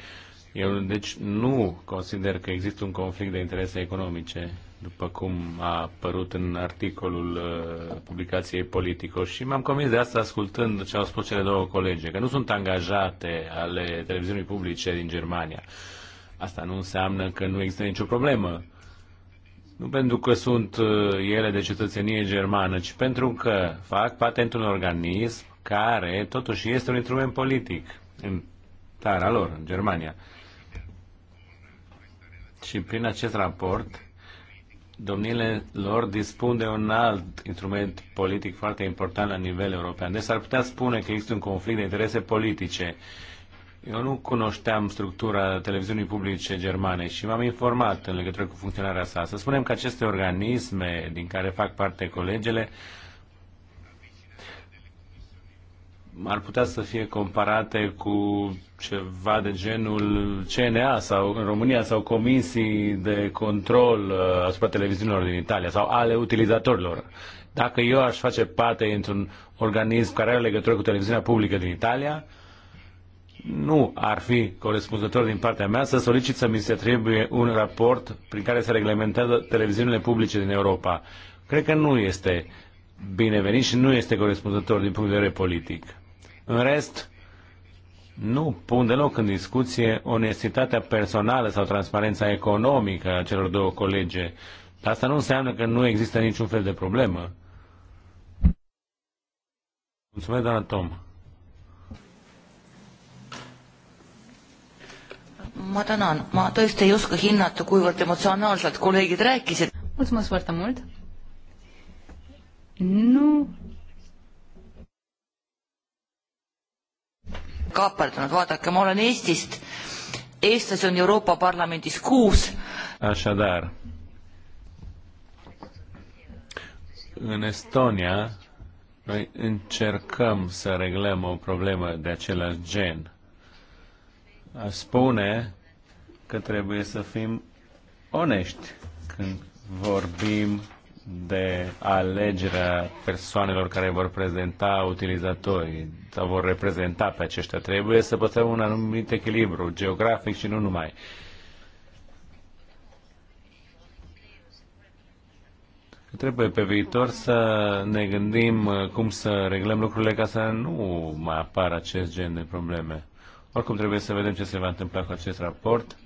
Eu, deci, nu consider că există un conflict de interese economice, după cum a apărut în articolul uh, publicației Politico și m-am convins de asta ascultând ce au spus cele două colege, că nu sunt angajate ale televiziunii publice din Germania. Asta nu înseamnă că nu există nicio problemă. Nu pentru că sunt uh, ele de cetățenie germană, ci pentru că fac într un organism care totuși este un instrument politic în țara lor, în Germania. Și prin acest raport, domnile lor dispun de un alt instrument politic foarte important la nivel european. Deci s-ar putea spune că există un conflict de interese politice. Eu nu cunoșteam structura televiziunii publice germane și m-am informat în legătură cu funcționarea sa. Să spunem că aceste organisme din care fac parte colegele ar putea să fie comparate cu ceva de genul CNA sau în România sau comisii de control uh, asupra televiziunilor din Italia sau ale utilizatorilor. Dacă eu aș face parte într-un organism care are legătură cu televiziunea publică din Italia, nu ar fi corespunzător din partea mea să solicit să mi se trebuie un raport prin care să reglementează televiziunile publice din Europa. Cred că nu este binevenit și nu este corespunzător din punct de vedere politic. În rest, nu pun deloc în discuție onestitatea personală sau transparența economică a celor două colege. Dar asta nu înseamnă că nu există niciun fel de problemă. Mulțumesc, doamna Tom. ma tänan, ma tõesti ei oska hinnata, kuivõrd emotsionaalselt kolleegid rääkisid. mulțumesc foarte mult. Nu kaaperdanud, vaadake, ma olen Eestist, eestlasi on Euroopa Parlamendis kuus. Așadar, în Estonia noi încercăm să reglăm o problemă de același gen. A spune că trebuie să fim onești când vorbim de alegerea persoanelor care vor prezenta utilizatorii sau vor reprezenta pe aceștia. Trebuie să păstrăm un anumit echilibru geografic și nu numai. Trebuie pe viitor să ne gândim uh, cum să reglăm lucrurile ca să nu mai apară acest gen de probleme. Oricum trebuie să vedem ce se va întâmpla cu acest raport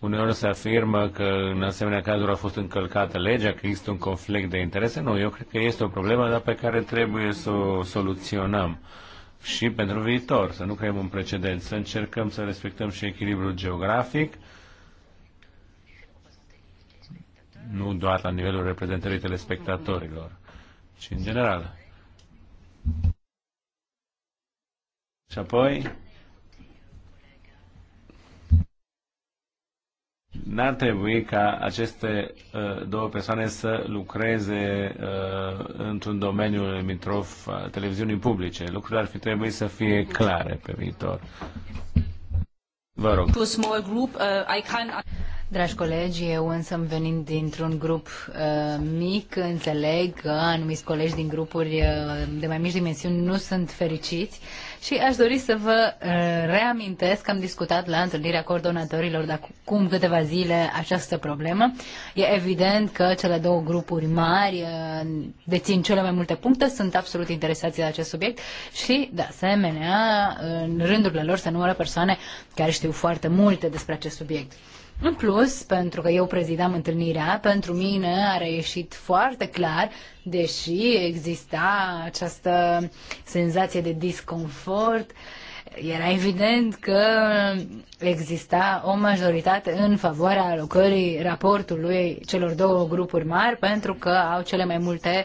Uneori se afirmă că în asemenea cazuri a fost încălcată legea, că există un conflict de interese. Nu, eu cred că este o problemă, dar pe care trebuie să o soluționăm și pentru viitor, să nu creăm un precedent, să încercăm să respectăm și echilibrul geografic, nu doar la nivelul reprezentării telespectatorilor, ci în general. Și apoi, n-ar trebui ca aceste uh, două persoane să lucreze uh, într-un domeniu limitrof al televiziunii publice. Lucrurile ar fi trebuit să fie clare pe viitor. Vă rog. small group, uh, I can... Dragi colegi, eu însă venind dintr-un grup uh, mic, înțeleg că anumiți colegi din grupuri uh, de mai mici dimensiuni nu sunt fericiți. Uh, și aș dori să vă uh, reamintesc că am discutat la întâlnirea coordonatorilor de acum câteva zile această problemă. E evident că cele două grupuri mari uh, dețin cele mai multe puncte, sunt absolut interesați de acest subiect și, de asemenea, în rândurile lor se numără persoane care știu foarte multe despre acest subiect. În plus, pentru că eu prezidam întâlnirea, pentru mine a reieșit foarte clar, deși exista această senzație de disconfort, era evident că exista o majoritate în favoarea alocării raportului celor două grupuri mari pentru că au cele mai multe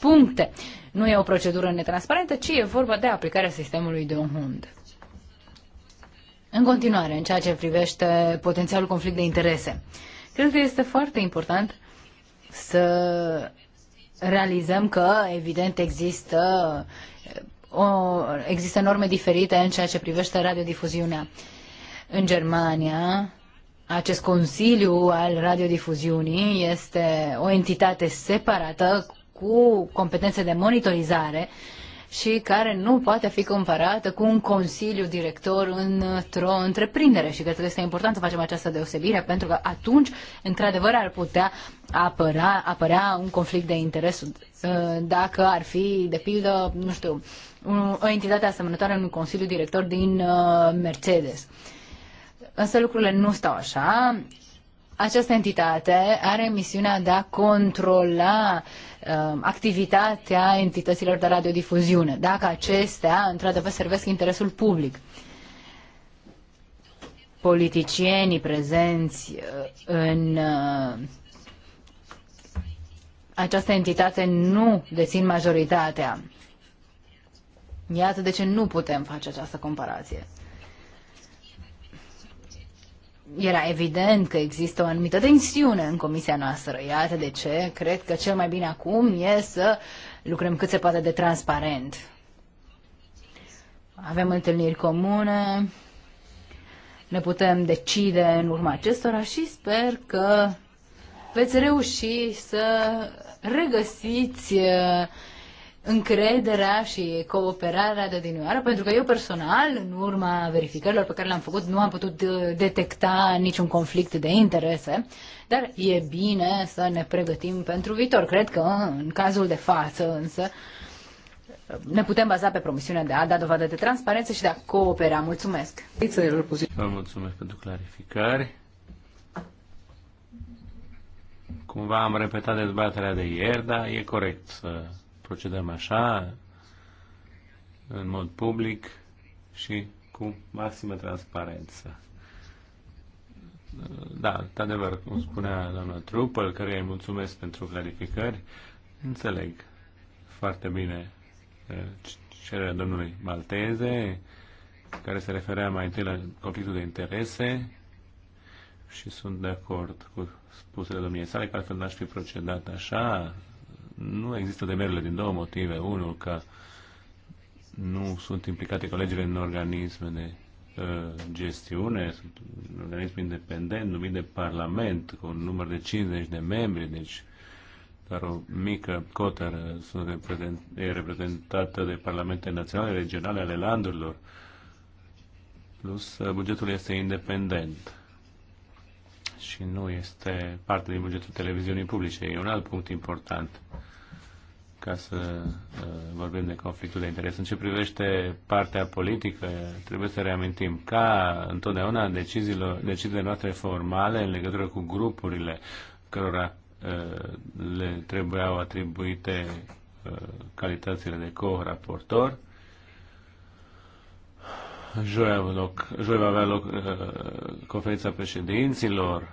puncte. Nu e o procedură netransparentă, ci e vorba de aplicarea sistemului de un hund. În continuare, în ceea ce privește potențialul conflict de interese, cred că este foarte important să realizăm că, evident, există o, există norme diferite în ceea ce privește radiodifuziunea. În Germania, acest Consiliu al Radiodifuziunii este o entitate separată cu competențe de monitorizare și care nu poate fi comparată cu un consiliu director într-o întreprindere și că trebuie să important să facem această deosebire pentru că atunci, într-adevăr, ar putea apăra, apărea un conflict de interes uh, dacă ar fi, de pildă, nu știu, o entitate asemănătoare în un consiliu director din uh, Mercedes. Însă lucrurile nu stau așa. Această entitate are misiunea de a controla uh, activitatea entităților de radiodifuziune, dacă acestea, într-adevăr, servesc interesul public. Politicienii prezenți uh, în uh, această entitate nu dețin majoritatea. Iată de ce nu putem face această comparație era evident că există o anumită tensiune în comisia noastră. Iată de ce cred că cel mai bine acum e să lucrăm cât se poate de transparent. Avem întâlniri comune, ne putem decide în urma acestora și sper că veți reuși să regăsiți încrederea și cooperarea de dinioară, pentru că eu personal, în urma verificărilor pe care le-am făcut, nu am putut uh, detecta niciun conflict de interese, dar e bine să ne pregătim pentru viitor. Cred că, în cazul de față, însă, ne putem baza pe promisiunea de a da dovadă de transparență și de a coopera. Mulțumesc! Vă mulțumesc pentru clarificare. Cumva am repetat dezbaterea de ieri, dar e corect să procedăm așa, în mod public și cu maximă transparență. Da, într-adevăr, cum spunea doamna Trupel, care îi mulțumesc pentru clarificări, înțeleg foarte bine eh, cererea domnului Malteze, care se referea mai întâi la conflictul de interese și sunt de acord cu spusele domniei sale, că altfel n-aș fi procedat așa, nu există demerile din două motive. Unul, că nu sunt implicate colegile în organisme de uh, gestiune, sunt un organism independent numit de Parlament cu un număr de 50 de membri, deci doar o mică cotă uh, sunt reprezent, e reprezentată de parlamente naționale, regionale ale landurilor, plus uh, bugetul este independent și nu este parte din bugetul televiziunii publice. E un alt punct important ca să uh, vorbim de conflictul de interes. În ce privește partea politică, trebuie să reamintim ca întotdeauna deciziile, deciziile noastre formale în legătură cu grupurile cărora uh, le trebuiau atribuite uh, calitățile de co-raportor Joi, loc, joia va avea loc uh, conferința președinților.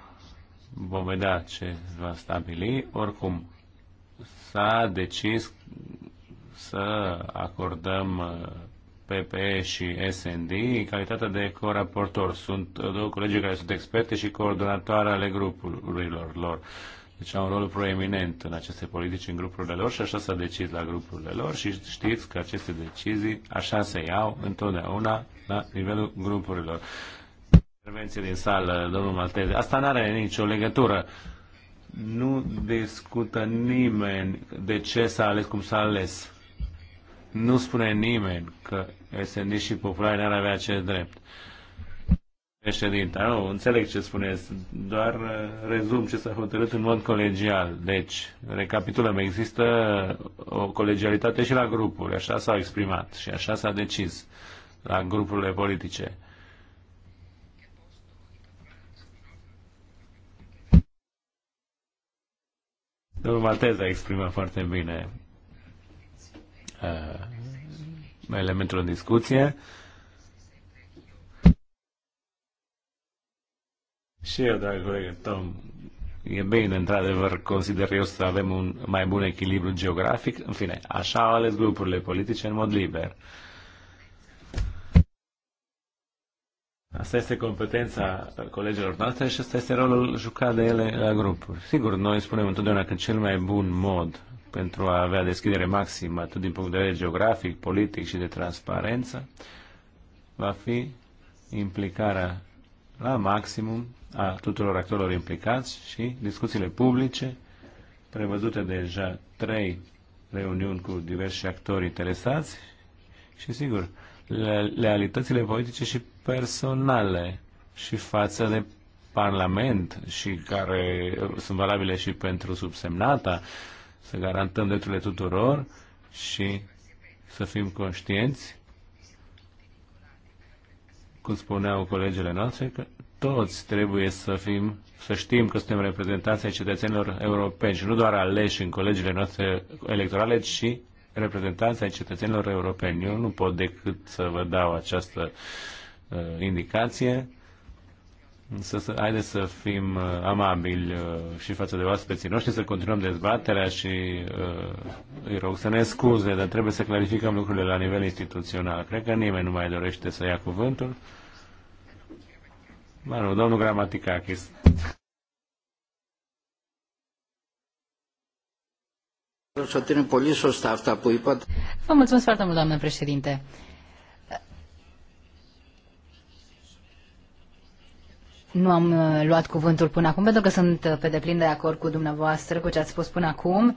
Vom vedea ce va stabili. Oricum, s-a decis să acordăm PP uh, PPE și SND în calitatea de coraportor. Sunt două colegi care sunt experte și coordonatoare ale grupurilor lor deci au un rol proeminent în aceste politici în grupurile lor și așa s-a decis la grupurile lor și știți că aceste decizii așa se iau întotdeauna la nivelul grupurilor. Intervenție din sală, domnul Malteze. Asta nu are nicio legătură. Nu discută nimeni de ce s-a ales cum s-a ales. Nu spune nimeni că SND și populare n-ar avea acest drept. Uh, Președinte, nu, înțeleg ce spuneți, doar uh, rezum ce s-a hotărât în mod colegial. Deci, recapitulăm, există o colegialitate și la grupuri, așa s-au exprimat și așa s-a decis la grupurile politice. Domnul Mateza a exprimat foarte bine uh, elementul în discuție. Uh, Și eu, dragul colegă, Tom, e bine, într-adevăr, consider eu să avem un mai bun echilibru geografic. În fine, așa au ales grupurile politice în mod liber. Asta este competența colegilor noastre și asta este rolul jucat de ele la grupuri. Sigur, noi spunem întotdeauna că cel mai bun mod pentru a avea deschidere maximă, atât din punct de vedere geografic, politic și de transparență, va fi implicarea la maximum a tuturor actorilor implicați și discuțiile publice, prevăzute deja trei reuniuni cu diversi actori interesați și, sigur, realitățile politice și personale și față de Parlament și care sunt valabile și pentru subsemnata, să garantăm drepturile tuturor și să fim conștienți, cum spuneau colegele noastre, că toți trebuie să fim, să știm că suntem reprezentanții cetățenilor europeni și nu doar aleși în colegiile noastre electorale, ci reprezentanții cetățenilor europeni. Eu nu pot decât să vă dau această uh, indicație. Să, să, haideți să fim uh, amabili uh, și față de peții noștri, să continuăm dezbaterea și uh, îi rog să ne scuze, dar trebuie să clarificăm lucrurile la nivel instituțional. Cred că nimeni nu mai dorește să ia cuvântul. Mă rog, domnul Gramaticakis. Vă mulțumesc foarte mult, doamnă președinte. Nu am uh, luat cuvântul până acum, pentru că sunt uh, pe deplin de acord cu dumneavoastră, cu ce ați spus până acum,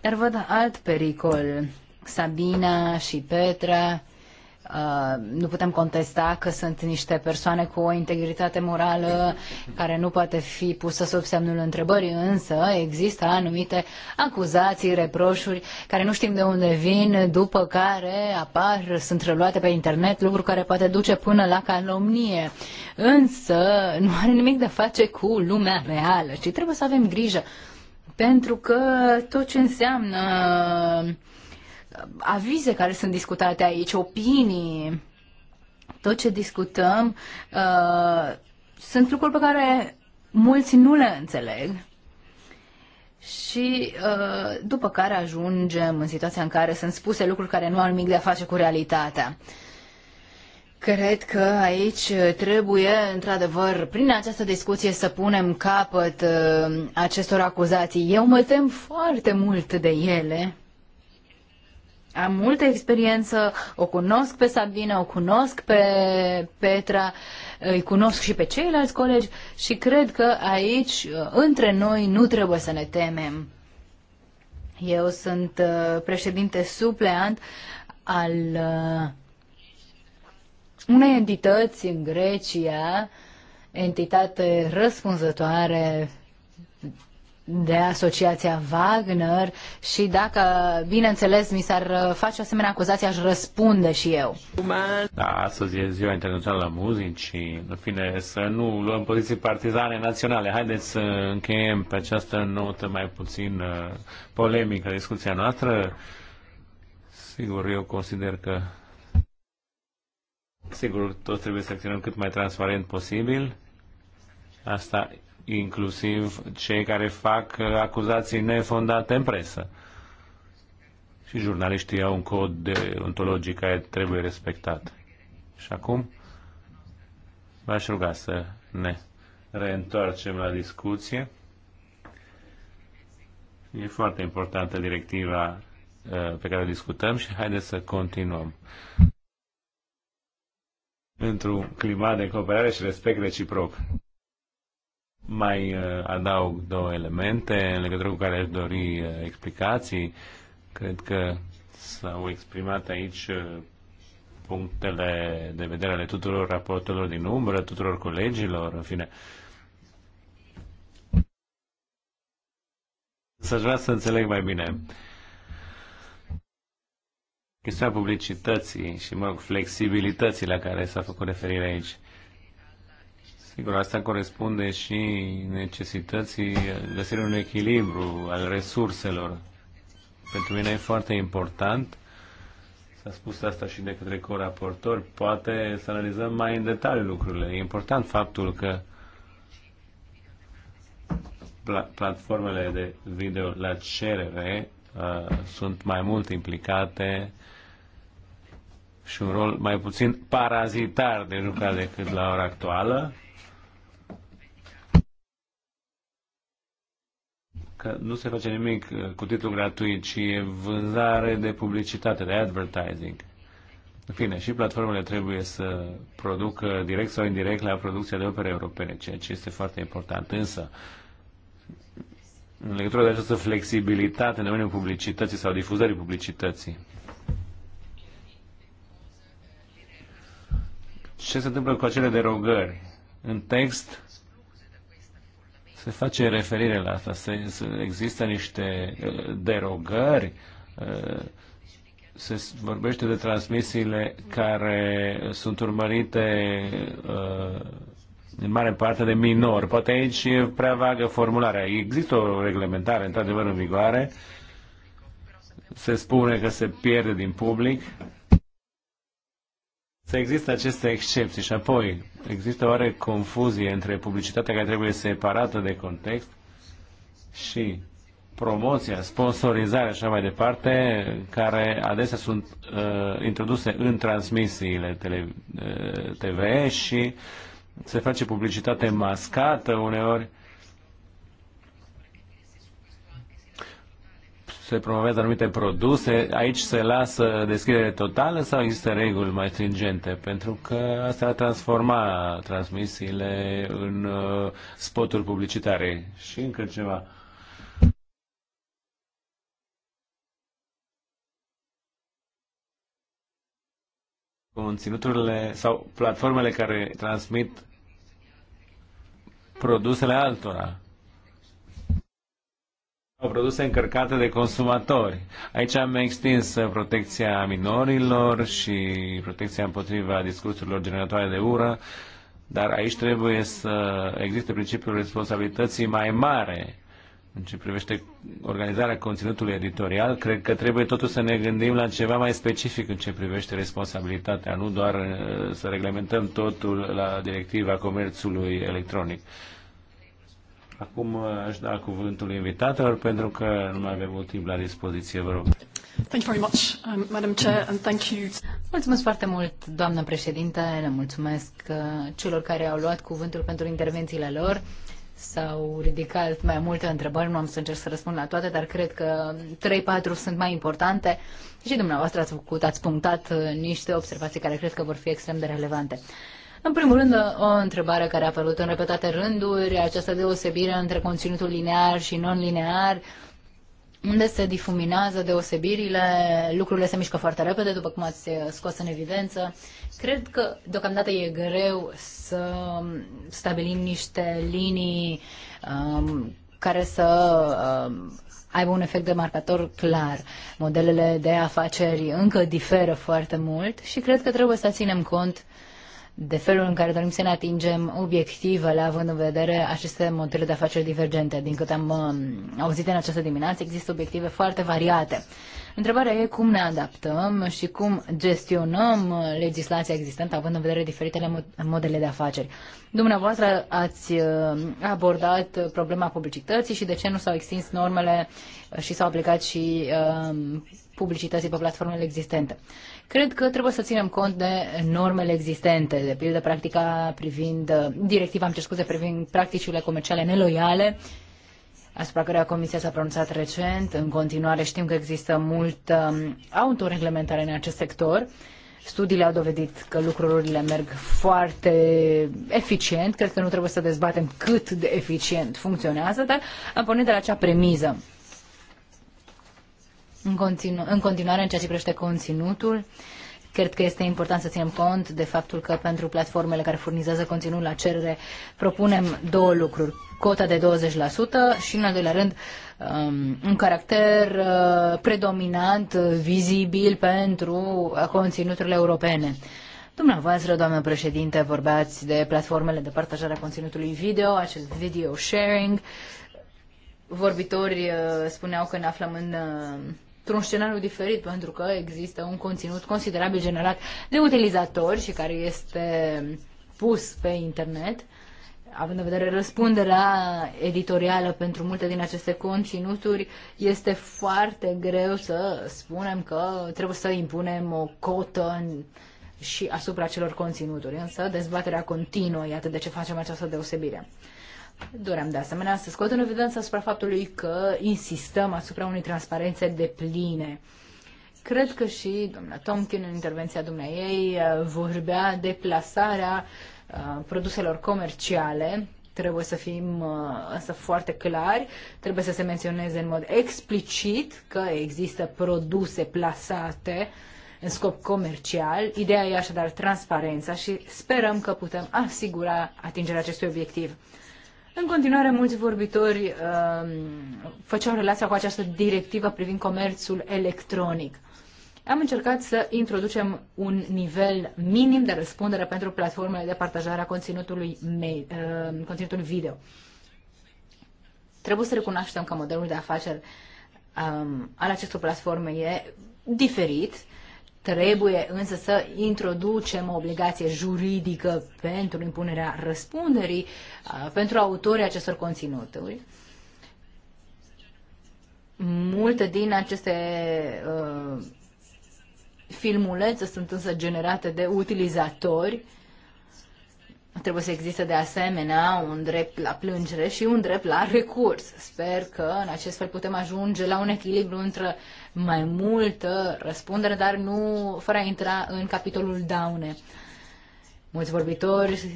dar văd alt pericol. Sabina și Petra Uh, nu putem contesta că sunt niște persoane cu o integritate morală care nu poate fi pusă sub semnul întrebării, însă există anumite acuzații, reproșuri care nu știm de unde vin, după care apar, sunt reluate pe internet, lucru care poate duce până la calomnie. Însă nu are nimic de a face cu lumea reală, ci trebuie să avem grijă pentru că tot ce înseamnă uh, avize care sunt discutate aici, opinii, tot ce discutăm, uh, sunt lucruri pe care mulți nu le înțeleg. Și uh, după care ajungem în situația în care sunt spuse lucruri care nu au nimic de a face cu realitatea. Cred că aici trebuie, într-adevăr, prin această discuție să punem capăt uh, acestor acuzații. Eu mă tem foarte mult de ele am multă experiență, o cunosc pe Sabina, o cunosc pe Petra, îi cunosc și pe ceilalți colegi și cred că aici, între noi, nu trebuie să ne temem. Eu sunt uh, președinte supleant al uh, unei entități în Grecia, entitate răspunzătoare de asociația Wagner și dacă, bineînțeles, mi s-ar uh, face o asemenea acuzație, aș răspunde și eu. Da, astăzi e ziua internațională a muzicii. În fine, să nu luăm poziții partizane naționale. Haideți să încheiem pe această notă mai puțin uh, polemică discuția noastră. Sigur, eu consider că Sigur, toți trebuie să acționăm cât mai transparent posibil. Asta inclusiv cei care fac acuzații nefondate în presă. Și jurnaliștii au un cod de ontologic care trebuie respectat. Și acum v-aș ruga să ne reîntoarcem la discuție. E foarte importantă directiva uh, pe care o discutăm și haideți să continuăm. Într-un climat de cooperare și respect reciproc. Mai uh, adaug două elemente în legătură cu care aș dori uh, explicații. Cred că s-au exprimat aici uh, punctele de vedere ale tuturor raportelor din umbră, tuturor colegilor, în fine. să aș vrea să înțeleg mai bine chestiunea publicității și, mă rog, flexibilității la care s-a făcut referire aici. Sigur, asta corespunde și necesității găsirii unui echilibru al resurselor. Pentru mine e foarte important, s-a spus asta și de către coraportori, poate să analizăm mai în detaliu lucrurile. E important faptul că platformele de video la cerere uh, sunt mai mult implicate și un rol mai puțin parazitar de jucat decât la ora actuală că nu se face nimic uh, cu titlu gratuit, ci e vânzare de publicitate, de advertising. În fine, și platformele trebuie să producă direct sau indirect la producția de opere europene, ceea ce este foarte important. Însă, în legătură de această flexibilitate în domeniul publicității sau difuzării publicității, ce se întâmplă cu acele derogări? În text se face referire la asta, se, există niște uh, derogări, uh, se vorbește de transmisiile care sunt urmărite uh, în mare parte de minori. Poate aici e prea vagă formularea. Există o reglementare, într-adevăr, în vigoare. Se spune că se pierde din public, să există aceste excepții și apoi există oare confuzie între publicitatea care trebuie separată de context și promoția, sponsorizarea și așa mai departe, care adesea sunt uh, introduse în transmisiile tele, uh, TV și se face publicitate mascată uneori se promovează anumite produse, aici se lasă deschidere totală sau există reguli mai stringente? Pentru că asta a transforma transmisiile în uh, spoturi publicitare și încă ceva. Conținuturile sau platformele care transmit produsele altora produse încărcate de consumatori. Aici am extins protecția minorilor și protecția împotriva discursurilor generatoare de ură, dar aici trebuie să existe principiul responsabilității mai mare în ce privește organizarea conținutului editorial, cred că trebuie totuși să ne gândim la ceva mai specific în ce privește responsabilitatea, nu doar uh, să reglementăm totul la directiva comerțului electronic. Acum uh, aș da cuvântul invitatelor pentru că nu mai avem mult timp la dispoziție, vă rog. Thank you very much, um, Madam Chair, and thank you. Mulțumesc foarte mult, doamnă președinte, le mulțumesc uh, celor care au luat cuvântul pentru intervențiile lor. S-au ridicat mai multe întrebări, nu am să încerc să răspund la toate, dar cred că 3-4 sunt mai importante și dumneavoastră ați făcut, ați punctat uh, niște observații care cred că vor fi extrem de relevante. În primul rând, o întrebare care a apărut în repetate rânduri, această deosebire între conținutul linear și non-linear, unde se difuminează deosebirile, lucrurile se mișcă foarte repede, după cum ați uh, scos în evidență. Cred că deocamdată e greu să stabilim niște linii um, care să um, aibă un efect de marcator clar. Modelele de afaceri încă diferă foarte mult și cred că trebuie să ținem cont uh, de felul în care dorim să ne atingem obiectivele, având în vedere aceste modele de afaceri divergente. Din câte am um, auzit în această dimineață, există obiective foarte variate. Întrebarea e cum ne adaptăm și cum gestionăm legislația existentă, având în vedere diferitele modele de afaceri. Dumneavoastră ați um, abordat problema publicității și de ce nu s-au extins normele și s-au aplicat și um, publicității pe platformele existente. Cred că trebuie să ținem cont de normele existente, de pildă practica privind, directiva, am cer scuze, privind practicile comerciale neloiale, asupra căreia Comisia s-a pronunțat recent. În continuare știm că există mult um, autoreglementare în acest sector. Studiile au dovedit că lucrurile merg foarte eficient. Cred că nu trebuie să dezbatem cât de eficient funcționează, dar am pornit de la acea premiză în, continu- în continuare în ceea ce privește conținutul. Cred că este important să ținem cont de faptul că pentru platformele care furnizează conținut la cerere propunem două lucruri. Cota de 20% și, în al doilea rând, um, un caracter uh, predominant, vizibil pentru uh, conținuturile europene. Dumneavoastră, doamnă președinte, vorbeați de platformele de partajare a conținutului video, acest video sharing. Vorbitori uh, spuneau că ne aflăm în într-un scenariu diferit, pentru că există un conținut considerabil generat de utilizatori și care este pus pe internet, având în vedere răspunderea editorială pentru multe din aceste conținuturi, este foarte greu să spunem că trebuie să impunem o cotă în, și asupra celor conținuturi. Însă dezbaterea continuă, iată de ce facem această deosebire. Doream de asemenea să scot în evidență asupra faptului că insistăm asupra unei transparențe de pline. Cred că și doamna Tomkin în intervenția ei vorbea de plasarea uh, produselor comerciale. Trebuie să fim uh, însă foarte clari, trebuie să se menționeze în mod explicit că există produse plasate în scop comercial. Ideea e așadar transparența și sperăm că putem asigura atingerea acestui obiectiv. În continuare, mulți vorbitori uh, făceau relația cu această directivă privind comerțul electronic. Am încercat să introducem un nivel minim de răspundere pentru platformele de partajare a conținutului, mail, uh, um, conținutului video. Trebuie să recunoaștem că modelul de afaceri um, al acestor platforme e diferit Trebuie însă să introducem o obligație juridică pentru impunerea răspunderii uh, pentru autorii acestor conținuturi. Multe din aceste uh, filmulețe sunt însă generate de utilizatori. Trebuie să existe de asemenea un drept la plângere și un drept la recurs. Sper că în acest fel putem ajunge la un echilibru între mai multă răspundere, dar nu fără a intra în capitolul daune. Mulți vorbitori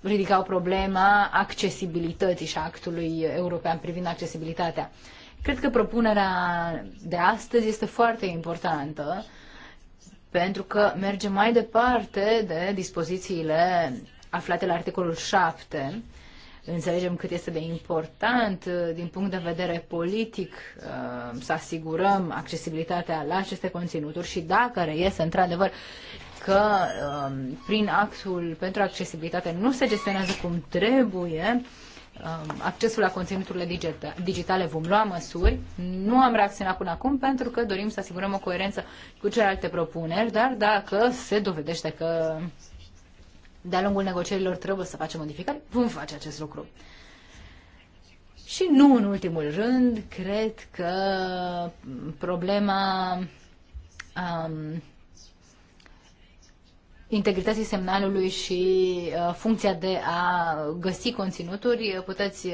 ridicau problema accesibilității și actului european privind accesibilitatea. Cred că propunerea de astăzi este foarte importantă pentru că merge mai departe de dispozițiile aflate la articolul 7 înțelegem cât este de important uh, din punct de vedere politic uh, să asigurăm accesibilitatea la aceste conținuturi și dacă reiese într-adevăr că um, prin actul pentru accesibilitate nu se gestionează cum trebuie um, accesul la conținuturile digitale, vom lua măsuri. Nu am reacționat până acum pentru că dorim să asigurăm o coerență cu celelalte propuneri, dar dacă se dovedește că de-a lungul negocierilor trebuie să facem modificări, vom face acest lucru. Și nu în ultimul rând, cred că problema um, integrității semnalului și uh, funcția de a găsi conținuturi, uh, puteți uh,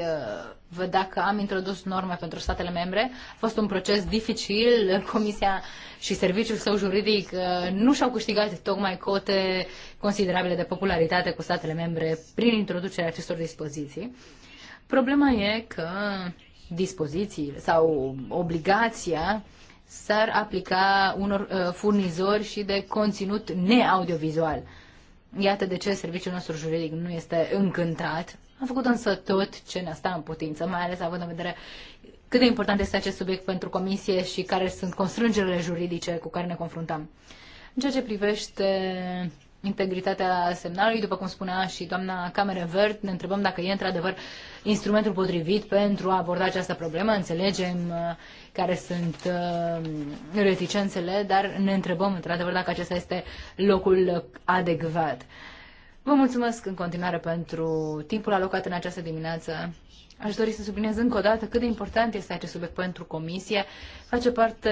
dacă am introdus norme pentru statele membre. A fost un proces dificil. Comisia și serviciul său juridic uh, nu și-au câștigat tocmai cote considerabile de popularitate cu statele membre prin introducerea acestor dispoziții. Problema e că dispozițiile sau obligația s-ar aplica unor uh, furnizori și de conținut neaudiovizual. Iată de ce serviciul nostru juridic nu este încântat am făcut însă tot ce ne-a stat în putință, mai ales având în vedere cât de important este acest subiect pentru comisie și care sunt constrângerile juridice cu care ne confruntăm. În ceea ce privește integritatea semnalului, după cum spunea și doamna Camere Vert, ne întrebăm dacă e într-adevăr instrumentul potrivit pentru a aborda această problemă. Înțelegem uh, care sunt uh, reticențele, dar ne întrebăm într-adevăr dacă acesta este locul adecvat. Vă mulțumesc în continuare pentru timpul alocat în această dimineață. Aș dori să subliniez încă o dată cât de important este acest subiect pentru Comisie. Face parte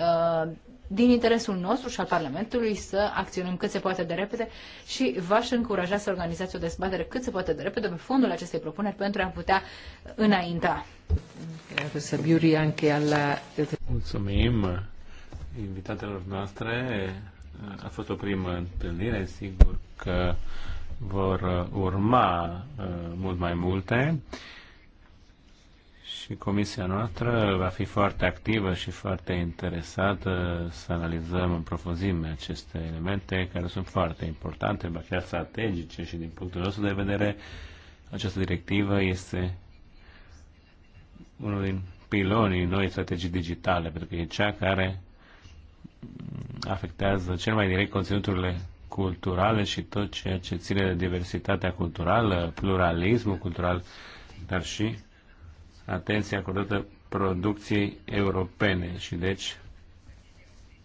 uh, din interesul nostru și al Parlamentului să acționăm cât se poate de repede și v-aș încuraja să organizați o dezbatere cât se poate de repede pe fondul acestei propuneri pentru a putea înainta. Mulțumim invitatelor noastre a fost o primă întâlnire, sigur că vor uh, urma uh, mult mai multe și comisia noastră va fi foarte activă și foarte interesată să analizăm în profunzime aceste elemente care sunt foarte importante, ba chiar strategice și din punctul nostru de vedere această directivă este unul din pilonii noi strategii digitale, pentru că e cea care afectează cel mai direct conținuturile culturale și tot ceea ce ține de diversitatea culturală, pluralismul cultural, dar și atenția acordată producției europene și deci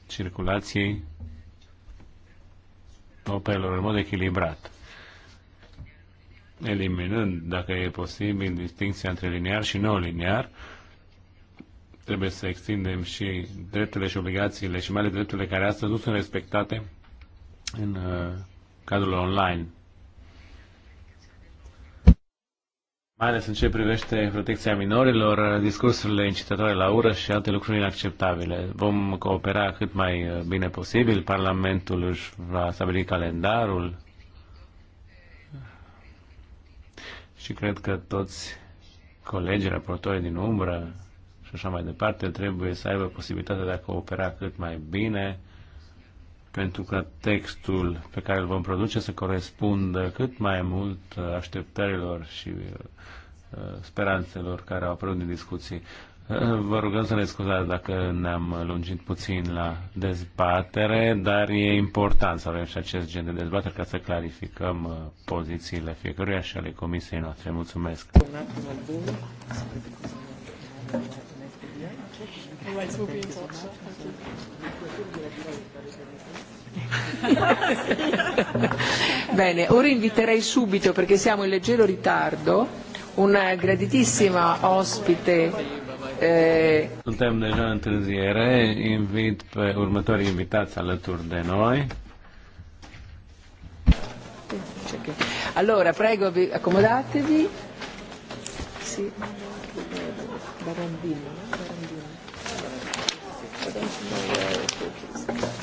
circulației opelor în mod echilibrat, eliminând, dacă e posibil, distinția între liniar și non-liniar, trebuie să extindem și drepturile și obligațiile și mai ales drepturile care astăzi nu sunt respectate în uh, cadrul online. Mai ales în ce privește protecția minorilor, discursurile incitatoare la ură și alte lucruri inacceptabile. Vom coopera cât mai uh, bine posibil. Parlamentul își va stabili calendarul și cred că toți colegii, raportorii din umbră, așa mai departe, trebuie să aibă posibilitatea de a coopera cât mai bine, pentru că textul pe care îl vom produce să corespundă cât mai mult așteptărilor și uh, speranțelor care au apărut din discuții. Uh, vă rugăm să ne scuzați dacă ne-am lungit puțin la dezbatere, dar e important să avem și acest gen de dezbatere ca să clarificăm uh, pozițiile fiecăruia și ale comisiei noastre. Mulțumesc! Otherwise, we'll be in talks. Bene, ora inviterei subito, perché siamo in leggero ritardo, una graditissima ospite. Eh... Suntem deja în întârziere, invit pe următorii invitați alături de noi. Allora, prego, accomodatevi. Sì, Barandino. no?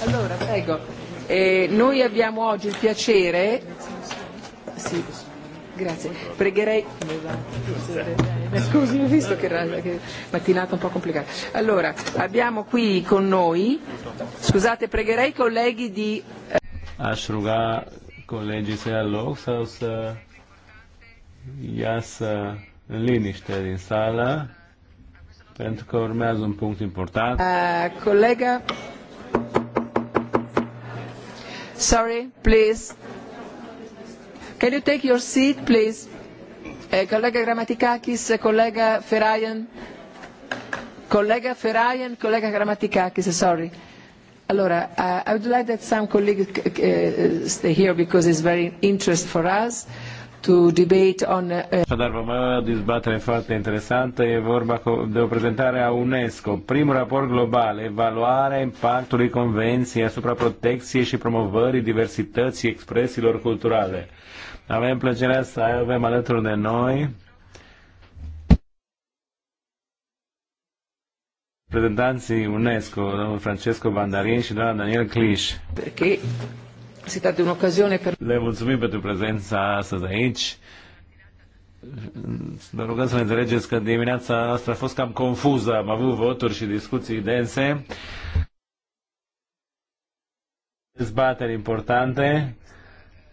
Allora, prego. Eh, noi abbiamo oggi il piacere... Sì, grazie. Pregherei... Scusi, ho visto che era che mattinata un po' complicata. Allora, abbiamo qui con noi... Scusate, pregherei i colleghi di... Eh, Aș colleghi se să ia loc eh, sau să eh, în liniște din sala. pentru că urmează un punct important. Uh, colega Sorry, please. Can you take your seat, please? Eh, collega Grammaticakis, eh, collega Ferayan. Collega Ferayan, collega Grammaticakis, eh, sorry. Allora, uh, I would like that some colleagues uh, stay here because it's very interesting for us to debate on... Uh, Așadar, vom avea o dezbatere foarte interesantă. E vorba de o prezentare a UNESCO. Primul raport global, evaluarea impactului Convenției asupra protecției și promovării diversității expresiilor culturale. Avem plăcerea să avem alături de noi reprezentanții UNESCO, domnul Francesco Bandarin și doamna Daniel Cliș. Perché sitate un'occasione per... Le mulțumim pentru prezența astăzi aici. Vă rugăm să ne înțelegeți că dimineața noastră a fost cam confuză. Am avut voturi și discuții dense. Dezbateri importante.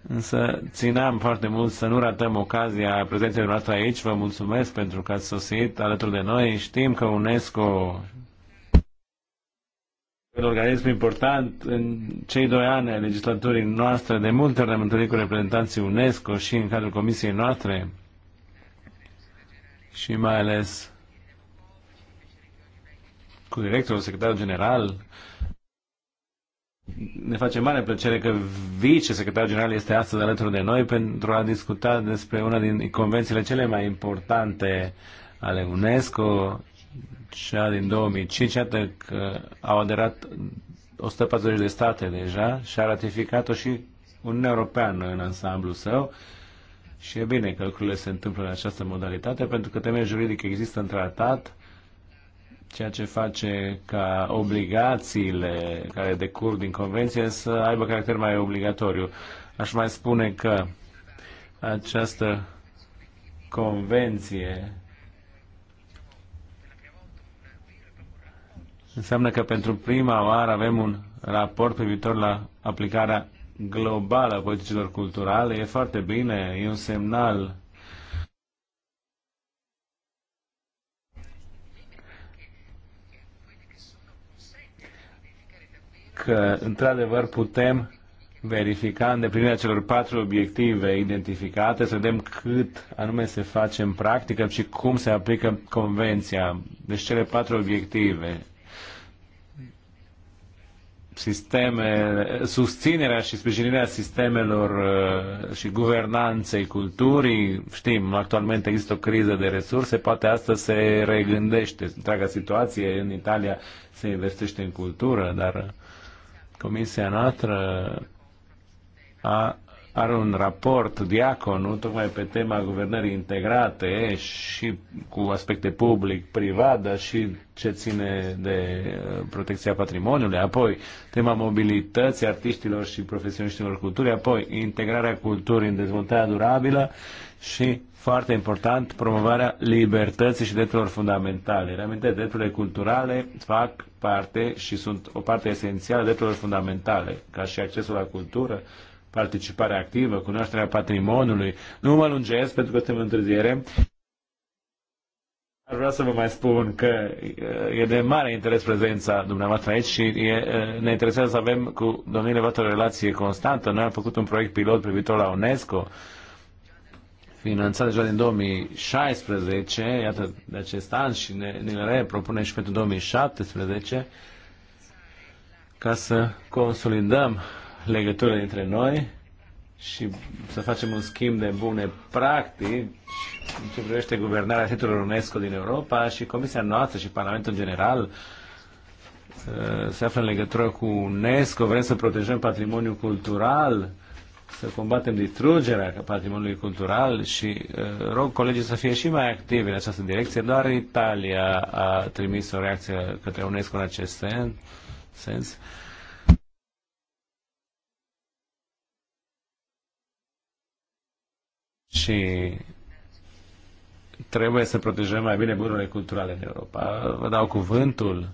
Însă țineam foarte mult să nu ratăm ocazia prezenței noastre aici. Vă mulțumesc pentru că ați sosit alături de noi. Știm că UNESCO un organism important în cei doi ani ai legislaturii noastre. De multe ori ne-am întâlnit cu reprezentanții UNESCO și în cadrul comisiei noastre și mai ales cu directorul, secretarul general. Ne face mare plăcere că vice-secretarul general este astăzi alături de noi pentru a discuta despre una din convențiile cele mai importante ale UNESCO, cea din 2005, iată că au aderat 140 de state deja și a ratificat-o și Uniunea Europeană în ansamblu său. Și e bine că lucrurile se întâmplă în această modalitate, pentru că temeiul juridic există în tratat, ceea ce face ca obligațiile care decurg din convenție să aibă caracter mai obligatoriu. Aș mai spune că această convenție Înseamnă că pentru prima oară avem un raport privitor la aplicarea globală a politicilor culturale. E foarte bine, e un semnal că, într-adevăr, putem verifica îndeplinirea celor patru obiective identificate, să vedem cât anume se face în practică și cum se aplică convenția. Deci cele patru obiective sisteme, susținerea și sprijinirea sistemelor uh, și guvernanței culturii. Știm, actualmente există o criză de resurse, poate asta se regândește. Întreaga situație în Italia se investește în cultură, dar Comisia noastră a are un raport, Diaconul, tocmai pe tema guvernării integrate și cu aspecte public-privat, dar și ce ține de uh, protecția patrimoniului, apoi tema mobilității artiștilor și profesioniștilor culturii, apoi integrarea culturii în dezvoltarea durabilă și, foarte important, promovarea libertății și drepturilor fundamentale. Reamintesc, drepturile culturale fac parte și sunt o parte esențială a drepturilor fundamentale, ca și accesul la cultură, participare activă, cunoașterea patrimoniului. Nu mă lungesc pentru că suntem în întârziere. Aș vrea să vă mai spun că uh, e de mare interes prezența dumneavoastră aici și e, uh, ne interesează să avem cu domnile voastre o relație constantă. Noi am făcut un proiect pilot privitor la UNESCO, finanțat deja din 2016, iată de acest an și ne, ne le propune și pentru 2017 ca să consolidăm legătură dintre noi și să facem un schimb de bune practici în ce privește guvernarea titlurilor UNESCO din Europa și Comisia noastră și Parlamentul în general uh, se află în legătură cu UNESCO, vrem să protejăm patrimoniul cultural, să combatem distrugerea patrimoniului cultural și uh, rog colegii să fie și mai activi în această direcție. Doar Italia a trimis o reacție către UNESCO în acest sens. și trebuie să protejăm mai bine bunurile culturale în Europa. Vă dau cuvântul.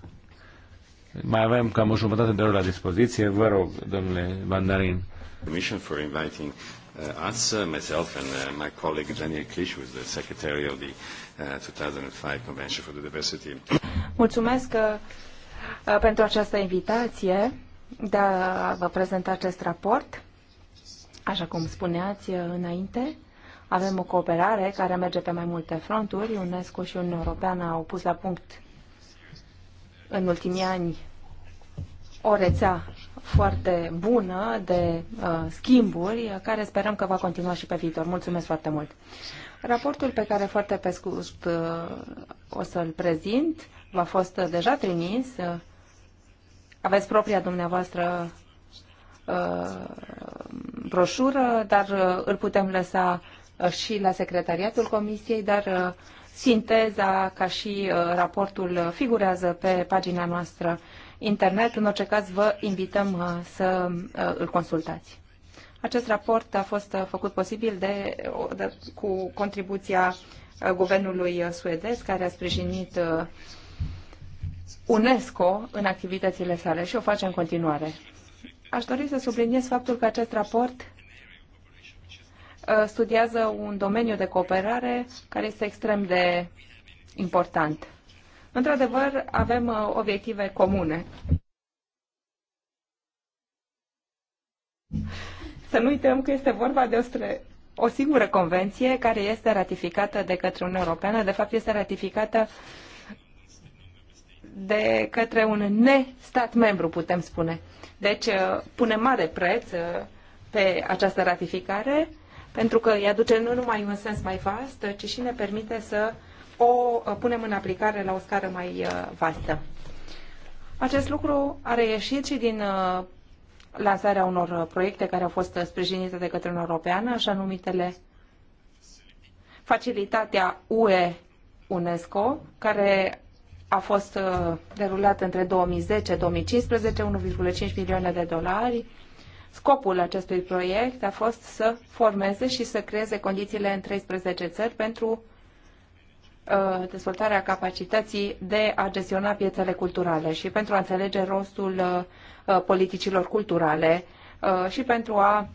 Mai avem cam o jumătate de oră la dispoziție. Vă rog, domnule Bandarin. Commission for inviting uh, us, uh, myself and uh, my colleague Daniel Klisch, who is the secretary of the uh, 2005 Convention for the Diversity. Mulțumesc uh, uh, pentru această invitație de a vă prezenta acest raport. Așa cum spuneați uh, înainte, avem o cooperare care merge pe mai multe fronturi. UNESCO și Uniunea Europeană au pus la punct în ultimii ani o rețea foarte bună de uh, schimburi, care sperăm că va continua și pe viitor. Mulțumesc foarte mult! Raportul pe care foarte pe scurt uh, o să-l prezint v-a fost uh, deja trimis. Uh, aveți propria dumneavoastră uh, broșură, dar uh, îl putem lăsa Uh, și la secretariatul comisiei, dar uh, sinteza ca și uh, raportul figurează pe pagina noastră internet. În orice caz, vă invităm să îl consultați. Acest raport a fost făcut posibil de, de, cu contribuția guvernului suedez, care a sprijinit UNESCO în activitățile sale și o face în continuare. Aș dori să subliniez faptul că acest raport Uh, studiază un domeniu de cooperare care este extrem de important. Într-adevăr, avem uh, obiective comune. Să nu uităm că este vorba de o singură convenție care este ratificată de către Uniunea Europeană. De fapt, este ratificată de către un ne-stat membru, putem spune. Deci, uh, punem mare preț pe această ratificare pentru că îi aduce nu numai un sens mai vast, ci și ne permite să o uh, punem în aplicare la o scară mai uh, vastă. Acest lucru a reieșit și din uh, lansarea unor proiecte care au fost sprijinite de către Uniunea Europeană, așa numitele Facilitatea UE UNESCO, care a fost derulat între 2010-2015, 1,5 milioane de dolari, Scopul acestui proiect a fost să formeze și să creeze condițiile în 13 țări pentru uh, dezvoltarea capacității de a gestiona piețele culturale și pentru a înțelege rostul uh, uh, politicilor culturale și pentru a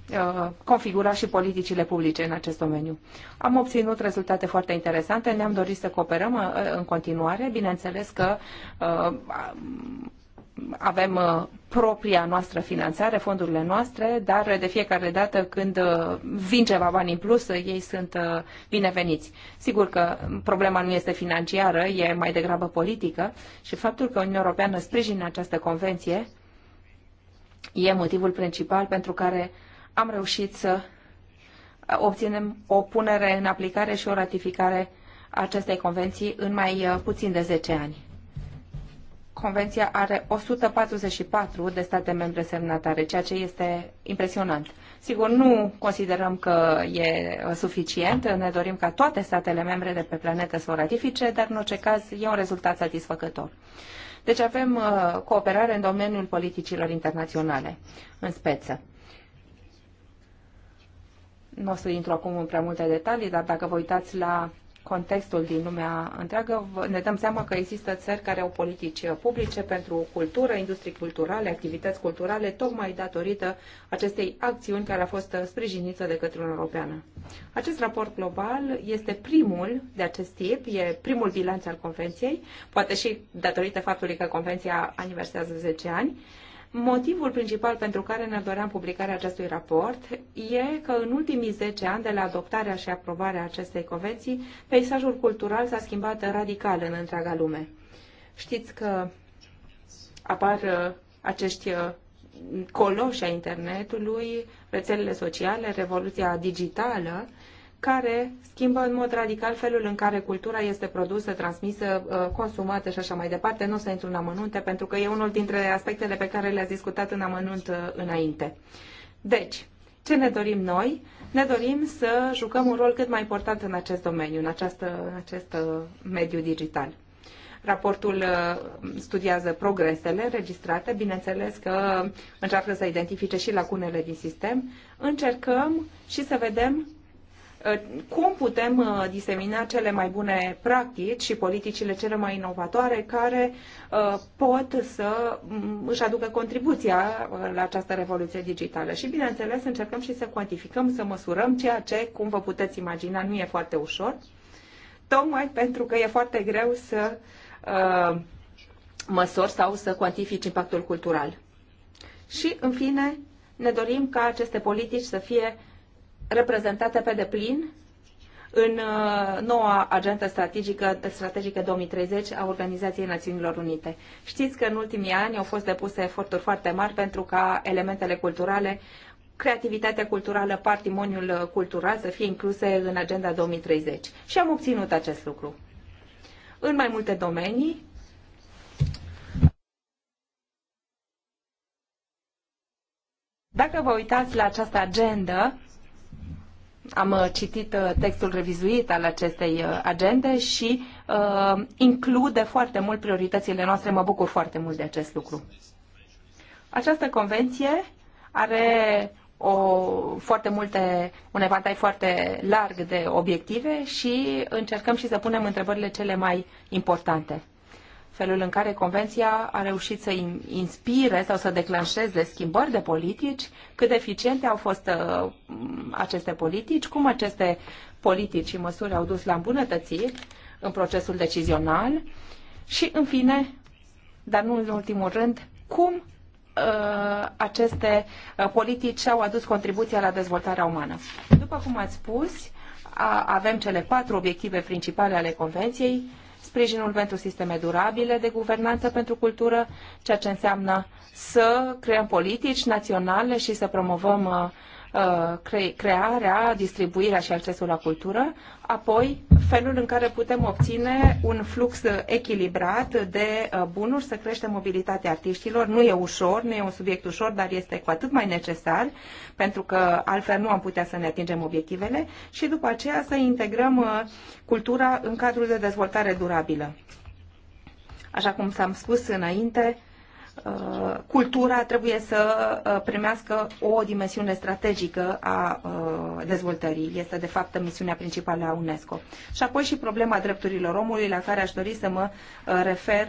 configura și politicile publice în acest domeniu. Am obținut rezultate foarte interesante, ne-am dorit să cooperăm în continuare. Bineînțeles că avem uh, propria noastră finanțare, fondurile noastre, dar de fiecare dată când uh, vin ceva bani în plus, uh, ei sunt bineveniți. Sigur că problema nu este financiară, e mai degrabă politică și faptul că Uniunea Europeană sprijină această convenție e motivul principal pentru care am reușit să obținem o punere în aplicare și o ratificare acestei convenții în mai puțin de 10 ani. Convenția are 144 de state membre semnatare, ceea ce este impresionant. Sigur, nu considerăm că e uh, suficient, ne dorim ca toate statele membre de pe planetă să o ratifice, dar în orice caz e un rezultat satisfăcător. Deci avem uh, cooperare în domeniul politicilor internaționale, în speță. Nu o să intru acum în prea multe detalii, dar dacă vă uitați la contextul din lumea întreagă, ne dăm seama că există țări care au politici publice pentru cultură, industrii culturale, activități culturale, tocmai datorită acestei acțiuni care a fost sprijinită de către Uniunea Europeană. Acest raport global este primul de acest tip, e primul bilanț al Convenției, poate și datorită faptului că Convenția aniversează 10 ani, Motivul principal pentru care ne doream publicarea acestui raport e că în ultimii 10 ani de la adoptarea și aprobarea acestei convenții, peisajul cultural s-a schimbat radical în întreaga lume. Știți că apar uh, acești uh, coloși a internetului, rețelele sociale, revoluția digitală, care schimbă în mod radical felul în care cultura este produsă, transmisă, uh, consumată și așa mai departe. Nu o să intru în amănunte, pentru că e unul dintre aspectele pe care le-ați discutat în amănunt uh, înainte. Deci, ce ne dorim noi? Ne dorim să jucăm un rol cât mai important în acest domeniu, în, această, în acest uh, mediu digital. Raportul studiază progresele registrate, bineînțeles că încearcă să identifice și lacunele din sistem. Încercăm și să vedem Uh, cum putem uh, disemina cele mai bune practici și politicile cele mai inovatoare care uh, pot să își aducă contribuția la această revoluție digitală. Și, bineînțeles, încercăm și să cuantificăm, să măsurăm ceea ce, cum vă puteți imagina, nu e foarte ușor, tocmai pentru că e foarte greu să măsori sau să cuantifici impactul cultural. Și, în fine, ne dorim ca aceste politici să fie uh, reprezentate pe deplin în uh, noua agentă strategică, strategică 2030 a Organizației Națiunilor Unite. Știți că în ultimii ani au fost depuse eforturi foarte mari pentru ca elementele culturale, creativitatea culturală, patrimoniul cultural să fie incluse în agenda 2030. Și am obținut acest lucru. În mai multe domenii, Dacă vă uitați la această agendă, am uh, citit uh, textul revizuit al acestei uh, agende și uh, include foarte mult prioritățile noastre. Mă bucur foarte mult de acest lucru. Această convenție are o, foarte multe, un evantai foarte larg de obiective și încercăm și să punem întrebările cele mai importante felul în care Convenția a reușit să inspire sau să declanșeze schimbări de politici, cât de eficiente au fost uh, aceste politici, cum aceste politici și măsuri au dus la îmbunătățiri în procesul decizional și, în fine, dar nu în ultimul rând, cum uh, aceste uh, politici au adus contribuția la dezvoltarea umană. După cum ați spus, a, avem cele patru obiective principale ale Convenției, sprijinul pentru sisteme durabile de guvernanță pentru cultură, ceea ce înseamnă să creăm politici naționale și să promovăm uh, Uh, cre crearea, distribuirea și accesul la cultură, apoi felul în care putem obține un flux echilibrat de uh, bunuri, să crește mobilitatea artiștilor. Nu e ușor, nu e un subiect ușor, dar este cu atât mai necesar, pentru că altfel nu am putea să ne atingem obiectivele și după aceea să integrăm uh, cultura în cadrul de dezvoltare durabilă. Așa cum s-am spus înainte, Uh, cultura trebuie să uh, primească o dimensiune strategică a uh, dezvoltării. Este, de fapt, misiunea principală a UNESCO. Și apoi și problema drepturilor omului, la care aș dori să mă refer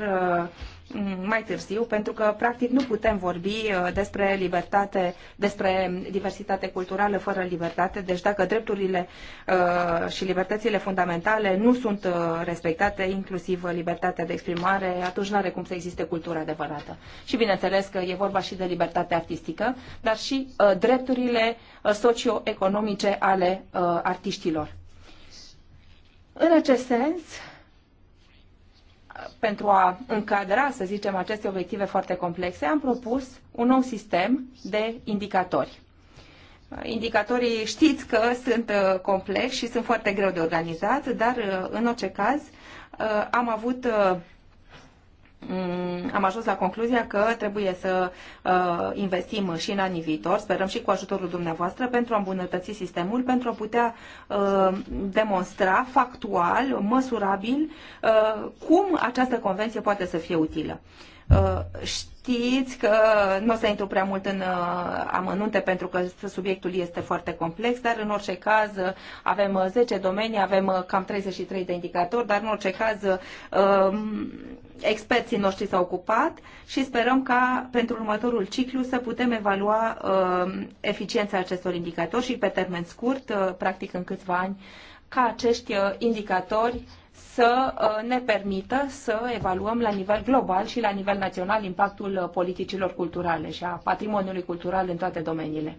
Mm, mai târziu, pentru că practic nu putem vorbi uh, despre libertate, despre diversitate culturală fără libertate. Deci dacă drepturile uh, și libertățile fundamentale nu sunt uh, respectate, inclusiv libertatea de exprimare, atunci nu are cum să existe cultura adevărată. Și bineînțeles că e vorba și de libertatea artistică, dar și drepturile socioeconomice ale artiștilor. În acest sens, pentru a încadra, să zicem, aceste obiective foarte complexe, am propus un nou sistem de indicatori. Indicatorii știți că sunt uh, complexi și sunt foarte greu de organizat, dar uh, în orice caz uh, am avut Mm, am ajuns la concluzia că trebuie să uh, investim și în anii viitor, sperăm și cu ajutorul dumneavoastră, pentru a îmbunătăți sistemul, pentru a putea uh, demonstra factual, măsurabil, uh, cum această convenție poate să fie utilă. Știți că nu o să intru prea mult în amănunte pentru că subiectul este foarte complex, dar în orice caz avem 10 domenii, avem cam 33 de indicatori, dar în orice caz experții noștri s-au ocupat și sperăm ca pentru următorul ciclu să putem evalua uh, eficiența acestor indicatori și pe termen scurt, uh, practic în câțiva ani, ca acești uh, indicatori să uh, ne permită să evaluăm la nivel global și la nivel național impactul uh, politicilor culturale și a patrimoniului cultural în toate domeniile.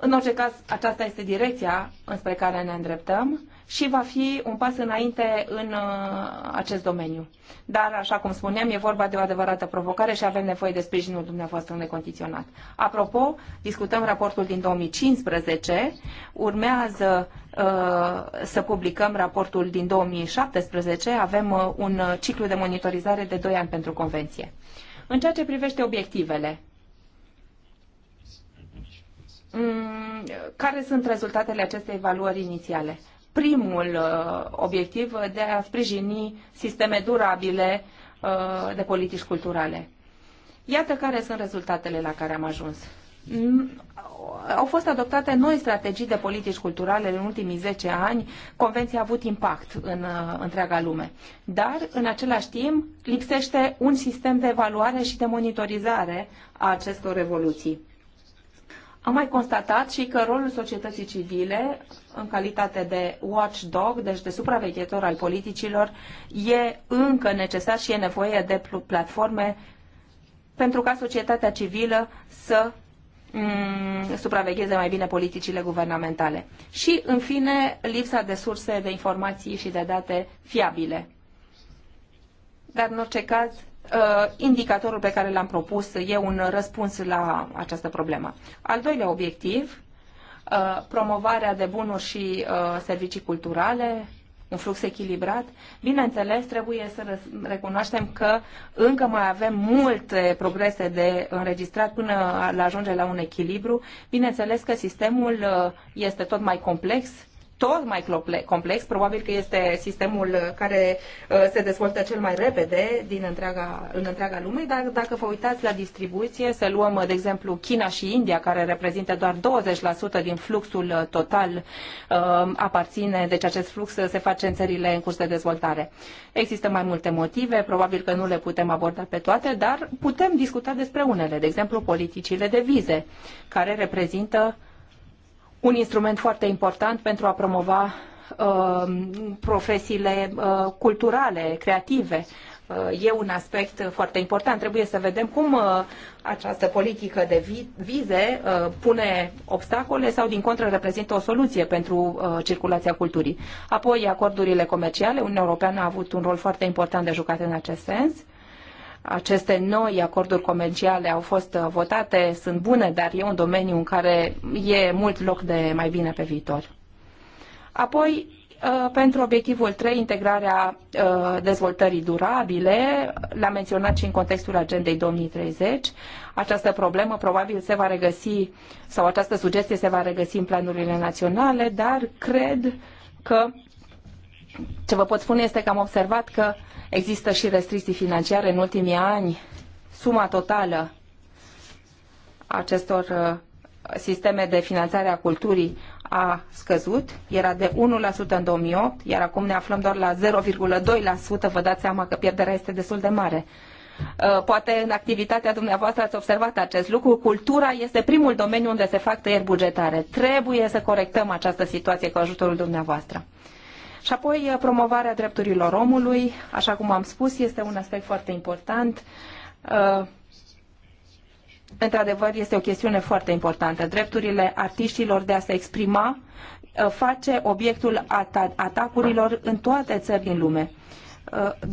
În orice caz, aceasta este direcția înspre care ne îndreptăm și va fi un pas înainte în uh, acest domeniu. Dar, așa cum spuneam, e vorba de o adevărată provocare și avem nevoie de sprijinul dumneavoastră necondiționat. Apropo, discutăm raportul din 2015, urmează uh, să publicăm raportul din 2017, avem uh, un ciclu de monitorizare de 2 ani pentru convenție. În ceea ce privește obiectivele, mm, care sunt rezultatele acestei evaluări inițiale? primul uh, obiectiv de a sprijini sisteme durabile uh, de politici culturale. Iată care sunt rezultatele la care am ajuns. Au fost adoptate noi strategii de politici culturale în ultimii 10 ani. Convenția a avut impact în uh, întreaga lume. Dar, în același timp, lipsește un sistem de evaluare și de monitorizare a acestor revoluții. Am mai constatat și că rolul societății civile, în calitate de watchdog, deci de supraveghetor al politicilor, e încă necesar și e nevoie de platforme pentru ca societatea civilă să mm, supravegheze mai bine politicile guvernamentale. Și, în fine, lipsa de surse de informații și de date fiabile. Dar, în orice caz, Uh, indicatorul pe care l-am propus e un răspuns la această problemă. Al doilea obiectiv, uh, promovarea de bunuri și uh, servicii culturale, un flux echilibrat. Bineînțeles, trebuie să recunoaștem că încă mai avem multe progrese de înregistrat până la ajunge la un echilibru. Bineînțeles că sistemul este tot mai complex tot mai complex. Probabil că este sistemul care uh, se dezvoltă cel mai repede din întreaga, în întreaga lume, dar dacă vă uitați la distribuție, să luăm, uh, de exemplu, China și India, care reprezintă doar 20% din fluxul uh, total, aparține, deci acest flux se face în țările în curs de dezvoltare. Există mai multe motive, probabil că nu le putem aborda pe toate, dar putem discuta despre unele, de exemplu, politicile de vize, care reprezintă un instrument foarte important pentru a promova uh, profesiile uh, culturale, creative. Uh, e un aspect foarte important. Trebuie să vedem cum această politică de vize pune obstacole sau, din contră, reprezintă o soluție pentru circulația culturii. Apoi, acordurile comerciale. Uniunea Europeană a avut un rol foarte important de jucat în acest sens aceste noi acorduri comerciale au fost uh, votate, sunt bune, dar e un domeniu în care e mult loc de mai bine pe viitor. Apoi, uh, pentru obiectivul 3, integrarea uh, dezvoltării durabile, l-am menționat și în contextul agendei 2030, această problemă probabil se va regăsi, sau această sugestie se va regăsi în planurile naționale, dar cred că ce vă pot spune este că am observat că uh, Există și restricții financiare în ultimii ani. Suma totală acestor uh, sisteme de finanțare a culturii a scăzut, era de 1% în 2008, iar acum ne aflăm doar la 0,2%, vă dați seama că pierderea este destul de mare. Uh, poate în activitatea dumneavoastră ați observat acest lucru. Cultura este primul domeniu unde se fac tăieri bugetare. Trebuie să corectăm această situație cu ajutorul dumneavoastră. Și apoi uh, promovarea drepturilor omului, așa cum am spus, este un aspect foarte important. Uh, într-adevăr, este o chestiune foarte importantă. Drepturile artiștilor de a se exprima uh, face obiectul atacurilor în toate țări din lume.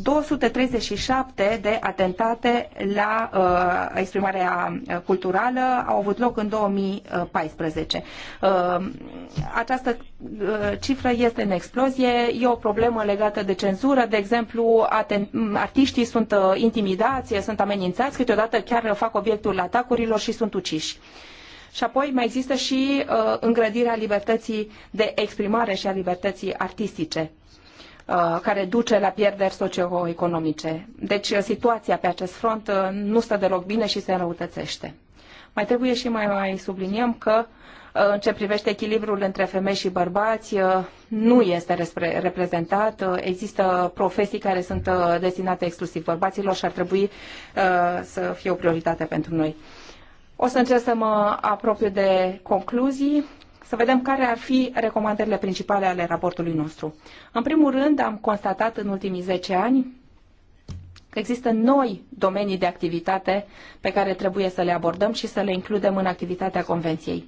237 de atentate la uh, exprimarea culturală au avut loc în 2014. Uh, această uh, cifră este în explozie, e o problemă legată de cenzură, de exemplu, aten- artiștii sunt uh, intimidați, sunt amenințați, câteodată chiar fac obiectul atacurilor și sunt uciși. Și apoi mai există și uh, îngrădirea libertății de exprimare și a libertății artistice Uh, care duce la pierderi socioeconomice. Deci uh, situația pe acest front uh, nu stă deloc bine și se înrăutățește. Mai trebuie și mai, mai subliniem că în ce privește echilibrul între femei și bărbați, nu este reprezentat. Există profesii care sunt destinate exclusiv bărbaților și ar trebui să fie o prioritate pentru noi. O să încerc să mă apropiu de concluzii să vedem care ar fi recomandările principale ale raportului nostru. În primul rând, am constatat în ultimii 10 ani că există noi domenii de activitate pe care trebuie să le abordăm și să le includem în activitatea Convenției.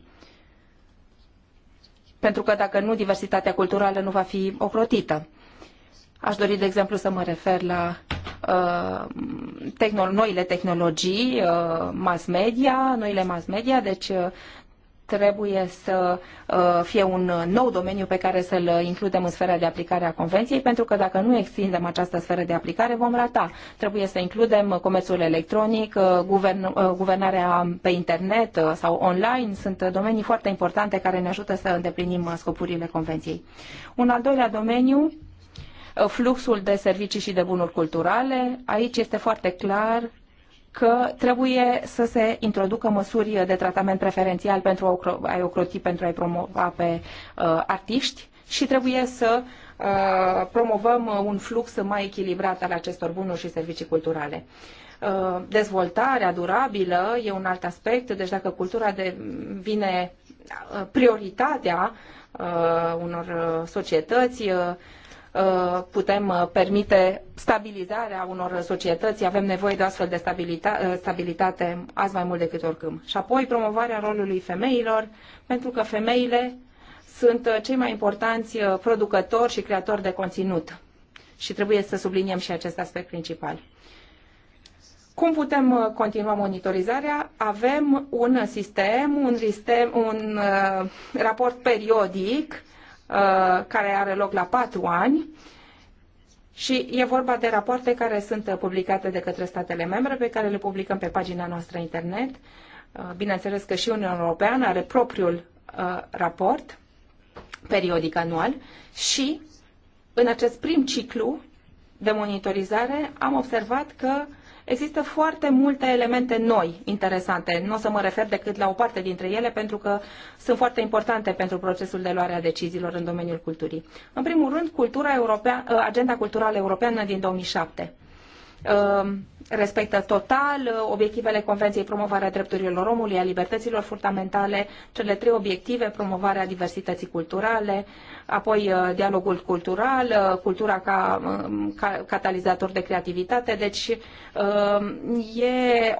Pentru că dacă nu, diversitatea culturală nu va fi ocrotită. Aș dori, de exemplu, să mă refer la uh, tehnolo- noile tehnologii, uh, mass media, noile mass media, deci uh, trebuie să uh, fie un nou domeniu pe care să-l includem în sfera de aplicare a Convenției, pentru că dacă nu extindem această sferă de aplicare, vom rata. Trebuie să includem comerțul electronic, uh, guvern, uh, guvernarea pe internet sau online. Sunt domenii foarte importante care ne ajută să îndeplinim scopurile Convenției. Un al doilea domeniu fluxul de servicii și de bunuri culturale. Aici este foarte clar că trebuie să se introducă măsuri de tratament preferențial pentru a-i ocroti, pentru a-i promova pe uh, artiști și trebuie să uh, promovăm un flux mai echilibrat al acestor bunuri și servicii culturale. Uh, dezvoltarea durabilă e un alt aspect, deci dacă cultura devine uh, prioritatea uh, unor societăți, Uh, putem uh, permite stabilizarea unor societăți, avem nevoie de astfel de stabilita uh, stabilitate azi mai mult decât oricând. Și apoi promovarea rolului femeilor, pentru că femeile sunt cei mai importanți producători și creatori de conținut. Și trebuie să subliniem și acest aspect principal. Cum putem continua monitorizarea? Avem un sistem, un, sistem, un uh, raport periodic Uh, care are loc la patru ani. Și e vorba de rapoarte care sunt publicate de către statele membre, pe care le publicăm pe pagina noastră internet. Uh, bineînțeles că și Uniunea Europeană are propriul uh, raport periodic anual și în acest prim ciclu de monitorizare am observat că uh, Există foarte multe elemente noi interesante. Nu o să mă refer decât la o parte dintre ele, pentru că sunt foarte importante pentru procesul de luare a deciziilor în domeniul culturii. În primul rând, cultura europea, uh, agenda culturală europeană din 2007 respectă total uh, obiectivele Convenției promovarea drepturilor omului, a libertăților fundamentale, cele trei obiective, promovarea diversității culturale, apoi uh, dialogul cultural, uh, cultura ca, um, ca catalizator de creativitate. Deci um, e,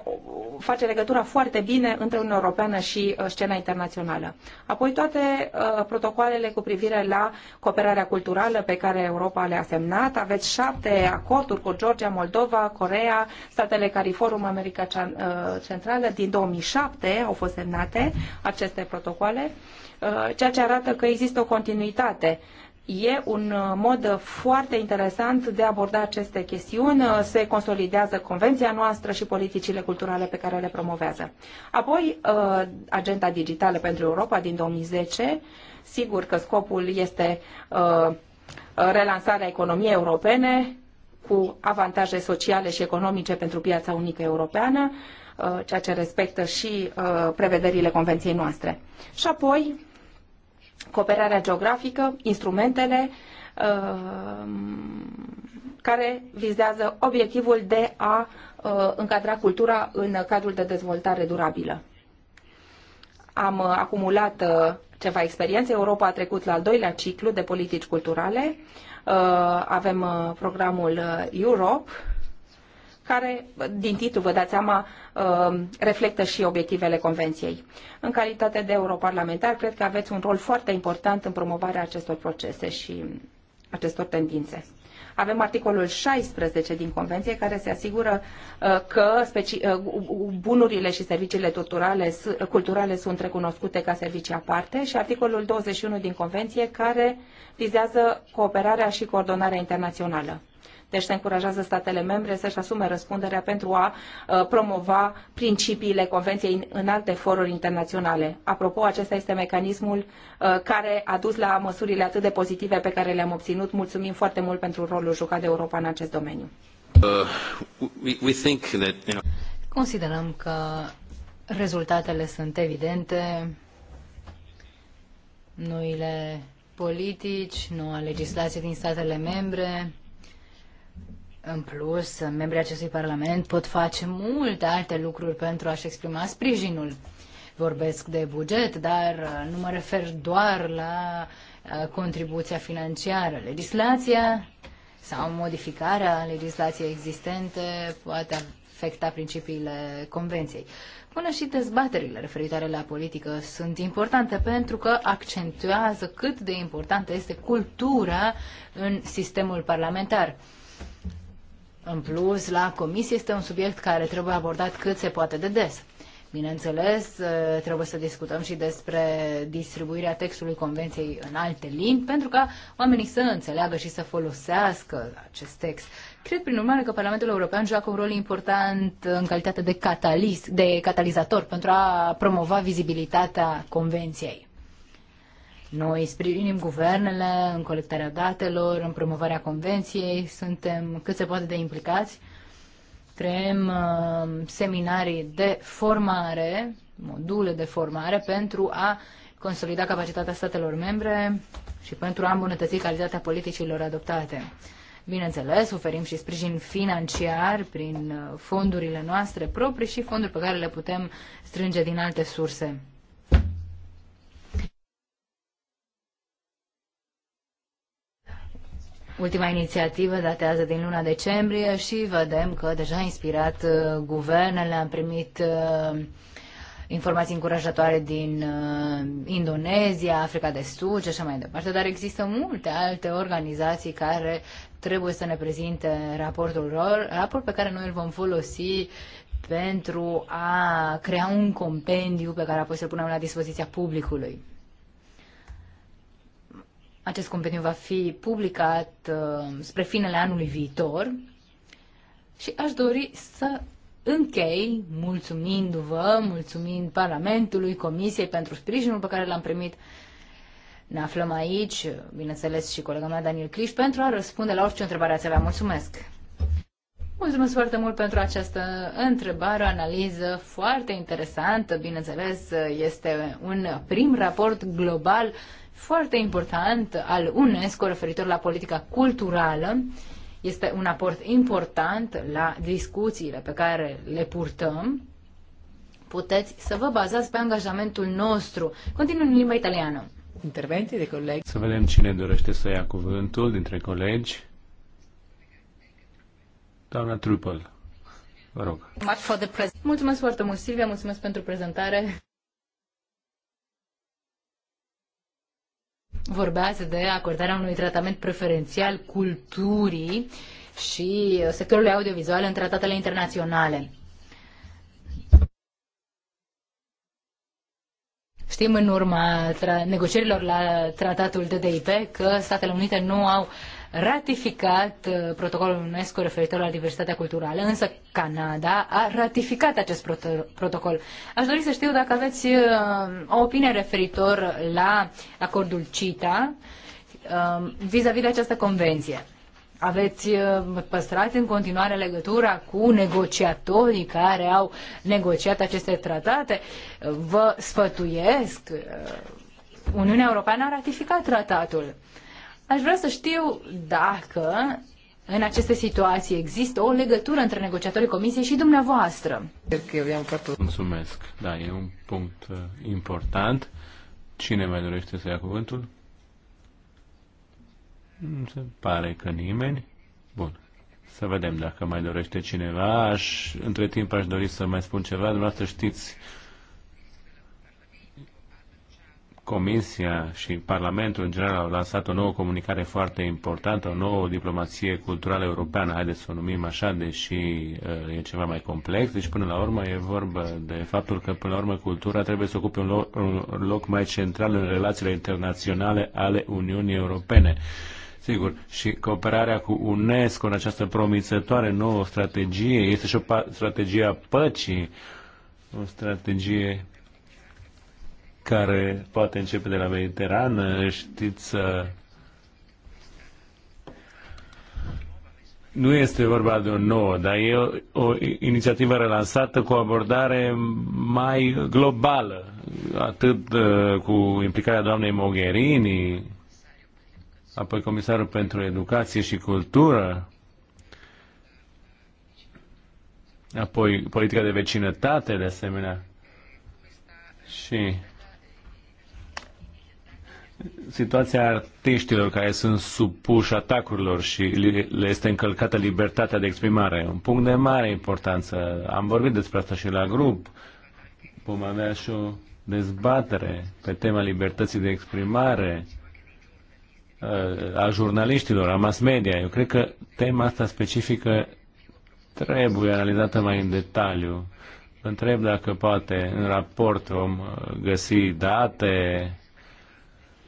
face legătura foarte bine între Uniunea Europeană și scena internațională. Apoi toate protocoalele cu privire la cooperarea culturală pe care Europa le-a semnat. Aveți șapte acorduri cu Georgia, Moldova, Corea, statele CARIFORUM, America uh, Centrală, din 2007 au fost semnate aceste protocoale, uh, ceea ce arată că există o continuitate E un uh, mod foarte interesant de a aborda aceste chestiuni. Se consolidează convenția noastră și politicile culturale pe care le promovează. Apoi, agenda digitală pentru Europa din 2010. Sigur că scopul este relansarea economiei europene, cu avantaje sociale și economice pentru piața unică europeană, uh, ceea ce respectă și uh, prevederile convenției noastre. Și apoi, cooperarea geografică, instrumentele uh, care vizează obiectivul de a încadra cultura în cadrul de dezvoltare durabilă. Am acumulat ceva experiență. Europa a trecut la al doilea ciclu de politici culturale. Uh, avem uh, programul uh, Europe, care, din titlu vă dați seama, reflectă și obiectivele Convenției. În calitate de europarlamentar, cred că aveți un rol foarte important în promovarea acestor procese și acestor tendințe. Avem articolul 16 din Convenție care se asigură uh, că uh, bunurile și serviciile culturale, culturale sunt recunoscute ca servicii aparte și articolul 21 din Convenție care vizează cooperarea și coordonarea internațională. Deci se încurajează statele membre să-și asume răspunderea pentru a uh, promova principiile Convenției în alte foruri internaționale. Apropo, acesta este mecanismul uh, care a dus la măsurile atât de pozitive pe care le-am obținut. Mulțumim foarte mult pentru rolul jucat de Europa în acest domeniu. Uh, we, we think that, you know... Considerăm că rezultatele sunt evidente. Noile politici, noua legislație din statele membre în plus, membrii acestui Parlament pot face multe alte lucruri pentru a-și exprima sprijinul. Vorbesc de buget, dar uh, nu mă refer doar la uh, contribuția financiară. Legislația sau modificarea legislației existente poate afecta principiile convenției. Până și dezbaterile referitoare la politică sunt importante pentru că accentuează cât de importantă este cultura în sistemul parlamentar. În plus, la comisie este un subiect care trebuie abordat cât se poate de des. Bineînțeles, ă, trebuie să discutăm și despre distribuirea textului Convenției în alte limbi, pentru ca oamenii să înțeleagă și să folosească acest text. Cred, prin urmare, că Parlamentul European joacă un rol important în calitate de, cataliz- de catalizator pentru a promova vizibilitatea Convenției. Noi sprijinim guvernele în colectarea datelor, în promovarea convenției, suntem cât se poate de implicați. Creăm uh, seminarii de formare, module de formare pentru a consolida capacitatea statelor membre și pentru a îmbunătăți calitatea politicilor adoptate. Bineînțeles, oferim și sprijin financiar prin uh, fondurile noastre proprii și fonduri pe care le putem strânge din alte surse. Ultima inițiativă datează din luna decembrie și vedem că deja a inspirat uh, guvernele, am primit uh, informații încurajatoare din uh, Indonezia, Africa de Sud și așa mai departe, dar există multe alte organizații care trebuie să ne prezinte raportul lor, raport pe care noi îl vom folosi pentru a crea un compendiu pe care apoi să-l punem la dispoziția publicului. Acest conveniu va fi publicat uh, spre finele anului viitor și aș dori să închei mulțumindu-vă, mulțumind Parlamentului, Comisiei pentru sprijinul pe care l-am primit. Ne aflăm aici, bineînțeles, și colega mea Daniel Criș pentru a răspunde la orice întrebare ați avea. Mulțumesc! Mulțumesc foarte mult pentru această întrebare, o analiză foarte interesantă. Bineînțeles, este un prim raport global foarte important al UNESCO referitor la politica culturală. Este un aport important la discuțiile pe care le purtăm. Puteți să vă bazați pe angajamentul nostru. Continuă în limba italiană. Intervenții de colegi. Să vedem cine dorește să ia cuvântul dintre colegi. Doamna Trupel, vă rog. Mulțumesc foarte mult, Silvia, mulțumesc pentru prezentare. vorbează de acordarea unui tratament preferențial culturii și sectorului audiovizual în tratatele internaționale. Știm în urma negocierilor la tratatul TTIP că Statele Unite nu au ratificat uh, protocolul UNESCO referitor la diversitatea culturală, însă Canada a ratificat acest protocol. Aș dori să știu dacă aveți uh, o opinie referitor la acordul CITA um, vis-a-vis de această convenție. Aveți uh, păstrat în continuare legătura cu negociatorii care au negociat aceste tratate? Vă sfătuiesc Uniunea Europeană a ratificat tratatul. Aș vrea să știu dacă în aceste situații există o legătură între negociatorii comisiei și dumneavoastră. Mulțumesc. Da, e un punct uh, important. Cine mai dorește să ia cuvântul? Nu se pare că nimeni. Bun. Să vedem dacă mai dorește cineva. Aș, între timp aș dori să mai spun ceva. Dumneavoastră știți Comisia și Parlamentul în general au lansat o nouă comunicare foarte importantă, o nouă diplomație culturală europeană, haideți să o numim așa, deși uh, e ceva mai complex. Deci până la urmă e vorba de faptul că până la urmă cultura trebuie să ocupe un loc, un loc mai central în relațiile internaționale ale Uniunii Europene. Sigur, și cooperarea cu UNESCO în această promițătoare nouă strategie este și o strategie a păcii, o strategie care poate începe de la Mediterană, știți, uh, nu este vorba de o nouă, dar e o, o inițiativă relansată cu o abordare mai globală, atât uh, cu implicarea doamnei Mogherini, apoi Comisarul pentru Educație și Cultură, apoi politica de vecinătate, de asemenea. Și situația artiștilor care sunt supuși atacurilor și le este încălcată libertatea de exprimare. Un punct de mare importanță. Am vorbit despre asta și la grup. Vom avea și o dezbatere pe tema libertății de exprimare uh, a jurnaliștilor, a mass media. Eu cred că tema asta specifică trebuie analizată mai în detaliu. Întreb dacă poate în raport vom uh, găsi date,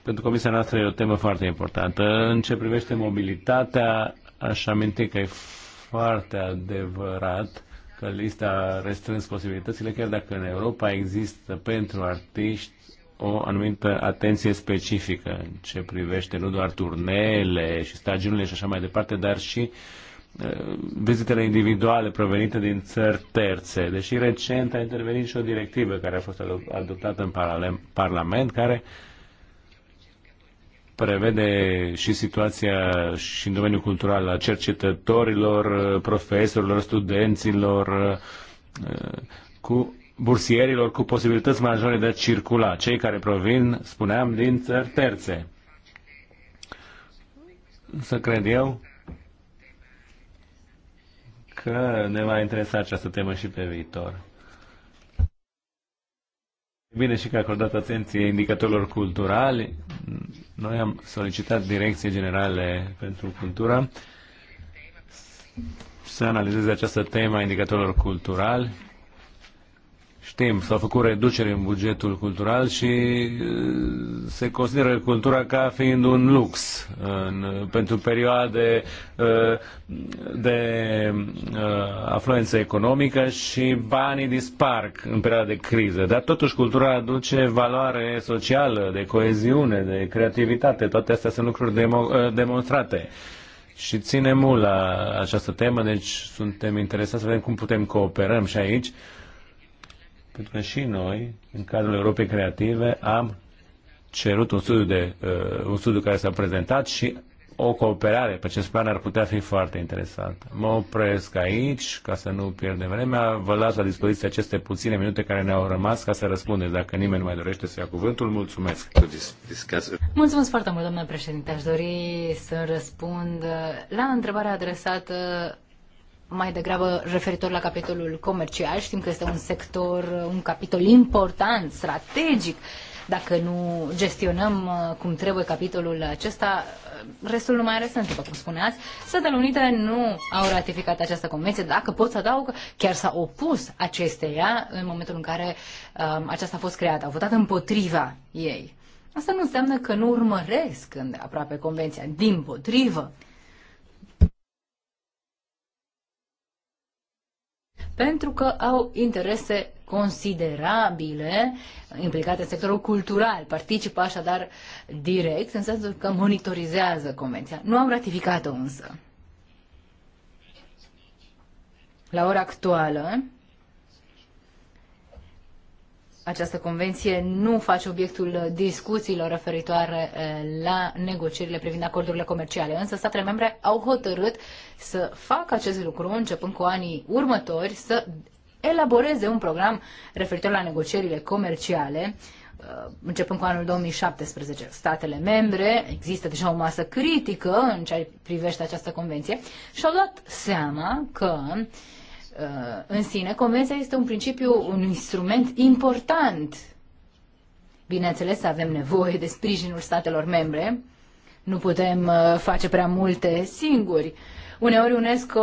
pentru Comisia noastră e o temă foarte importantă. În ce privește mobilitatea, aș aminti că e foarte adevărat că lista a restrâns posibilitățile, chiar dacă în Europa există pentru artiști o anumită atenție specifică în ce privește nu doar turneele și stagiunile și așa mai departe, dar și uh, vizitele individuale provenite din țări terțe. Deși recent a intervenit și o directivă care a fost adoptată în Parlament, care uh, prevede și situația și în domeniul cultural a cercetătorilor, profesorilor, studenților, cu bursierilor cu posibilități majore de a circula, cei care provin, spuneam, din țări terțe. Să cred eu că ne va interesa această temă și pe viitor. Bine și că a acordat atenție indicatorilor culturali. Noi am solicitat Direcție Generale pentru Cultură să analizeze această temă a indicatorilor culturali Știm, s-au făcut reduceri în bugetul cultural și uh, se consideră cultura ca fiind un lux uh, în, pentru perioade uh, de afluență economică și banii dispar în perioada de criză. Dar totuși cultura aduce valoare socială, de coeziune, de creativitate. Toate astea sunt lucruri demo, demonstrate și ține mult la această temă, deci suntem interesați să vedem cum putem cooperăm și aici pentru că și noi, în cadrul Europei Creative, am cerut un studiu, de, uh, un studiu care s-a prezentat și o cooperare pe acest plan ar putea fi foarte interesantă. Mă opresc aici, ca să nu pierdem vremea. Vă las la dispoziție aceste puține minute care ne-au rămas ca să răspundeți. Dacă nimeni nu mai dorește să ia cuvântul, mulțumesc. Mulțumesc foarte mult, domnule președinte. Aș dori să răspund la întrebarea adresată mai degrabă referitor la capitolul comercial. Știm că este un sector, un capitol important, strategic. Dacă nu gestionăm uh, cum trebuie capitolul acesta, uh, restul nu mai are sens, după cum spuneați. Statele Unite nu au ratificat această convenție, dacă pot să adaug, chiar s-a opus acesteia în momentul în care um, aceasta a fost creată. Au votat împotriva ei. Asta nu înseamnă că nu urmăresc aproape convenția. Din potrivă, pentru că au interese considerabile implicate în sectorul cultural, participă așadar direct, în sensul că monitorizează convenția. Nu am ratificat-o însă. La ora actuală, această convenție nu face obiectul discuțiilor referitoare eh, la negocierile privind acordurile comerciale, însă statele membre au hotărât să facă acest lucru începând cu anii următori, să elaboreze un program referitor la negocierile comerciale, eh, începând cu anul 2017. Statele membre, există deja o masă critică în ceea ce privește această convenție, și-au dat seama că uh, Uh, în sine, convenția este un principiu, un instrument important. Bineînțeles, avem nevoie de sprijinul statelor membre. Nu putem uh, face prea multe singuri. Uneori UNESCO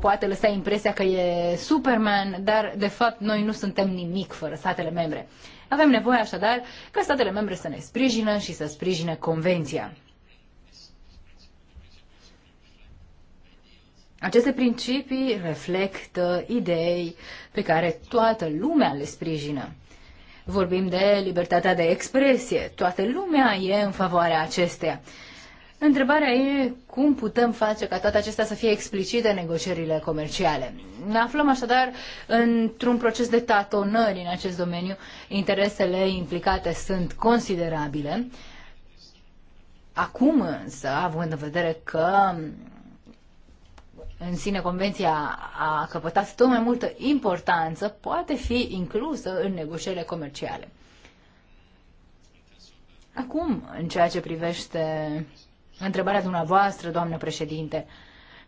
poate lăsa impresia că e Superman, dar de fapt noi nu suntem nimic fără statele membre. Avem nevoie așadar ca statele membre să ne sprijină și să sprijine convenția. Aceste principii reflectă idei pe care toată lumea le sprijină. Vorbim de libertatea de expresie. Toată lumea e în favoarea acesteia. Întrebarea e cum putem face ca toate acestea să fie explicite în negocierile comerciale. Ne aflăm așadar într-un proces de tatonări în acest domeniu. Interesele implicate sunt considerabile. Acum însă, având în vedere că în sine convenția a căpătat tot mai multă importanță, poate fi inclusă în negocierile comerciale. Acum, în ceea ce privește întrebarea dumneavoastră, doamnă președinte,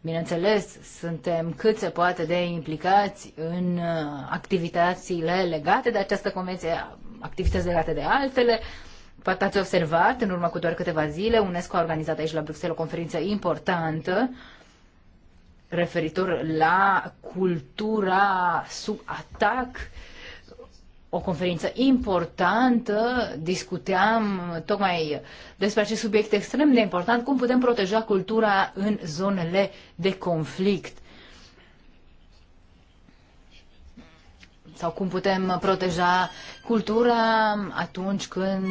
bineînțeles, suntem cât se poate de implicați în uh, activitățile legate de această convenție, activități legate de altele. Poate ați observat, în urmă cu doar câteva zile, UNESCO a organizat aici la Bruxelles o conferință importantă referitor la cultura sub atac, o conferință importantă, discuteam tocmai despre acest subiect extrem de important, cum putem proteja cultura în zonele de conflict. Sau cum putem proteja cultura atunci când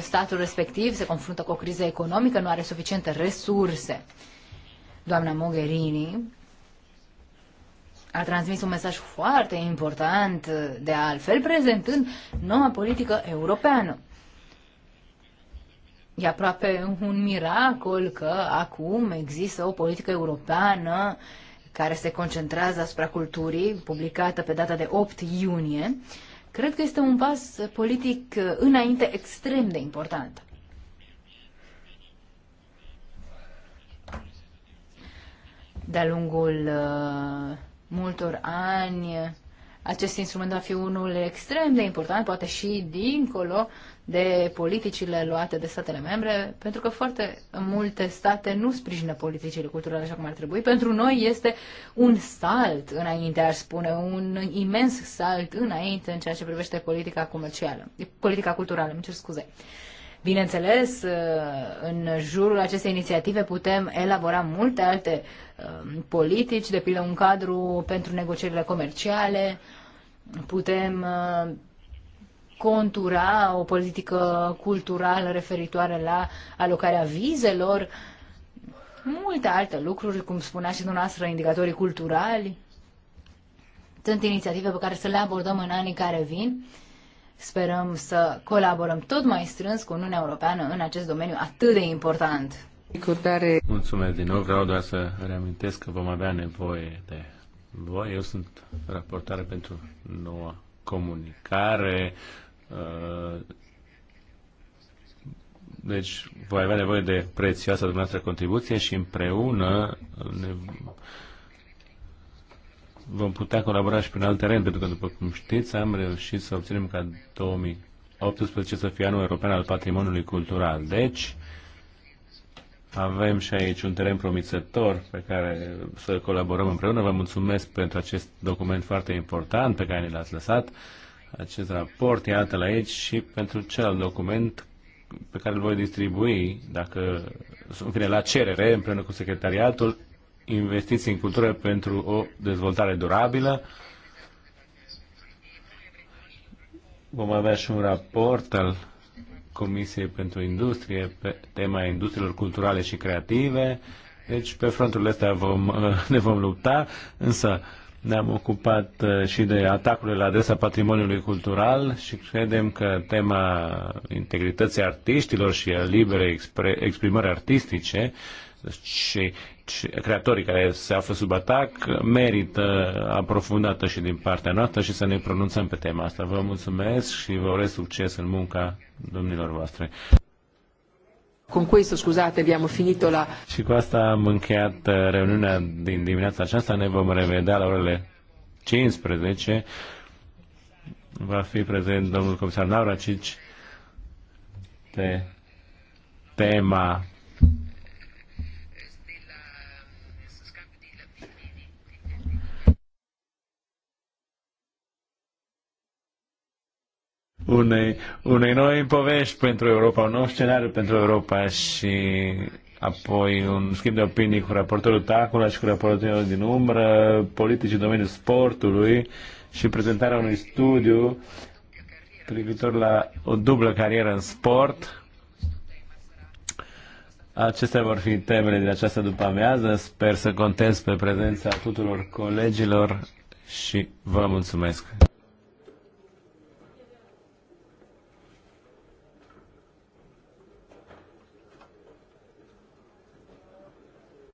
statul respectiv se confruntă cu o criză economică, nu are suficiente resurse. Doamna Mogherini, a transmis un mesaj foarte important, uh, de altfel prezentând noua politică europeană. E aproape un miracol că acum există o politică europeană care se concentrează asupra culturii, publicată pe data de 8 iunie. Cred că este un pas politic uh, înainte extrem de important. De-a lungul uh, multor ani acest instrument va fi unul extrem de important, poate și dincolo de politicile luate de statele membre, pentru că foarte multe state nu sprijină politicile culturale așa cum ar trebui. Pentru noi este un salt înainte, ar spune, un imens salt înainte în ceea ce privește politica comercială, politica culturală, îmi cer scuze. Uh, Bineînțeles, uh, în jurul acestei inițiative putem elabora multe alte um, politici, de pildă un cadru pentru negocierile comerciale, putem uh, contura o politică culturală referitoare la alocarea vizelor, multe alte lucruri, cum spunea și dumneavoastră, indicatorii culturali. Sunt inițiative pe care să le abordăm în anii care vin Sperăm să colaborăm tot mai strâns cu Uniunea Europeană în acest domeniu atât de important. Mulțumesc din nou. Vreau doar să reamintesc că vom avea nevoie de voi. Eu sunt raportare pentru noua comunicare. Uh, deci voi avea nevoie de prețioasa dumneavoastră contribuție și împreună ne vom putea colabora și pe un alt teren, pentru că, după cum știți, am reușit să obținem ca 2018 să fie anul european al patrimoniului cultural. Deci, avem și aici un teren promițător pe care să colaborăm împreună. Vă mulțumesc pentru acest document foarte important pe care ne l-ați lăsat, acest raport, iată la aici, și pentru celălalt document pe care îl voi distribui, dacă, sunt fine, la cerere, împreună cu secretariatul, investiții în cultură pentru o dezvoltare durabilă. Vom avea și un raport al Comisiei pentru Industrie pe tema industriilor culturale și creative. Deci pe frontul ăsta vom, ne vom lupta, însă ne-am ocupat uh, și de atacurile la adresa patrimoniului cultural și credem că tema integrității artiștilor și a liberei exprimări artistice deci, și deci, creatorii care se află sub atac merită aprofundată și din partea noastră și să ne pronunțăm pe tema asta. Vă mulțumesc și vă urez succes în munca domnilor voastre. Con questo, scusate, abbiamo finito la... Și cu asta am încheiat uh, reuniunea din dimineața aceasta. Ne vom revedea la orele 15. Va fi prezent domnul comisar Navracici pe tema unei, unei noi povești pentru Europa, un nou scenariu pentru Europa și apoi un schimb de opinii cu raportorul Tacula și cu raportorul din umbră, politicii domeniul sportului și prezentarea unui studiu privitor la o dublă carieră în sport. Acestea vor fi temele din această după-amiază. Sper să contez pe prezența tuturor colegilor și vă mulțumesc.